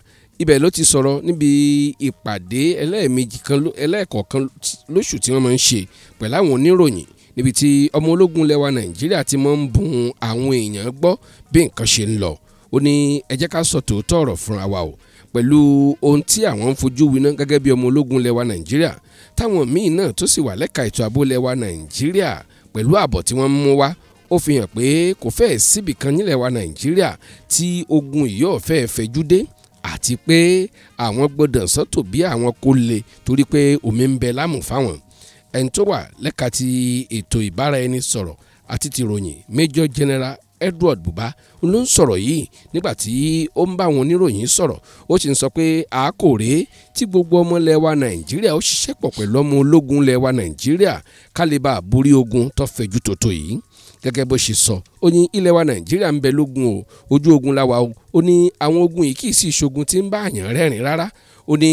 ibẹ̀ ló ti sọ̀rọ̀ níbi ìpàdé ẹlẹ́ẹ̀mejì kan ẹlẹ́ẹ̀kọ̀ọ̀kan lóṣù tí wọ́n máa ń ṣe pẹ̀lú àwọn oníròyìn níbi tí ọmọ ológun lẹwa nàìjíríà ti máa ń bun àwọn èèyàn gbọ́ bí nǹkan ṣe ń lọ ó ní ẹ jẹ́ ká sọ tòótọ́ ọ̀rọ̀ fúnra wa o pẹ̀lú ohun tí àwọn ń fojú winá gẹ́gẹ́ bí ọmọ ológun lẹwa nàìjíríà táwọn míì náà tó sì wà lẹ́ka ètò ààbò lẹwa nàìjíríà pẹ̀lú ààbọ̀ tí wọ́n mú wá ó fi hàn pé kò fẹ́ẹ̀ síbì nílẹ̀ wa nàìjíríà tí ogun yìí ò fẹ́ẹ̀ fẹjú dé àti pé àwọn gbọ́dọ̀ sọ́tò bí àwọn kò le torí pé omi ń bẹ lámù fáwọn ẹni tó wà lẹ́ka ti ètò ìbáraẹnisọ̀rọ̀ àti ti ròyìn Major General Edward Buba ló ń sọ̀rọ̀ yìí nígbà tí ó ń bá àwọn oníròyìn sọ̀rọ̀ ó sì ń sọ pé àákòrè tí gbogbo ọmọ ilẹ̀ wa Nàìjíríà ó ṣiṣẹ́ pọ̀ pẹ̀lú ọmọ ológun ilẹ̀ wa Nàìjíríà kálíbà borí ogun tó fẹ̀jú tòótọ́ yìí gẹ́gẹ́ bó ṣe sọ ó ní ilẹ̀ wa nàìjíríà ń bẹ lógun o ojú ogun la wà o ó ní àwọn ogun yìí kì í sì ṣogun tí ń bá àyàn rẹ́rìn rárá ó ní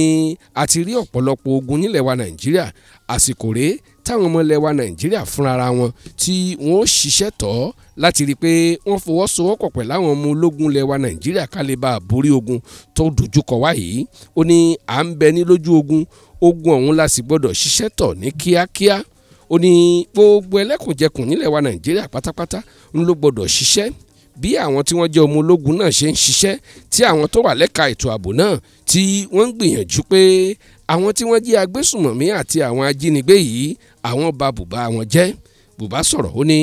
a ti rí ọ̀pọ̀lọpọ̀ ogun nílẹ̀ wa nàìjíríà àsìkò rèé táwọn ọmọ ilẹ̀ wa nàìjíríà fúnra wọn tí wọ́n ṣiṣẹ́ tọ́ láti rí i pé wọ́n fọwọ́sowọ́pọ̀ pẹ̀lú àwọn ọmọ ológun ilẹ̀ wa nàìjíríà ká lè bá a borí ogun tó dojúkọ wá ó ní à ń bẹ ní lójú ogun ogun ọ̀hún la sì gbọ́dọ̀ ṣiṣẹ́ tọ̀ ní kíákíá ó ní gbogbo ẹlẹ́kùnjẹkùn nílẹ̀ wa nàìjíríà pátápátá ń ló gbọ́dọ̀ ṣiṣẹ́ bí àwọn tí wọ́n jẹ́ ọmọ ológun náà ṣe ń ṣiṣẹ́ tí àwọn tó wà lẹ́ka ètò ààbò náà tí wọ́n ń gbìyànjú pé àwọn tí wọ́n jẹ́ agbésùmọ̀mí àti àwọn ajínigbé yìí àwọn ba bùbá wọn jẹ́ bùbá sọ̀rọ̀ ó ní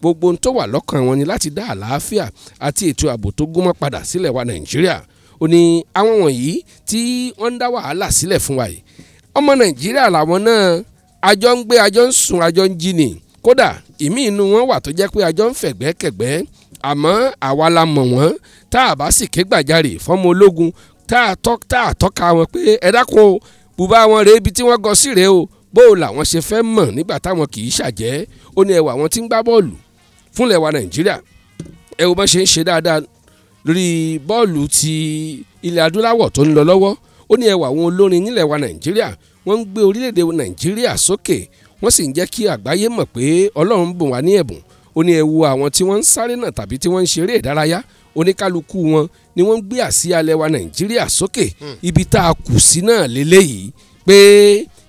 gbogbo ohun tó wà lọ́kàn wọn ni láti dá àlàáfíà àti ètò ààbò tó gúnmọ́ padà sílẹ̀ wa nàìjíríà ó ní àwọn wọ̀nyí tí wọ́n ń dá wàhálà sílẹ̀ fún wa yìí ọmọ nàìjíríà làwọn náà àjọ ń gbé àjọ ń sùn àjọ ń jí ni kódà ìmí inú wọn wà tó jẹ́ pé àjọ ń fẹ̀gbẹ́kẹ̀gbẹ́ àmọ́ àwa la mọ̀ wọ́n tá a bá sì ké gbàjarè fọ́mọ ológun tá a tọ́ka wọn pé ẹ dákun o bùbá wọn rèé ibi tí wọ́n gọ sí rèé o bó o làwọn ṣe fẹ́ mọ̀ nígbà táwọn kì í ṣàjẹ́ ó ní ẹwà wọn ti ń gbá bọ́ọ̀lù fúnlẹ̀ wa nàìjíríà ẹ wo bá ṣe ń ṣe dáadáa lórí bọ́ọ̀lù ti ilẹ̀ adúláwọ̀ tó ń lọ lọ́wọ́ ó ní ẹwà wọn olórin nílẹ̀ wa nàìjíríà wọ́n ń gbé orílẹ̀-èdè nàìjíríà sókè wọ́n sì ń jẹ́ kí àgbáyé mọ̀ pé ọlọ́run bùn wá ní ẹ̀bùn ó ní ẹ wo àwọn tí wọ́n ń sáré náà tàbí tí wọ́n ń ṣeré ìdárayá oníkálukú wọn ni wọ́n ń gbé àsíá ilẹ̀ wa nàìjíríà sókè hmm. ibi tá a kù sí náà lélẹ́yìí pé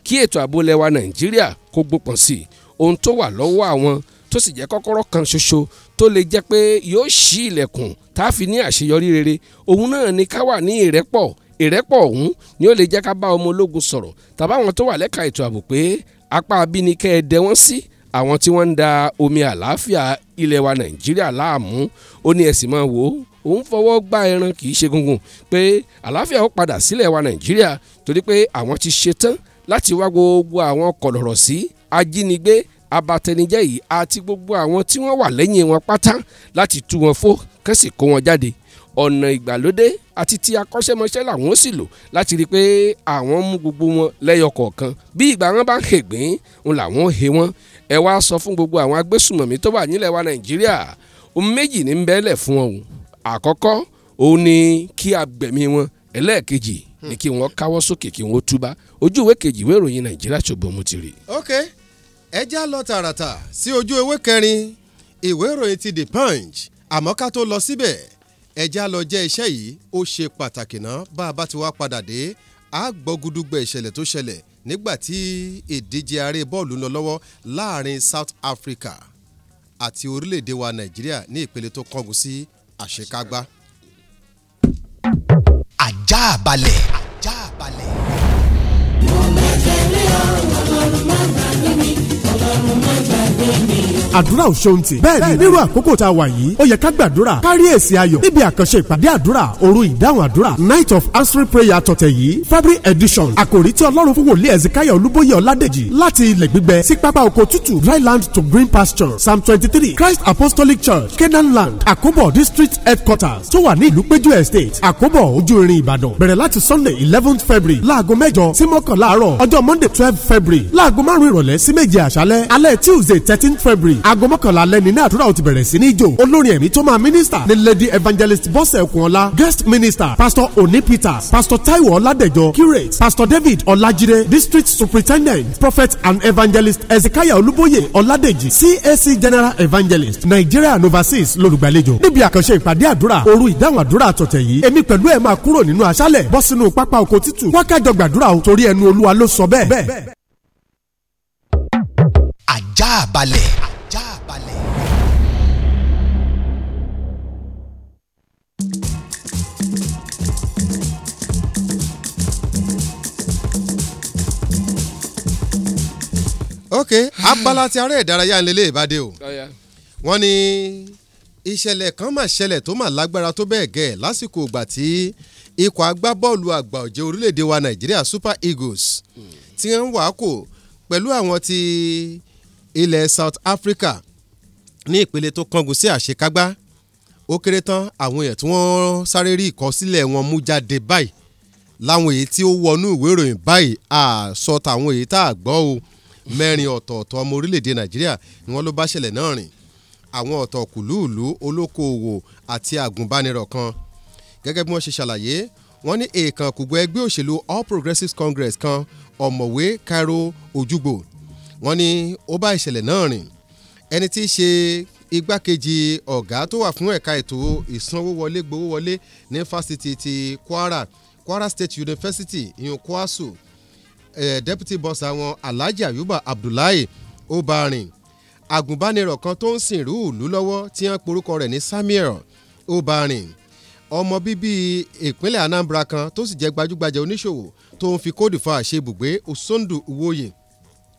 kí ètò ààbò ilẹ̀ wa nàìjíríà kó gbópọn sí i ohun tó wà lọ́wọ́ àwọn tó sì jẹ́ kọ́kọ́rọ́ kan ṣoṣo tó lè jẹ́ pé yóò ṣí ilẹ̀kùn tá a fi ní àṣeyọrí rere òun náà ni ká wà ní ìrẹ́pọ̀ ìrẹ́pọ̀ ọ̀hún ni ó lè jẹ́ ká bá ọmọ ológun sọ̀rọ̀ tàbáwọn tó wà lẹ́ka ètò ààbò pé apá abínikẹ́ ẹ dẹ wọ́n sí àwọn tí wọ́n ń da omi àlàáfíà ilẹ̀ wa nàìjíríà láàmú ó ní ẹ̀sìn máa wò ó òun fọwọ́ gbá ẹran kì í ṣe gungun pé àlàáfíà ó padà sílẹ̀ wa nàìjíríà torí pé àwọn ti ṣetán láti wá gbogbo àwọn kọ̀lọ̀rọ̀ sí ajínigbé abatẹnijẹ́ yìí àti gbogbo àwọn tí wọ́n wà lẹ́yìn wọn pátá láti tú wọn fó kẹ́sì kó wọn jáde ọ̀nà ìgbàlódé àti ti akọ́ṣẹ́mọṣẹ́ làwọn sì lò láti rí i pé àwọn mú gbogbo wọn lẹ́yọ kọ̀ọ̀kan bí ìgbà wọn bá ń hègbín ń làwọn he wọn ẹ wá sọ fún gbogbo àwọn agbésùmọ̀mí tó wà nílẹ̀ wa nàìjíríà ohun méjì ní bẹ́ẹ̀lẹ̀ fún ọ̀hún àkọ́kọ́ òun ni kí a gbẹ̀mí wọn ẹlẹ́ẹ̀kejì ni kí wọ́n káwọ́ sókè kí wọ́n túbá ojú ìwé kejì ìwé ìròyìn nàìjíríà ṣògbọ́n mo ti rí. ok ẹ já lọ tààràtà sí ojú ewé kẹrin ìwé ìròyìn ti the punch àmọ́ ká tó lọ síbẹ̀ ẹ̀já lọ jẹ́ iṣẹ́ yìí ó ṣe pàtàkì ná bá a bá ti wá padà dé a gbọ́ gudugbẹ̀ ìṣẹ̀lẹ̀ tó ṣẹlẹ̀ nígbà tí ìdíje aré bọ́ọ̀lù ń lọ lọ́wọ́ láàrin South Africa àti orílẹ̀-èdè wa Nàìjíríà ní ìpele tó kángun sí àṣekágbá. ajá balẹ̀. ajá balẹ̀. mo mẹ́kẹ́ lé ọ̀rọ̀ ọ̀rọ̀ má gbàgbé mi àdúrà ò ṣeun tì bẹ́ẹ̀ nírú àkókò tá a wà yìí ó yẹ ká gbàdúrà kárí èsì ayọ̀ níbi àkànṣe ìpàdé àdúrà òru ìdáhùn àdúrà night of answering prayer tọ̀tẹ̀ yìí fabric edition àkòrí tí ọlọ́run fún wòlíì ẹ̀sìnkáyọ̀ olúbóyè ọ̀ládèjì láti ilẹ̀ gbígbẹ sí pápá oko tútù dry land to green pasture psalm twenty three christ apostolic church Kenan land àkóbọ̀ district headquarters tó wà ní ìlú péjú estate àkóbọ̀ ojú irin ìbàdàn bẹ̀rẹ̀ láti sunday eleven february láago mẹ́jọ sí mọ́kànlá àárọ̀ ọjọ́ monday february láago márùn-ún lálẹ́ alẹ́ tuesday thirteen february aago mọ́kànlá alẹ́ ní àdúrà ó ti bẹ̀rẹ̀ sí ní jò olórin ẹ̀mí tó máa minister ní lady evangelist bọ́sẹ̀ okunola guest minister pastor oni peters pastor taiwo ọládẹjọ curate pastor david ọlájídé district superintendent prophet and evangelist ezekiah olúbóyè ọládèjì cac general evangelist nigeria and overseas lólùgbàlejò níbi àkànṣe ìpàdé àdúrà òru ìdáhùn àdúrà àtọ̀tẹ̀ yìí èmi pẹ̀lú ẹ̀ máa kúrò nínú aṣálẹ̀ bọ́ sínú pápá oko títù wákàjọ gbàdúrà o torí ẹnu olúwa ló sọ bẹ́ẹ̀. Ajabale. balẹ̀. ajá balẹ̀. ok abala ti ará ìdárayá nílé ìbàdí o oh, wọ́n ní ìṣẹ̀lẹ̀ kan mà ṣẹlẹ̀ tó mà lágbára tó bẹ́ẹ̀ gẹ́ lásìkò ìgbà tí ikọ̀ agbábọ́ọ̀lù àgbà ọ̀jẹ̀ orílẹ̀‐èdè wa Nàìjíríà Super Eagles hmm. ti ń wàákò pẹ̀lú àwọn ti ilẹ̀ South Africa ní ìpele tó kángun sí àṣekágbá ó kéré tán àwọn èèyàn tí wọ́n sáré rí ìkọsílẹ̀ wọn mú jáde báyìí láwọn èyí tí ó wọnú ìwé ìròyìn báyìí àsọ tàwọn èyí tá a gbọ́ o mẹ́rin ọ̀tọ̀ọ̀tọ̀ ọmọ orílẹ̀-èdè Nàìjíríà ni wọ́n ló bá ṣẹlẹ̀ náà rìn àwọn ọ̀tọ̀ kùlúùlú olókoòwò àti àgùnbánirọ̀ kan gẹ́gẹ́ bí wọ́n ṣe ṣàlàyé wọ́n ní èèkàn kùgbọ́ ẹgbẹ́ òṣèlú All Progressives Congress kan ọ̀mọ̀wé Cairo Ojúgbò wọ́n ní ó bá ìṣẹ̀lẹ̀ náà rìn ẹni tí í ṣe igbákejì ọ̀gá tó wà fún ẹ̀ka ètò ìsanwówọlé gbowówọlé ní fásitì ti Kwara Kwara State University ìyún kwasu eh, deputy boss àwọn Alhaji Ayuba Abdullahi ó bá rìn agùnbánirọ̀ kan tó ń sìn rú ìlú lọ́wọ́ tí wọ́n porúkọ rẹ̀ ní Samuel ó bá rìn ọmọ bíbí ìpínlẹ̀ Anambra kan tó sì jẹ́ gbajúgbajà oníṣòwò tó ń fi kóòdù fa àṣebùgbé Osondu Uwoye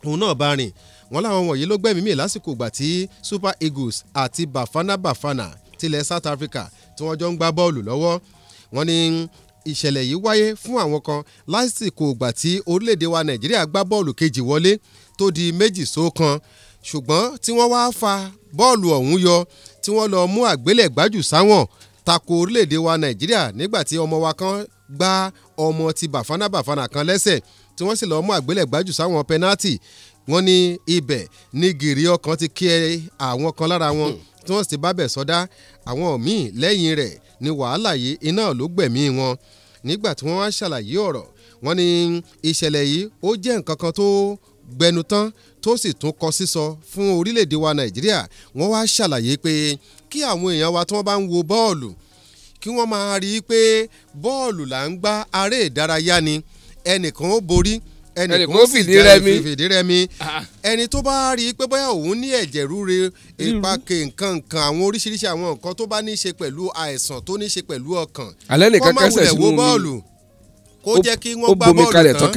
òun náà bá rìn wọ́n láwọn wọ̀nyí ló gbẹ̀mí mi lásìkò ìgbà tí Super Eagles àti Bafana Bafana tilẹ̀ South Africa tí wọ́n jọ ń gbá bọ́ọ̀lù lọ́wọ́ wọ́n ní ìṣẹ̀lẹ̀ yìí wáyé fún àwọn kan lásìkò ìgbà tí orílẹ̀-èdè wa Nàìjíríà gbá bọ́ọ̀lù kejì wọlé tó di méjì sókan ṣùgbọ́n tí wọ́n wá fa bọ́ọ̀lù ọ̀hún yọ tí wọ́n lọ mú àgbélẹ̀gbájù sáwọn tako orílẹ̀-èdè wa Nàìjíríà nígbà tí ọmọ wa kan gbá ọmọ ti Bafana Bafana kan lẹ́sẹ̀ tí wọ́n sì lọ́ọ́ mú àgbélẹ̀gbájù sáwọn pẹ́nátì wọ́n ní ibẹ̀ ní gìrì ọkàn ti kí àwọn kan lára wọn tí wọ́n sì bá bẹ̀ sọdá àwọn míì lẹ́yìn rẹ̀ ní wàhálà yìí iná ló gbẹ̀mí wọn nígbà tí wọ́n wá ṣàlàyé ọ̀rọ̀ wọ́n ní ìṣẹ̀lẹ̀ yìí ó jẹ́ nǹkan kan tó gbẹnu tán tó sì tún kọ sísọ fún orílẹ̀-èdè wa nàìjíríà wọ́n wá ṣàlàyé pé kí àwọn èèyàn wa tí wọ́n bá ń wo bọ́ọ̀lù kí wọ́n máa rí i pé bọ́ọ̀lù là ń gbá aré ìdárayá ni ẹnìkan ó borí ẹnìkan ó fìdí rẹmi fìdí ah. rẹmi ẹni tó bá rí i pé bóyá òun ní ẹ̀jẹ̀ rúre hmm. ipa kèǹkan nǹkan àwọn oríṣiríṣi àwọn nǹkan tó bá ní í ṣe pẹ̀lú àìsàn tó ní í ṣe pẹ̀lú ọkàn kọ́ máa wulẹ̀ wo bọ́ọ̀lù kó jẹ́ kí wọ́n gbá bọ́ọ̀lù tán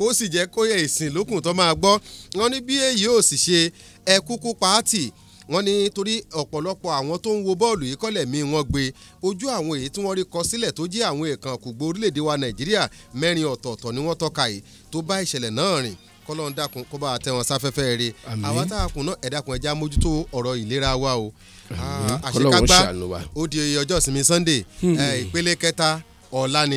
kó sì jẹ́ kó yẹ ìsìn lókun tó máa gbọ́ wọn ní bí èyí ò sì ṣe ẹkúkú pàátì wọ́n ní torí ọ̀pọ̀lọpọ̀ àwọn tó ń wo bọ́ọ̀lù yìí kọ́lẹ̀ mi wọ́n gbé ojú àwọn èyí tí wọ́n rí kọ sílẹ̀ tó jẹ́ àwọn èèkàn kùgbó orílẹ̀-èdè wa Nàìjíríà mẹ́rin ọ̀tọ̀ọ̀tọ̀ ni wọ́n tọ́ka yìí tó bá ìṣẹ̀lẹ̀ náà rìn kọ́lọ́n dákun kó bá tẹ wọn sáfẹ́fẹ́ rè àwa tá a kùnà ẹ̀dàkùn ẹja mójútó ọ̀rọ̀ ìlera wa o àṣekágbá ó di ọjọ́ ìsinmi Sunday hmm. ìpele kẹta ọ̀la ni